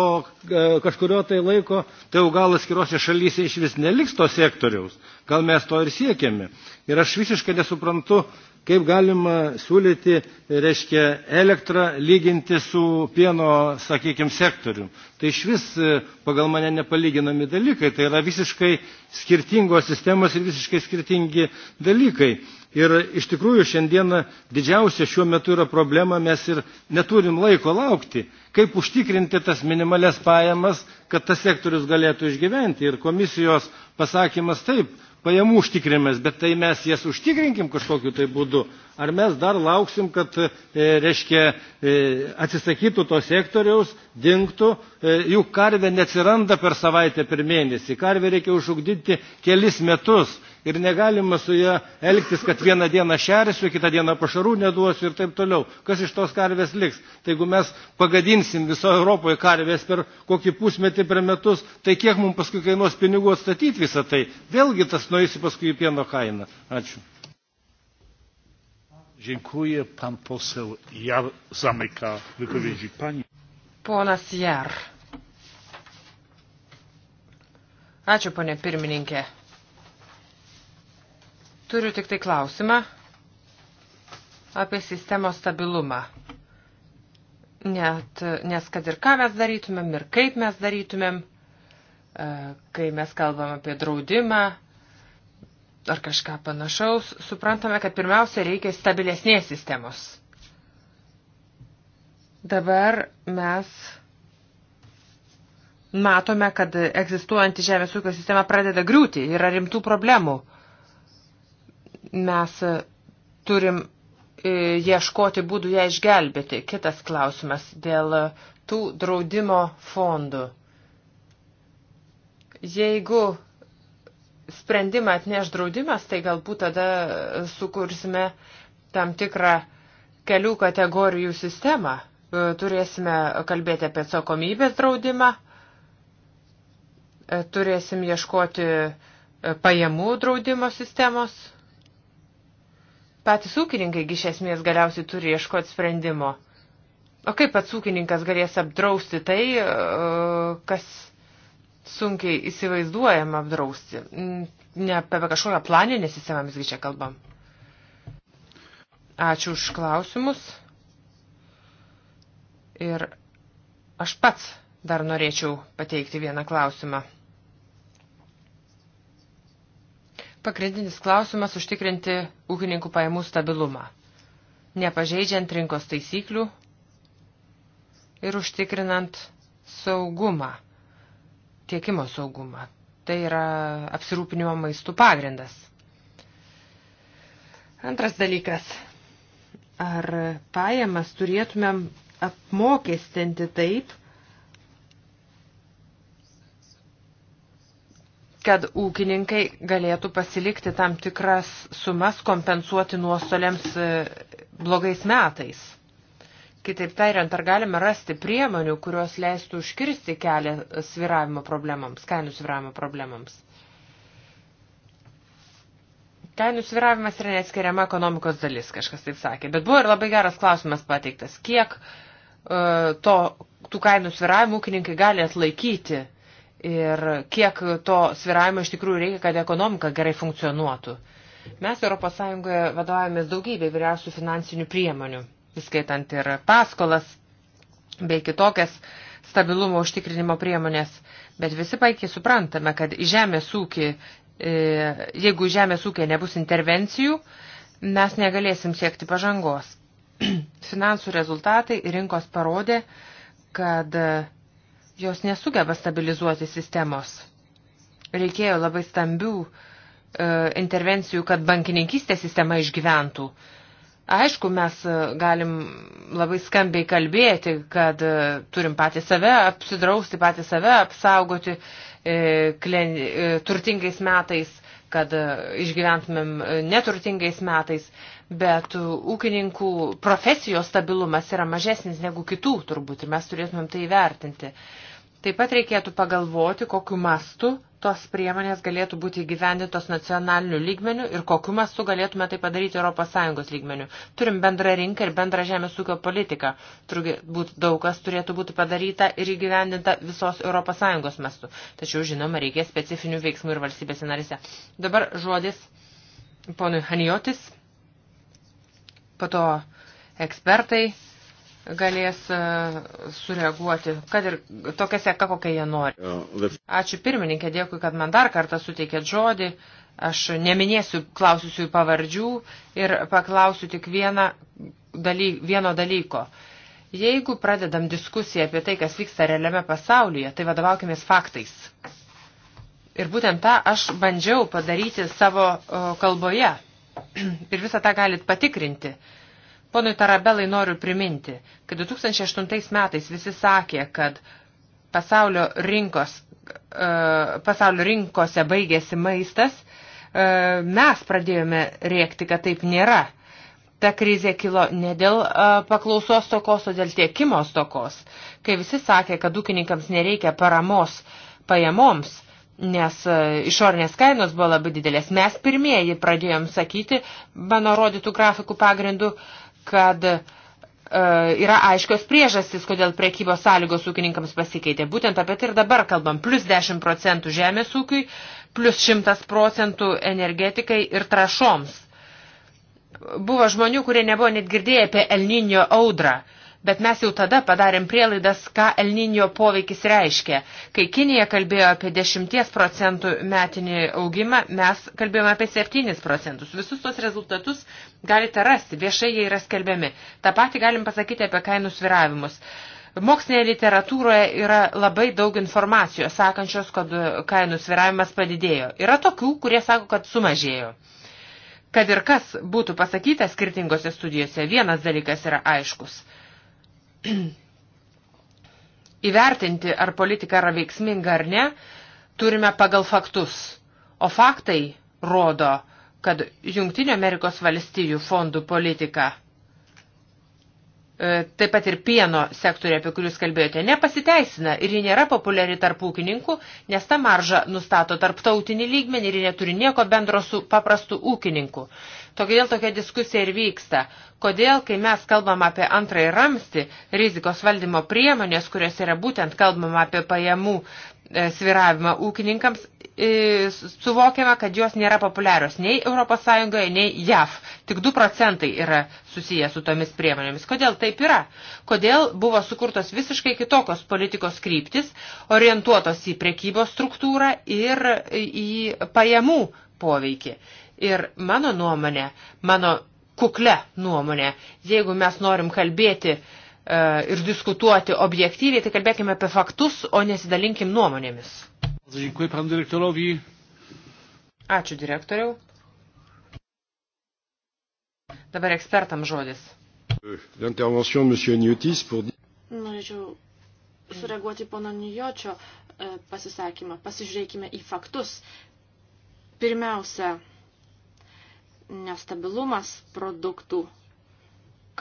e, kažkurio tai laiko, tai jau gal atskirose šalyse iš vis neliks to sektoriaus. Gal mes to ir siekiame. Ir aš visiškai nesuprantu kaip galima siūlyti, reiškia, elektrą lyginti su pieno, sakykime, sektorium. Tai iš vis e, pagal mane nepalyginami dalykai, tai yra visiškai skirtingos sistemos ir visiškai skirtingi dalykai. Ir iš tikrųjų šiandieną didžiausia šiuo metu yra problema, mes ir neturim laiko laukti, kaip užtikrinti tas minimales pajamas, kad tas sektorius galėtų išgyventi. Ir komisijos pasakymas taip, pajamų užtikrinimas, bet tai mes jas užtikrinkim kažkokiu tai būdu. Ar mes dar lauksim, kad e, reiškia, e, atsisakytų to sektoriaus, dinktų, e, juk karvė neatsiranda per savaitę, per mėnesį. Karvė reikia užugdyti kelis metus ir negalima su ja elgtis, kad vieną dieną šersiu, kitą dieną pašarų neduosiu ir taip toliau. Kas iš tos karvės liks? Tai jeigu mes pagadinsim viso Europoje karvės per kokį pusmetį per metus, tai kiek mums paskui kainuos pinigų atstatyti visą tai? Vėlgi tas nueisi paskui į pieno kainą. Ačiū. Dziękuję. Pan poseł Jar zamyka wypowiedzi pani. Ponas Jar. Ačiū, ponė pirmininkė. Turiu tik tai klausimą apie sistemos stabilumą. Net, nes kad ir ką mes darytumėm ir kaip mes darytumėm, e, kai mes kalbam apie draudimą ar kažką panašaus, suprantame, kad pirmiausia reikia stabilesnės sistemos. Dabar mes matome, kad egzistuojanti žemės ūkio sistema pradeda griūti, yra rimtų problemų. Mes e, turim e, ieškoti būdų ją išgelbėti. Kitas klausimas dėl e, tų draudimo fondų. Jeigu sprendimą atneš draudimas, tai galbūt tada sukursime tam tikrą kelių kategorijų sistemą. Turėsime kalbėti apie atsakomybės draudimą, turėsim ieškoti pajamų draudimo sistemos, Patys ūkininkai iš esmės galiausiai turi ieškoti sprendimo. O kaip pats ūkininkas galės apdrausti tai, uh, kas sunkiai įsivaizduojama apdrausti? Mm, ne apie kažkokią planinę sistemą visgi čia kalbam. Ačiū už klausimus. Ir aš pats dar norėčiau pateikti vieną klausimą. Pagrindinis klausimas – užtikrinti ūkininkų pajamų stabilumą, nepažeidžiant rinkos taisyklių ir užtikrinant saugumą, tiekimo saugumą. Tai yra apsirūpinimo maistų pagrindas. Antras dalykas. Ar pajamas turėtumėm apmokestinti taip, kad ūkininkai galėtų pasilikti tam tikras sumas kompensuoti nuostoliams e, blogais metais. Kitaip tariant, ar galime rasti priemonių, kurios leistų užkirsti kelią sviravimo problemams, kainų sviravimo problemams? Kainų sviravimas yra neatskiriama ekonomikos dalis, kažkas taip sakė. Bet buvo ir labai geras klausimas pateiktas, kiek uh, to, tų kainų sviravimų ūkininkai gali atlaikyti uh, ir kiek to sviravimo iš tikrųjų reikia, kad ekonomika gerai funkcionuotų. Mes ES vadovavomės daugybė vyriausių finansinių priemonių, įskaitant ir paskolas bei kitokias stabilumo užtikrinimo priemonės, bet visi paikiai suprantame, kad į žemės ūkį, e, jeigu žemės ūkė nebus intervencijų, mes negalėsim siekti pažangos. (clears throat) Finansų rezultatai rinkos parodė, kad Jos nesugeba stabilizuoti sistemos. Reikėjo labai stambių e, intervencijų, kad bankininkystės sistema išgyventų. Aišku, mes e, galim labai skambiai kalbėti, kad e, turim patį save apsidrausti, patį save apsaugoti, E, e, turtingais metais, kad e, išgyventumėm neturtingais metais, bet ūkininkų profesijos stabilumas yra mažesnis negu kitų turbūt ir mes turėtumėm tai įvertinti. Taip pat reikėtų pagalvoti, kokiu mastu tos priemonės galėtų būti įgyvendintos nacionaliniu lygmeniu ir kokiu mastu galėtume tai padaryti ES lygmeniu. Turim bendrą rinką ir bendrą žemės ūkio politiką. Turbūt daug kas turėtų būti padaryta ir įgyvendinta visos ES mastu. Tačiau, žinoma, reikia specifinių veiksmų ir valstybėse narise. Dabar žodis ponui Hanijotis, po to ekspertai galės e, sureaguoti, kad ir tokia seka, kokia jie nori. Ačiū pirmininkė, dėkui, kad man dar kartą suteikėt žodį. Aš neminėsiu klausiusių pavardžių ir paklausiu tik vieną dalyk, vieno dalyko. Jeigu pradedam diskusiją apie tai, kas vyksta realiame pasaulyje, tai vadovaukimės faktais. Ir būtent tą aš bandžiau padaryti savo kalboje. (clears throat) Ir visą tą galit patikrinti. Ponui Tarabelai noriu priminti, kad 2008 metais visi sakė, kad pasaulio, rinkos, e, pasaulio rinkose baigėsi maistas, e, mes pradėjome rėkti, kad taip nėra. Ta krizė kilo ne dėl e, paklausos tokos, o dėl tiekimo stokos, kai visi sakė, kad ūkininkams nereikia paramos pajamoms, nes išorinės kainos buvo labai didelės. Mes pirmieji pradėjom sakyti, mano rodytų grafikų pagrindų, kad e, yra aiškios priežastys, kodėl prekybos sąlygos ūkininkams pasikeitė. Būtent apie tai ir dabar kalbam. Plus 10 procentų žemės ūkiui, plus 100 procentų energetikai ir trašoms. Buvo žmonių, kurie nebuvo net girdėję apie Elninio audrą. E, Bet mes jau tada padarėm prielaidas, ką Elninio poveikis reiškia. Kai Kinija kalbėjo apie 10 procentų metinį augimą, mes kalbėjome apie 7 procentus. Visus tos rezultatus galite rasti, viešai jie yra skelbiami. Ta pati galim pasakyti apie kainų sviravimus. Mokslinėje literatūroje yra labai daug informacijos, sakančios, kad kainų sviravimas padidėjo. Yra tokių, kurie sako, kad sumažėjo. Kad ir kas būtų pasakyta skirtingose studijose, vienas dalykas yra aiškus – (clears throat) įvertinti, ar politika yra veiksminga ar ne, turime pagal faktus. O faktai rodo, kad Junktinio Amerikos valstijų fondų politika – E, taip pat ir pieno sektoriai, apie kurius kalbėjote, nepasiteisina ir ji nėra populiari tarp ūkininkų, nes ta marža nustato tarptautinį lygmenį ir ji neturi nieko bendro su paprastu ūkininku. Todėl tokia diskusija ir vyksta. Kodėl, kai mes kalbam apie antrąjį ramstį, rizikos valdymo priemonės, kurios yra būtent kalbam apie pajamų E, sviravimą ūkininkams, e, suvokiame, kad jos nėra populiarios nei ES, nei JAV. Tik 2 procentai yra susiję su tomis priemonėmis. Kodėl taip yra? Kodėl buvo sukurtos visiškai kitokios politikos kryptis, orientuotos į prekybos struktūrą ir į pajamų poveikį. Ir mano nuomonė, mano kuklė nuomonė, jeigu mes norim kalbėti uh, E, ir diskutuoti objektyviai, tai kalbėkime apie faktus, o nesidalinkim nuomonėmis. Ačiū direktoriau. Dabar ekspertam žodis. Norėčiau sureaguoti pono Nijočio e, pasisakymą. Pasižiūrėkime į faktus. Pirmiausia, nestabilumas produktų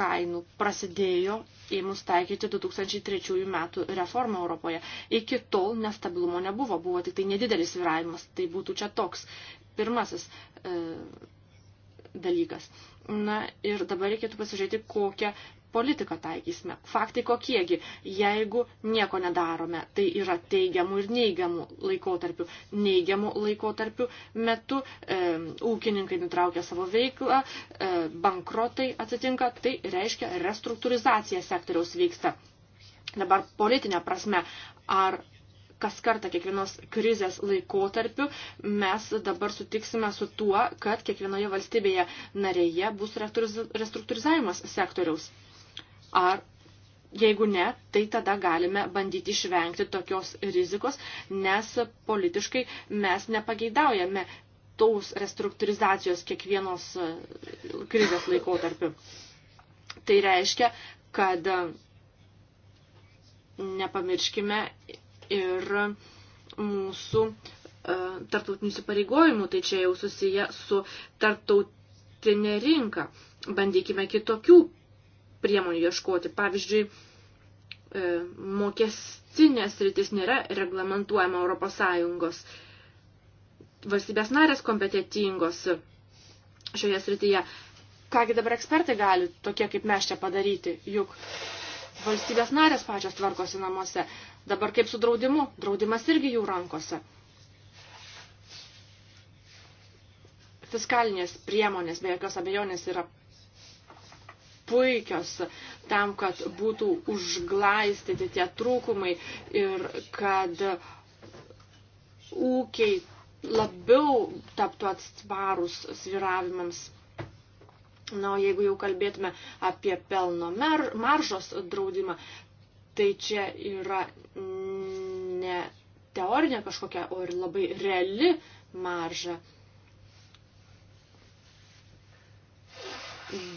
kainų prasidėjo ėmus taikyti 2003 metų reformą Europoje. Iki tol nestabilumo nebuvo, buvo tik tai nedidelis viravimas, tai būtų čia toks pirmasis e, dalykas. Na ir dabar reikėtų pasižiūrėti, kokią politiką taikysime. Faktai kokiegi, jeigu nieko nedarome, tai yra teigiamų ir neigiamų laikotarpių. Neigiamų laikotarpių metu e, ūkininkai nutraukia savo veiklą, e, bankrotai atsitinka, tai reiškia restruktūrizacija sektoriaus vyksta. Dabar politinė prasme, ar kas kartą kiekvienos krizės laikotarpiu mes dabar sutiksime su tuo, kad kiekvienoje valstybėje narėje bus restruktūrizavimas sektoriaus ar Jeigu ne, tai tada galime bandyti išvengti tokios rizikos, nes politiškai mes nepageidaujame taus restruktūrizacijos kiekvienos e, krizės laikotarpiu. Tai reiškia, kad e, nepamirškime ir mūsų e, tarptautinių įsipareigojimų, tai čia jau susiję su tarptautinė rinka. Bandykime kitokių priemonių ieškoti. Pavyzdžiui, e, mokestinės rytis nėra reglamentuojama Europos Sąjungos. Valstybės narės kompetitingos šioje srityje. Kągi dabar ekspertai gali tokie kaip mes čia padaryti, juk valstybės narės pačios tvarkosi namuose. Dabar kaip su draudimu, draudimas irgi jų rankose. Fiskalinės priemonės be jokios abejonės yra puikios tam, kad būtų užglaistyti tie trūkumai ir kad ūkiai labiau taptų atsparus sviravimams. Na, o jeigu jau kalbėtume apie pelno maržos draudimą, tai čia yra ne teorinė kažkokia, o ir labai reali marža.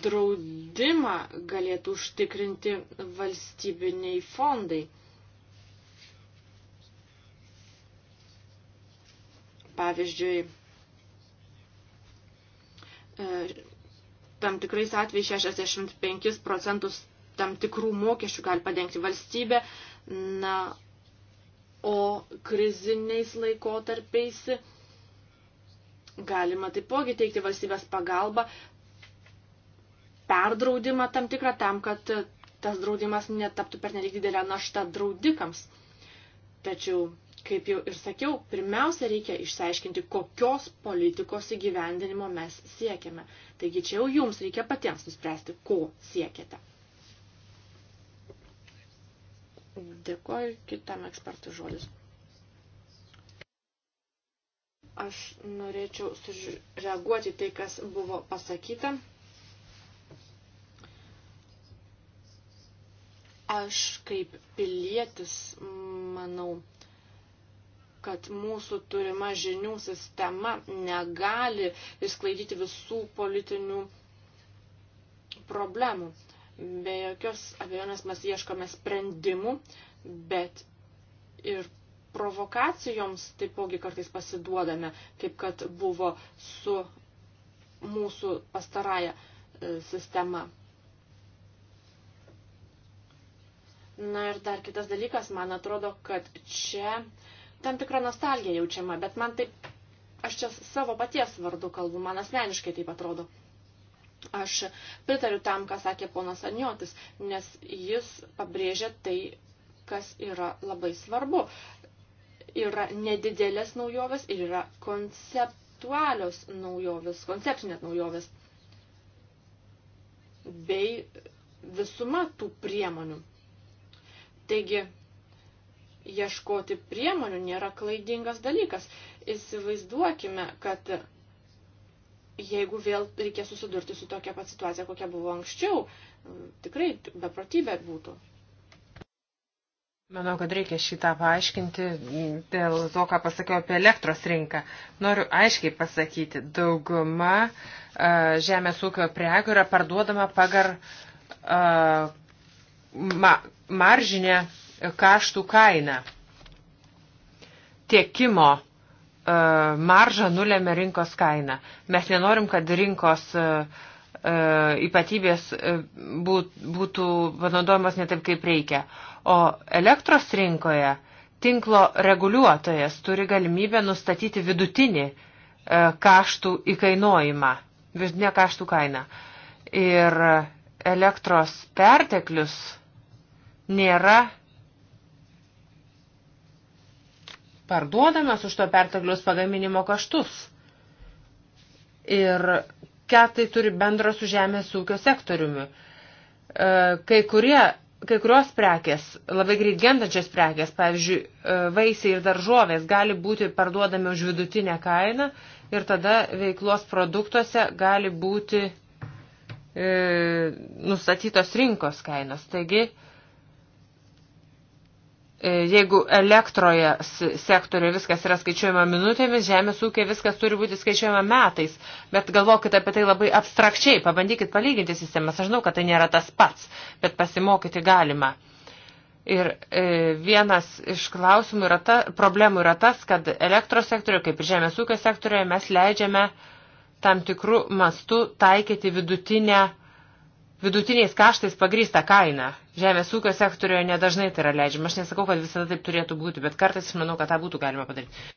draudimą galėtų užtikrinti valstybiniai fondai. Pavyzdžiui, e, tam tikrais atvejais 65 procentus tam tikrų mokesčių gali padengti valstybė, na, o kriziniais laikotarpiais galima taipogi teikti valstybės pagalbą, perdraudimą tam tikrą tam, kad tas draudimas netaptų per nelik didelę naštą draudikams. Tačiau, kaip jau ir sakiau, pirmiausia reikia išsiaiškinti, kokios politikos įgyvendinimo mes siekiame. Taigi čia jau jums reikia patiems nuspręsti, ko siekiate. Dėkoju kitam ekspertui žodis. Aš norėčiau reaguoti tai, kas buvo pasakyta. Aš kaip pilietis manau, kad mūsų turima žinių sistema negali išsklaidyti visų politinių problemų. Be jokios abejonės mes ieškome sprendimų, bet ir provokacijoms taipogi kartais pasiduodame, kaip kad buvo su mūsų pastaraja e, sistema. Na ir dar kitas dalykas, man atrodo, kad čia tam tikra nostalgija jaučiama, bet man taip, aš čia savo paties vardu kalbu, man asmeniškai taip atrodo. Aš pritariu tam, ką sakė ponas Aniotis, nes jis pabrėžė tai, kas yra labai svarbu. Yra nedidelės naujovės ir yra konceptualios naujovės, konceptinės naujovės bei visuma tų priemonių. Taigi, ieškoti priemonių nėra klaidingas dalykas. Įsivaizduokime, kad jeigu vėl reikės susidurti su tokia pat situacija, kokia buvo anksčiau, tikrai beprotybė būtų. Manau, kad reikia šitą paaiškinti dėl to, ką pasakiau apie elektros rinką. Noriu aiškiai pasakyti, dauguma žemės ūkio prekių yra parduodama pagar ma maržinę kaštų kainą. Tiekimo e, marža nulėmė rinkos kainą. Mes nenorim, kad rinkos e, e, ypatybės būtų panaudojamos ne taip, kaip reikia. O elektros rinkoje tinklo reguliuotojas turi galimybę nustatyti vidutinį kaštų įkainojimą, vidutinę kaštų kainą. Ir elektros perteklius nėra parduodamas už to perteklius pagaminimo kaštus. Ir ką tai turi bendro su žemės ūkio sektoriumi. E, kai, kurie, kai kurios prekės, labai greit gendančios prekės, pavyzdžiui, e, vaisiai ir daržovės, gali būti parduodami už vidutinę kainą ir tada veiklos produktuose gali būti e, nustatytos rinkos kainos. Taigi, e, E, jeigu elektroje sektoriuje viskas yra skaičiuojama minutėmis, žemės ūkė viskas turi būti skaičiuojama metais, bet galvokite apie tai labai abstrakčiai, pabandykit palyginti sistemas, aš žinau, kad tai nėra tas pats, bet pasimokyti galima. Ir e, vienas iš klausimų yra ta, problemų yra tas, kad elektros sektoriuje, kaip ir žemės ūkio sektoriuje, mes leidžiame tam tikrų mastų taikyti vidutinę vidutiniais kaštais pagrįsta kaina. Žemės ūkio sektorioje nedažnai tai yra leidžiama. Aš nesakau, kad visada taip turėtų būti, bet kartais manau, kad tą būtų galima padaryti.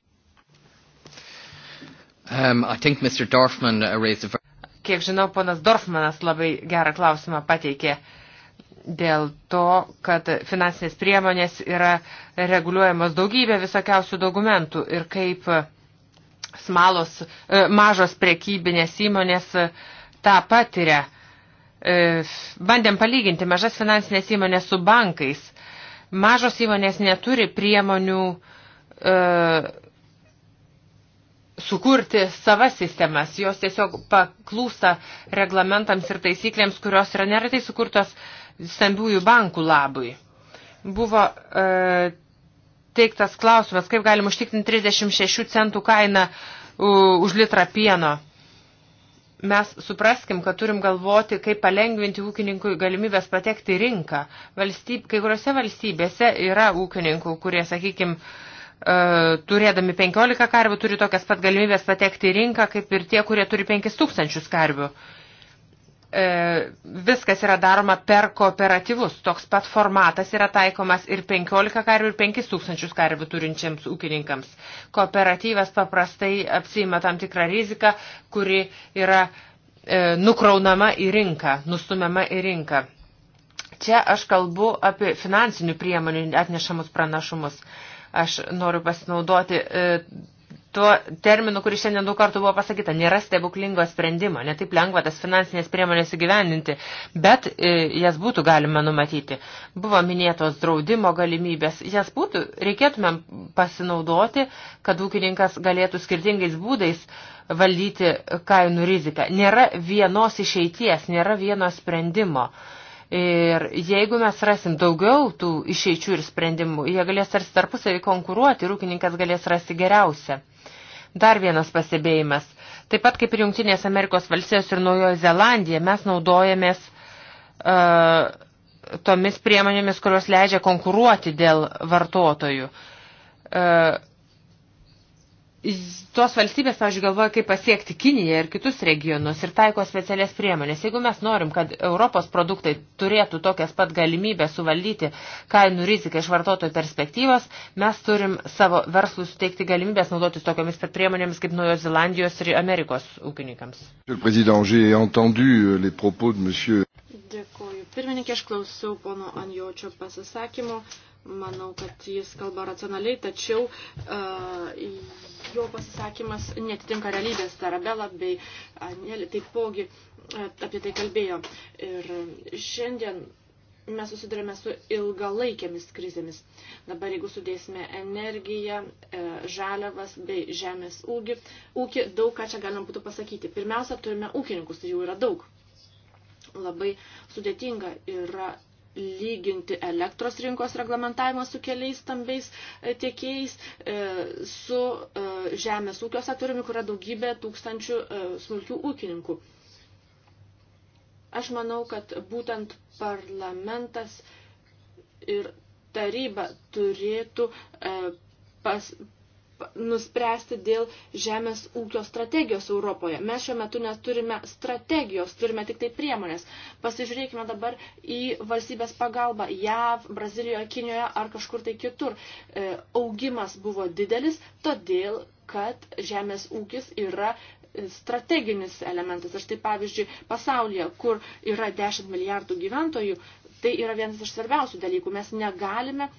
Um, I think Mr. Dorfman uh, raised a... Kiek žinau, ponas Dorfmanas labai gerą klausimą pateikė dėl to, kad finansinės priemonės yra reguliuojamos daugybė visokiausių dokumentų ir kaip uh, smalos, uh, mažos prekybinės įmonės tą patiria E, bandėm palyginti mažas finansinės įmonės su bankais. Mažos įmonės neturi priemonių e, sukurti savas sistemas. Jos tiesiog paklūsta reglamentams ir taisyklėms, kurios yra neretai sukurtos stambiųjų bankų labui. Buvo e, teiktas klausimas, kaip galim užtikrinti 36 centų kainą u, už litrą pieno. E, mes supraskim, kad turim galvoti, kaip palengvinti ūkininkui galimybės patekti į rinką. Valstyb, kai kuriuose valstybėse yra ūkininkų, kurie, sakykime, turėdami 15 karvių turi tokias pat galimybės patekti į rinką, kaip ir tie, kurie turi 5000 karvių. E, viskas yra daroma per kooperatyvus. Toks pat formatas yra taikomas ir 15 karvių, ir 5 tūkstančius karvių turinčiams ūkininkams. Kooperatyvas paprastai apsima tam tikrą riziką, kuri yra e, nukraunama į rinką, nustumiama į rinką. Čia aš kalbu apie finansinių priemonių atnešamus pranašumus. Aš noriu pasinaudoti e, tuo terminu, kuris šiandien daug kartų buvo pasakyta, nėra stebuklingo sprendimo, netaip lengva tas finansinės priemonės įgyvendinti, bet e, jas būtų galima numatyti. Buvo minėtos draudimo galimybės, jas būtų, reikėtumėm pasinaudoti, kad ūkininkas galėtų skirtingais būdais valdyti kainų riziką. Nėra vienos išeities, nėra vieno sprendimo. Ir jeigu mes rasim daugiau tų išeičių ir sprendimų, jie galės tarsi tarpusavį konkuruoti ir ūkininkas galės rasti geriausią. Dar vienas pastebėjimas. Taip pat kaip ir Junktinės Amerikos valstijos ir Naujojo Zelandija, mes naudojamės uh, tomis priemonėmis, kurios leidžia konkuruoti dėl vartotojų. Uh, tos valstybės, pavyzdžiui, galvoja, kaip pasiekti Kiniją ir kitus regionus ir taiko specialias priemonės. Jeigu mes norim, kad Europos produktai turėtų tokias pat galimybę suvaldyti kainų riziką iš vartotojų perspektyvos, mes turim savo verslų suteikti galimybės naudotis tokiamis pat priemonėmis kaip Naujos Zelandijos ir Amerikos ūkininkams. Euh, Dėkuoju. Pirmininkė, aš klausiau pono Anjočio pasisakymo. Manau, kad jis kalba racionaliai, tačiau uh, jo pasisakymas netitinka realybės. Tarabela bei Anelė taipogi uh, apie tai kalbėjo. Ir šiandien mes susidurėme su ilgalaikėmis krizėmis. Dabar jeigu sudėsime energiją, e, žaliavas bei žemės ūkį, ūkį daug ką čia galima būtų pasakyti. Pirmiausia, turime ūkininkus, tai jų yra daug. Labai sudėtinga yra lyginti elektros rinkos reglamentavimą su keliais stambiais e, tiekėjais, e, su e, žemės ūkio sektoriumi, kur yra daugybė tūkstančių smulkių ūkininkų. Aš manau, kad būtent parlamentas ir taryba turėtų pas, nuspręsti dėl žemės ūkio strategijos Europoje. Mes šiuo metu neturime strategijos, turime tik tai priemonės. Pasižiūrėkime dabar į valstybės pagalbą JAV, Brazilijoje, Kinijoje ar kažkur tai kitur. E, augimas buvo didelis, todėl kad žemės ūkis yra e, strateginis elementas. Aš tai pavyzdžiui, pasaulyje, kur yra 10 milijardų gyventojų, tai yra vienas iš svarbiausių dalykų. Mes negalime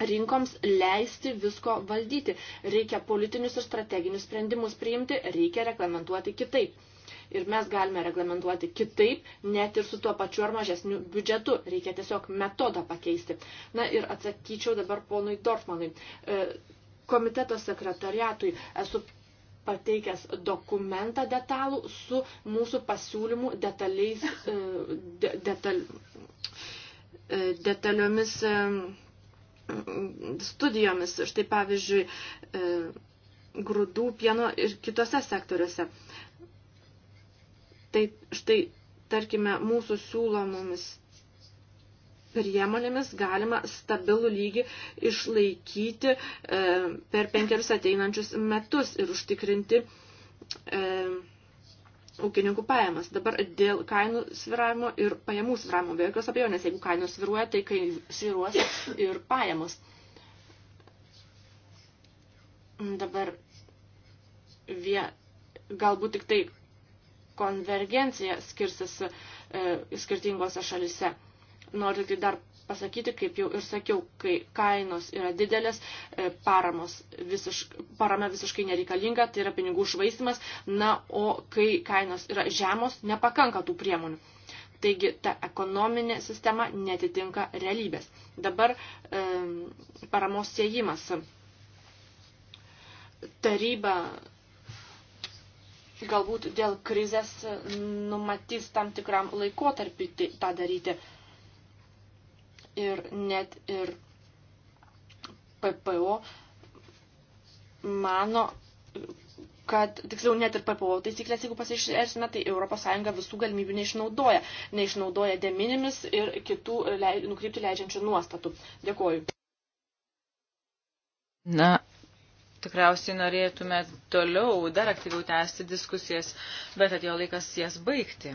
rinkoms leisti visko valdyti. Reikia politinius ir strateginius sprendimus priimti, reikia reglamentuoti kitaip. Ir mes galime reglamentuoti kitaip, net ir su tuo pačiu ar mažesniu biudžetu. Reikia tiesiog metodą pakeisti. Na ir atsakyčiau dabar ponui Dorfmanui. E, komiteto sekretariatui esu pateikęs dokumentą detalų su mūsų pasiūlymų detaliais, e, de, detal, e, detaliomis studijomis, štai pavyzdžiui, e, grūdų, pieno ir kitose sektoriuose. Tai štai, tarkime, mūsų siūlomomis priemonėmis galima stabilų lygį išlaikyti e, per penkerius ateinančius metus ir užtikrinti e, ūkininkų pajamas. Dabar dėl kainų sviravimo ir pajamų sviravimo, be jokios abejonės, jeigu kainos sviruoja, tai kai sviruos ir pajamos. Dabar vie, galbūt tik tai konvergencija skirsis e, skirtingose šalise. E, Noriu tik dar pasakyti, kaip jau ir sakiau, kai kainos yra didelės, e, paramos visišk, parama visiškai nereikalinga, tai yra pinigų švaistimas, na, o kai kainos yra žemos, nepakanka tų priemonių. Taigi ta ekonominė sistema netitinka realybės. Dabar e, paramos siejimas. Taryba galbūt dėl krizės numatys tam tikram laikotarpį tai tą daryti. E, ir net ir PPO mano, kad, tiksliau, net ir PPO taisyklės, jeigu pasižiūrėsime, tai ES visų galimybių neišnaudoja. Neišnaudoja deminimis ir kitų lei, nukrypti leidžiančių nuostatų. Dėkuoju. Na, tikriausiai norėtume toliau dar aktyviau tęsti diskusijas, bet atėjo laikas jas baigti.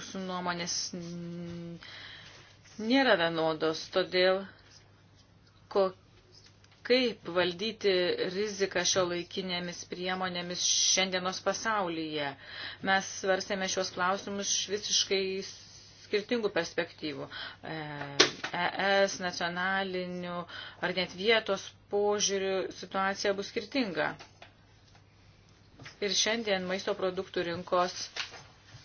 mūsų nuomonės nėra vienodos, todėl ko, kaip valdyti riziką šio laikinėmis priemonėmis šiandienos pasaulyje. Mes svarstėme šios klausimus visiškai skirtingų perspektyvų. ES, e nacionalinių ar net vietos požiūrių situacija bus skirtinga. Ir šiandien maisto produktų rinkos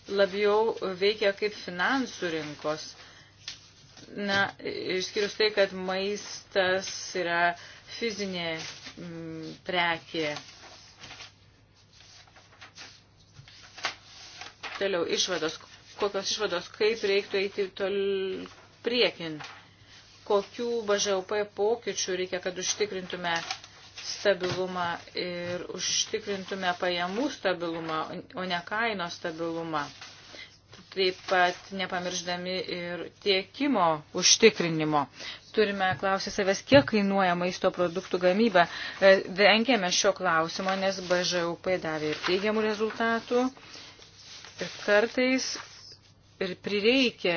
labiau veikia kaip finansų rinkos. Na, išskirius tai, kad maistas yra fizinė m, mm, prekė. Toliau išvados. Kokios išvados, kaip reiktų eiti tol priekin. Kokių BŽOP pokyčių reikia, kad užtikrintume stabilumą ir užtikrintume pajamų stabilumą, o ne kaino stabilumą. Taip pat nepamiršdami ir tiekimo užtikrinimo. Turime klausyti savęs, kiek kainuoja maisto produktų gamyba. E, Vengėme šio klausimo, nes BŽUP davė ir teigiamų rezultatų. Ir kartais ir prireikia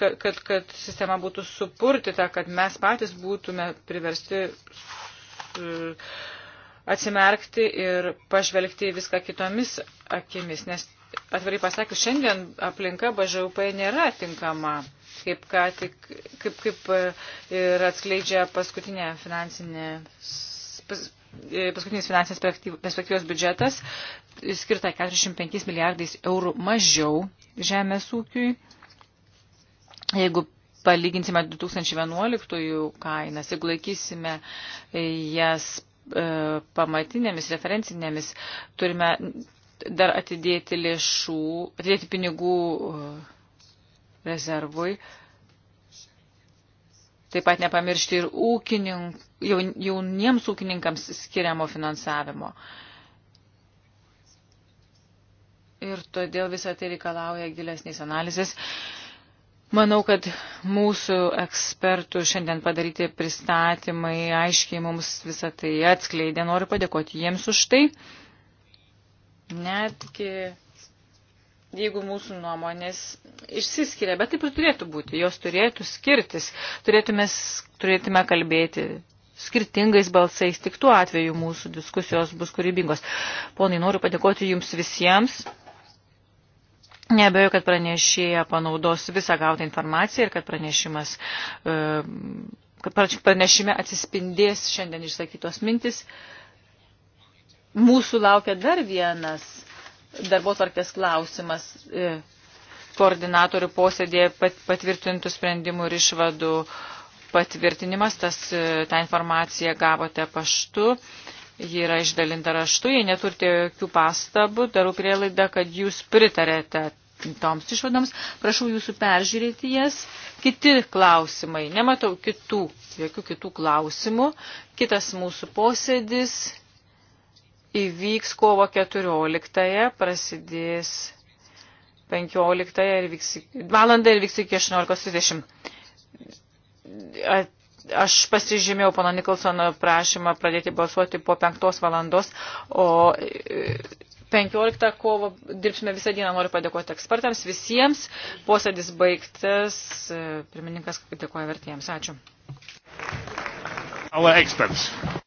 kad, kad, kad sistema būtų supurtita, kad mes patys būtume priversti e, atsimerkti ir pažvelgti viską kitomis akimis, nes atvarai pasakius, šiandien aplinka BŽUP nėra tinkama, kaip, ką, tik, kaip, kaip e, ir atskleidžia paskutinė finansinė, pas, e, paskutinis finansinės perspektyvos biudžetas, skirta 45 milijardais eurų mažiau žemės ūkiui Jeigu palyginsime 2011 kainas, jeigu laikysime e, jas e, pamatinėmis, referencinėmis, turime dar atidėti lėšų, atidėti pinigų e, rezervui. Taip pat nepamiršti ir ūkininkų, jaun, jauniems ūkininkams skiriamo finansavimo. Ir todėl visą tai reikalauja gilesnės analizės Manau, kad mūsų ekspertų šiandien padaryti pristatymai aiškiai mums visą tai atskleidė. Noriu padėkoti jiems už tai. Netgi jeigu mūsų nuomonės išsiskiria, bet taip ir turėtų būti, jos turėtų skirtis, turėtume, turėtume kalbėti skirtingais balsais, tik tuo atveju mūsų diskusijos bus kūrybingos. Ponai, noriu padėkoti jums visiems. Nebejoju, kad pranešėja panaudos visą gautą informaciją ir kad pranešimas. E, kad pranešime atsispindės šiandien išsakytos mintis. Mūsų laukia dar vienas darbo tvarkės klausimas e, koordinatorių posėdėje patvirtintų sprendimų ir išvadų patvirtinimas. Tas, e, tą informaciją gavote paštu. Ji yra išdalinta raštu, jei neturite jokių pastabų, darau prielaidą, kad jūs pritarėte toms išvadoms. Prašau jūsų peržiūrėti jas. Kiti klausimai. Nematau kitų, jokių kitų klausimų. Kitas mūsų posėdis įvyks kovo 14, prasidės 15 ir vyks, valandą ir vyks iki 18.30. Aš pasižymėjau pono Nikolsono prašymą pradėti balsuoti po 5 valandos, o e, 15 kovo dirbsime visą dieną. Noriu padėkoti ekspertams visiems. Posėdis baigtas. Pirmininkas dėkoja vertėjams. Ačiū. Our experts.